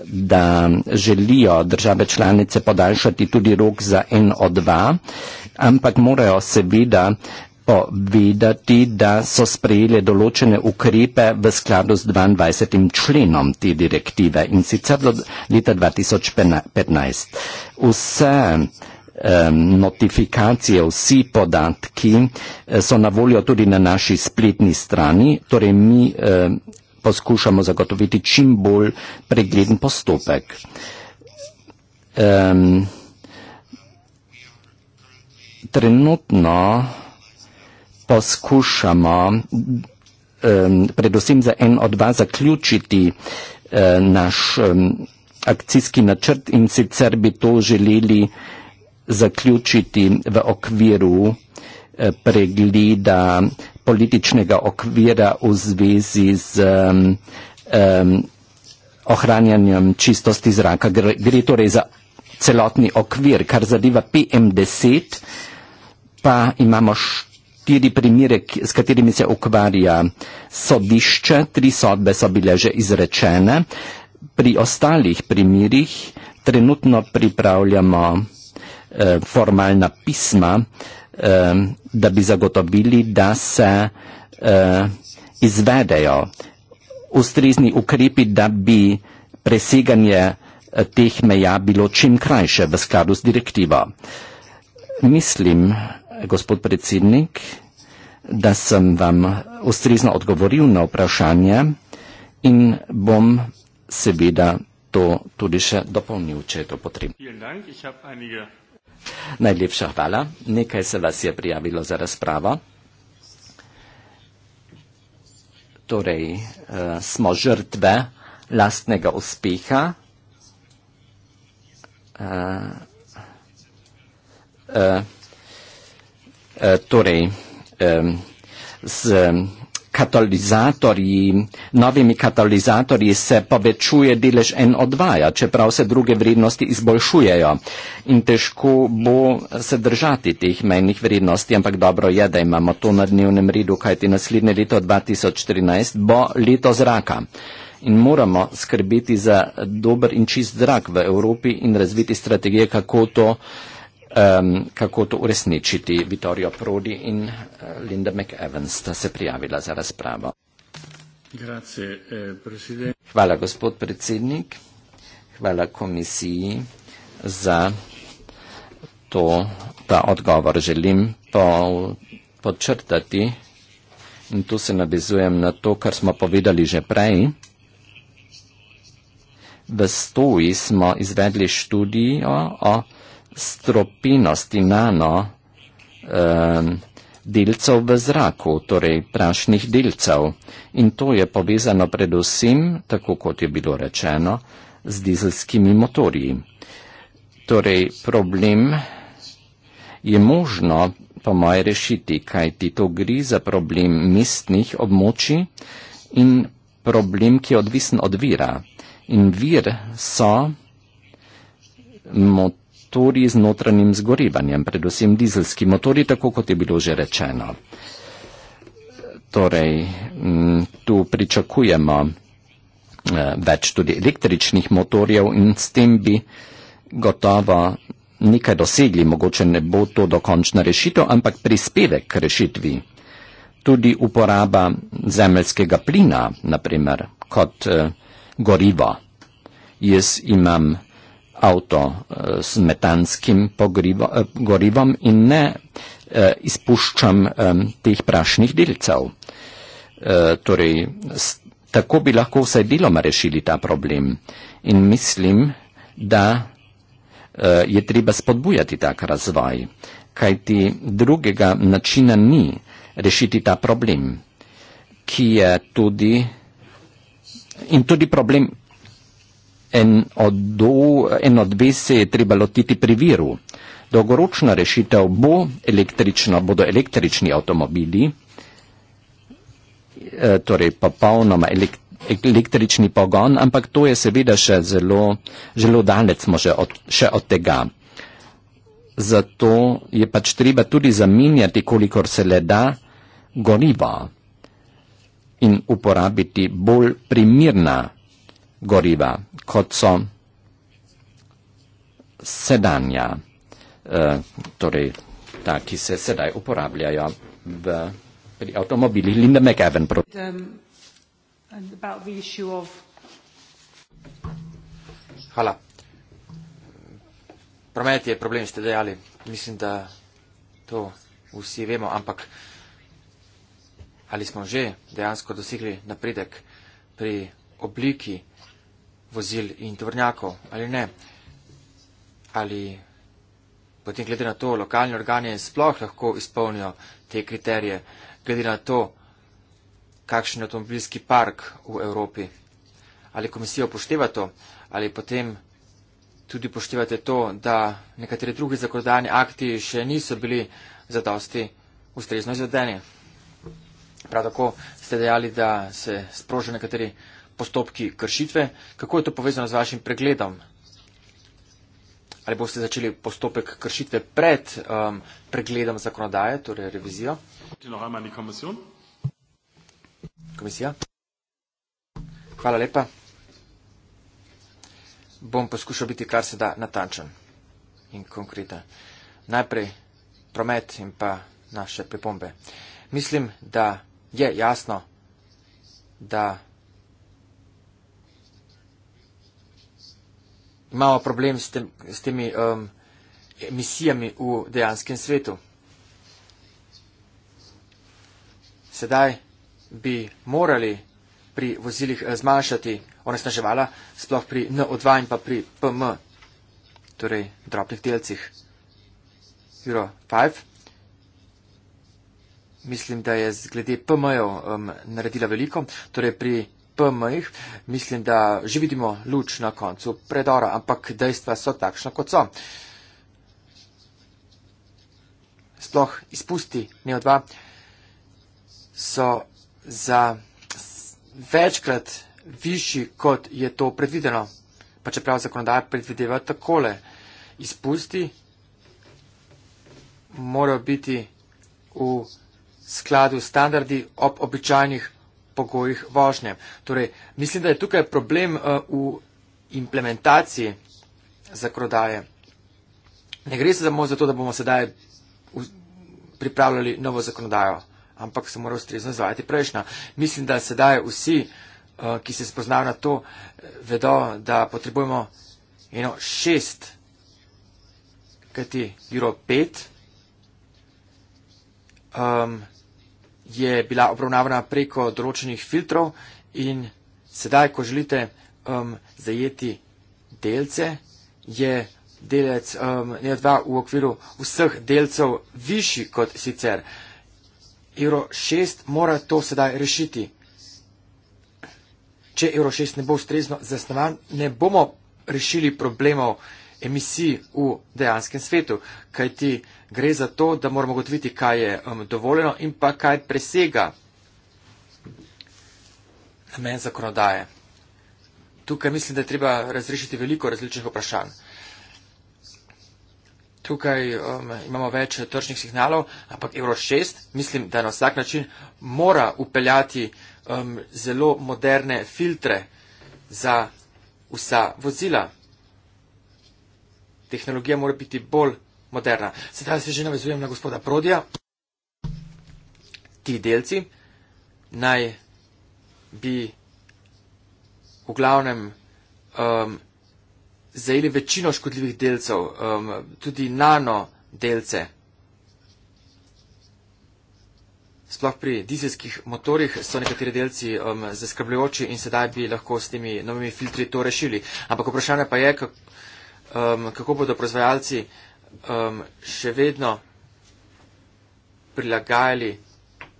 B: da želijo države članice podaljšati tudi rok za NO2, ampak morajo seveda eh, lepo videti, da so sprejeli določene ukrepe v skladu z 22. členom te direktive in sicer do leta 2015. Vse eh, notifikacije, vsi podatki eh, so na voljo tudi na naši spletni strani, torej mi eh, poskušamo zagotoviti čim bolj pregleden postopek. Eh, Trenutno poskušamo predvsem za en od vas zaključiti naš akcijski načrt in sicer bi to želeli zaključiti v okviru eh, pregleda političnega okvira v zvezi z ohranjanjem čistosti zraka. Gre torej za celotni okvir, kar zadeva PM10, pa imamo štiri primere, s katerimi se ukvarja sodišče, tri sodbe so bile že izrečene. Pri ostalih primerih trenutno pripravljamo eh, formalna pisma, eh, da bi zagotovili, da se eh, izvedejo ustrezni ukrepi, da bi preseganje eh, teh meja bilo čim krajše v skladu s direktivo. Mislim, gospod predsednik, da sem vam ustrezno odgovoril na vprašanje in bom seveda to tudi še dopolnil, če je to potrebno. Najlepša hvala. Nekaj se vas je prijavilo za razpravo. Torej, uh, smo žrtve lastnega uspeha. Uh, uh, Eh, torej um, z katalizatorji, novimi katalizatorji se povečuje delež N2, čeprav se druge vrednosti izboljšujejo in težko bo se držati teh menjih vrednosti, ampak dobro je, da imamo to na dnevnem redu, kajti naslednje leto 2014 bo leto zraka in moramo skrbeti za dober in čist zrak v Evropi in razviti strategije, kako to uh, um, kako to uresničiti. Vittorio Prodi in uh, Linda McEvans sta se prijavila za razpravo. Grazie, eh, hvala gospod predsednik, hvala komisiji za to, ta odgovor. Želim po, podčrtati in tu se navezujem na to, kar smo povedali že prej. V stoji smo izvedli študijo o, o stropilnosti nano um, delcev v zraku, torej prašnih delcev. In to je povezano predvsem, tako kot je bilo rečeno, z dizelskimi motorji. Torej, problem je možno, po moje, rešiti, kaj ti to gre za problem mestnih območij in problem, ki je odvisen od vira. In vir so motorji, motori z notranjim zgorivanjem, predvsem dizelski motori, tako kot je bilo že rečeno. Torej, tu pričakujemo eh, več tudi električnih motorjev in s tem bi gotovo nekaj dosegli, mogoče ne bo to dokončna rešitev, ampak prispevek k rešitvi. Tudi uporaba zemljskega plina, naprimer, kot eh, gorivo. Jaz imam avto eh, s metanskim eh, gorivom in ne eh, izpuščam teh prašnih delcev. Torej, tako bi lahko vsaj deloma rešili ta problem. In mislim, da je treba spodbujati tak razvoj, kajti drugega načina ni rešiti ta problem, ki je tudi in tudi problem En od, do, en od B se je treba lotiti pri viru. Dolgoročna rešitev bo električna, bodo električni avtomobili, eh, torej popolnoma električni pogon, ampak to je seveda še zelo, zelo daleč smo že od, še od tega. Zato je pač treba tudi zamenjati, kolikor se le da, goriba in uporabiti bolj primirna goriva, kot so sedanja, eh, torej ta, ki se sedaj uporabljajo v, pri avtomobilih. Linda McEwen, prosim. Um,
C: Hvala. Promet je problem, ste dejali. Mislim, da to vsi vemo, ampak ali smo že dejansko dosegli napredek pri obliki vozil in tvornjakov ali ne. Ali potem glede na to lokalni organi sploh lahko izpolnijo te kriterije, glede na to, kakšen je avtomobilski park v Evropi. Ali komisija upošteva to, ali potem tudi upoštevate to, da nekateri drugi zakonodajni akti še niso bili zadosti ustrezno izvedeni. Prav tako ste dejali, da se sprožijo nekateri postopki kršitve. Kako je to povezano z vašim pregledom? Ali boste začeli postopek kršitve pred um, pregledom zakonodaje, torej revizijo? Komisija? Hvala lepa. Bom poskušal biti kar se da natančen in konkreten. Najprej promet in pa naše pripombe. Mislim, da je jasno, da imamo problem s, tem, s temi um, emisijami v dejanskem svetu. Sedaj bi morali pri vozilih eh, zmanjšati onesnaževala, sploh pri NO2 in pa pri PM, torej drobnih delcih. Euro 5. Mislim, da je glede PM-jev um, naredila veliko, torej pri PM-jih, mislim, da že vidimo luč na koncu predora, ampak dejstva so takšna, kot so. Sploh izpusti NEO2 so za večkrat višji, kot je to predvideno. Pa čeprav zakonodaja predvideva takole. Izpusti morajo biti v skladu standardi ob običajnih pogojih vožnje. Torej, mislim, da je tukaj problem uh, v implementaciji zakrodaje. Ne gre se samo za to, da bomo sedaj pripravljali novo zakonodajo, ampak se mora ustrezno izvajati prejšnja. Mislim, da sedaj vsi, uh, ki se spoznajo na to, vedo, da potrebujemo eno šest, kajti Euro 5 je bila obravnavana preko določenih filtrov in sedaj, ko želite um, zajeti delce, je delec um, NEO2 v okviru vseh delcev višji kot sicer. Euro 6 mora to sedaj rešiti. Če Euro 6 ne bo ustrezno zasnovan, ne bomo rešili problemov emisij v dejanskem svetu, kajti gre za to, da moramo gotoviti, kaj je um, dovoljeno in pa kaj presega namen zakonodaje. Tukaj mislim, da je treba razrešiti veliko različnih vprašanj. Tukaj um, imamo več tržnih signalov, ampak Euro 6 mislim, da na vsak način mora upeljati um, zelo moderne filtre za vsa vozila. Tehnologija mora biti bolj moderna. Sedaj se že navezujem na gospoda Prodija. Ti delci naj bi v glavnem um, zajeli večino škodljivih delcev, um, tudi nano delce. Sploh pri dizelskih motorjih so nekateri delci um, zaskrbljujoči in sedaj bi lahko s temi novimi filtri to rešili. Ampak vprašanje pa je, kako, um, kako bodo proizvajalci uh, um, še vedno prilagajali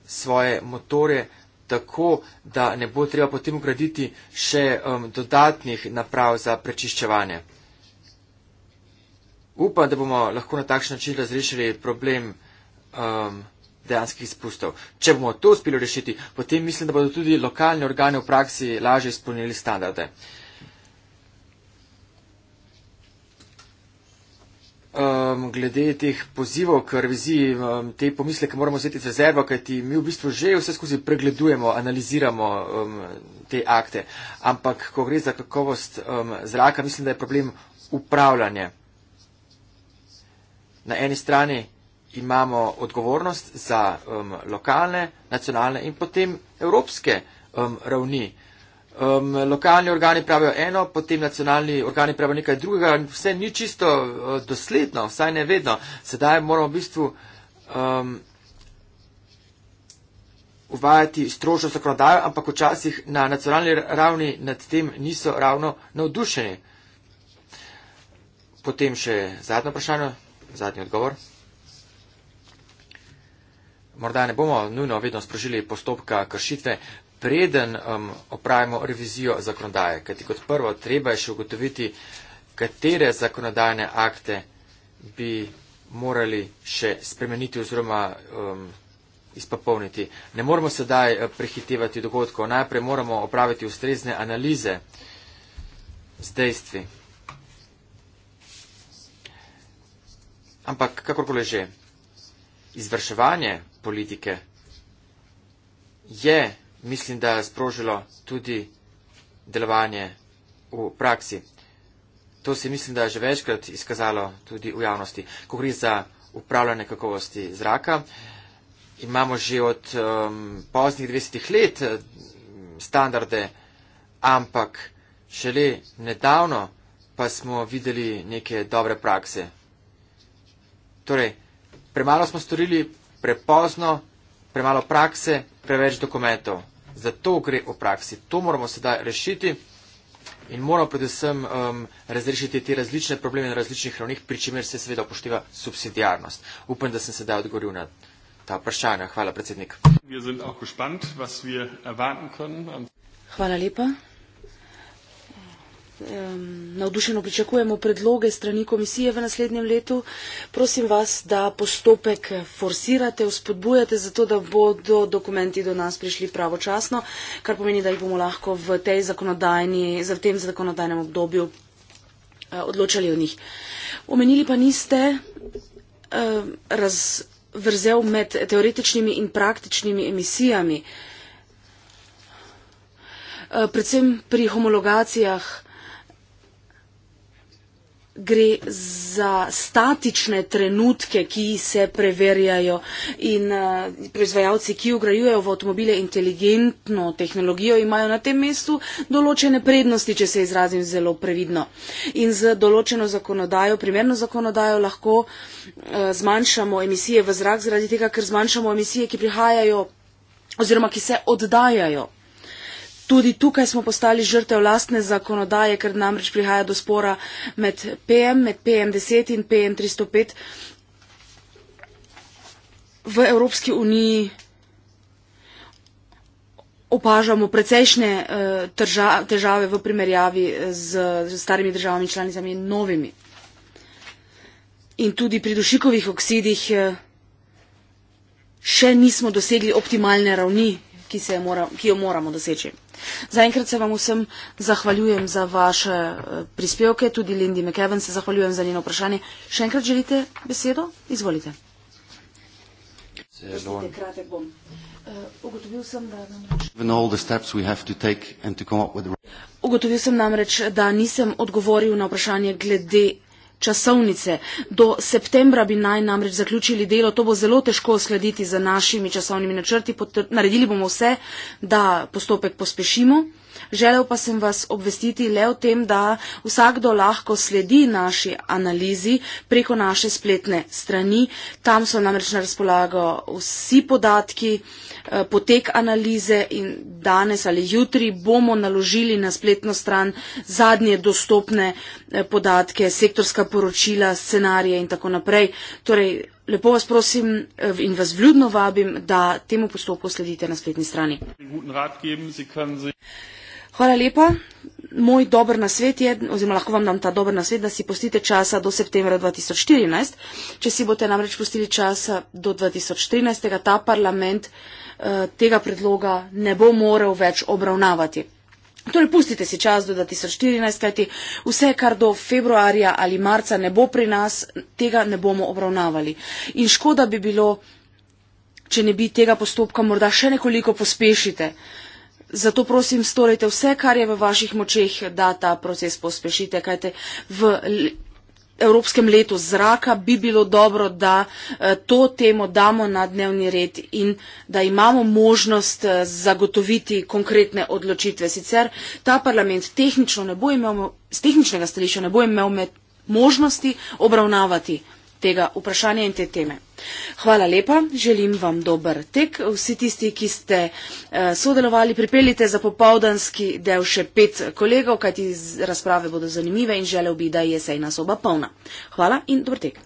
C: svoje motore tako, da ne bo treba potem ugraditi še um, dodatnih naprav za prečiščevanje. Upam, da bomo lahko na takšen način razrešili problem um, dejanskih izpustov. Če bomo to uspeli rešiti, potem mislim, da bodo tudi lokalni organi v praksi lažje izpolnili standarde. Uh, um, glede teh pozivov k reviziji, um, te pomisleke moramo vzeti z rezervo, kajti mi v bistvu že vse skozi pregledujemo, analiziramo um, te akte. Ampak, ko gre za kakovost um, zraka, mislim, da je problem upravljanje. Na eni strani imamo odgovornost za um, lokalne, nacionalne in potem evropske um, ravni. Um, lokalni organi pravijo eno, potem nacionalni organi pravijo nekaj drugega. Vse ni čisto uh, dosledno, vsaj ne vedno. Sedaj moramo v bistvu um, uvajati strožjo zakonodajo, ampak včasih na nacionalni ravni nad tem niso ravno navdušeni. Potem še zadnje vprašanje, zadnji odgovor. Morda ne bomo nujno vedno sprožili postopka kršitve, preden um, opravimo revizijo zakonodaje. Kajti kot prvo, treba je še ugotoviti, katere zakonodajne akte bi morali še spremeniti oziroma um, izpopolniti. Ne moramo sedaj eh, prehitevati dogodkov. Najprej moramo opraviti ustrezne analize z dejstvi. Ampak kakorkoli že, izvrševanje politike je mislim, da je sprožilo tudi delovanje v praksi. To se mislim, da je že večkrat izkazalo tudi v javnosti. Ko gre za upravljanje kakovosti zraka, imamo že od um, poznih 20 let eh, standarde, ampak šele nedavno pa smo videli neke dobre prakse. Torej, premalo smo storili, prepozno, premalo prakse, preveč dokumentov. Zato gre v praksi. To moramo sedaj rešiti in moramo predvsem um, razrešiti te različne probleme na različnih ravnih, pri čemer se seveda upošteva subsidijarnost. Upam, da sem sedaj odgovoril na ta vprašanja. Hvala, predsednik.
A: Hvala lepa navdušeno pričakujemo predloge strani komisije v naslednjem letu. Prosim vas, da postopek forsirate, vzpodbujate, zato da bodo dokumenti do nas prišli pravočasno, kar pomeni, da jih bomo lahko v, v tem zakonodajnem obdobju eh, odločali o njih. Omenili pa niste eh, razvrzel med teoretičnimi in praktičnimi emisijami. Eh, predvsem pri homologacijah gre za statične trenutke, ki se preverjajo in uh, proizvajalci, ki ugrajujejo v avtomobile inteligentno tehnologijo, imajo na tem mestu določene prednosti, če se izrazim zelo previdno. In z določeno zakonodajo, primerno zakonodajo, lahko uh, zmanjšamo emisije v zrak zaradi tega, ker zmanjšamo emisije, ki prihajajo oziroma ki se oddajajo. Tudi tukaj smo postali žrtev lastne zakonodaje, ker namreč prihaja do spora med PM, med PM10 in PM305. V Evropski uniji opažamo precejšnje uh, težave v primerjavi eh, z, z starimi državami članicami in novimi. In tudi pri dušikovih oksidih eh, še nismo dosegli optimalne ravni, ki, mora, ki jo moramo doseči. Zaenkrat se vam vsem zahvaljujem za vaše eh, prispevke, tudi Lindy McEwen se zahvaljujem za njeno vprašanje. Še enkrat želite besedo? Izvolite. Eh, ugotovil sem namreč, da nisem odgovoril na vprašanje glede časovnice. Do septembra bi naj namreč zaključili delo. To bo zelo težko slediti za našimi časovnimi načrti. Naredili bomo vse, da postopek pospešimo. Želel pa sem vas obvestiti le o tem, da vsakdo lahko sledi naši analizi preko naše spletne strani. Tam so namreč na razpolago vsi podatki, eh, potek analize in danes ali jutri bomo naložili na spletno stran zadnje dostopne eh, podatke, sektorska poročila, scenarije in tako naprej. Torej, Lepo vas prosim eh, in vas vljudno vabim, da temu postopku sledite na spletni strani. Hvala lepa. Moj dober nasvet je, oziroma lahko vam dam ta dober nasvet, da si postite časa do septembra 2014. Če si boste namreč postili časa do 2014, ta parlament eh, tega predloga ne bo morel več obravnavati. Torej, pustite si čas do 2014, kajti vse, kar do februarja ali marca ne bo pri nas, tega ne bomo obravnavali. In škoda bi bilo, če ne bi tega postopka morda še nekoliko pospešite. Uh, Zato prosim, storite vse, kar je v vaših močeh, da ta proces pospešite. Kajte, v Evropskem letu zraka bi bilo dobro, da eh, to temo damo na dnevni red in da imamo možnost eh, zagotoviti konkretne odločitve. Sicer ta parlament tehnično ne bo imel, z tehničnega stališča ne bo imel možnosti obravnavati tega vprašanja in te teme. Hvala lepa, želim vam dober tek. Vsi tisti, ki ste eh, sodelovali, pripeljite za popovdanski del še pet kolegov, kajti razprave bodo zanimive in želel bi, da je sejna soba polna. Hvala in dober tek.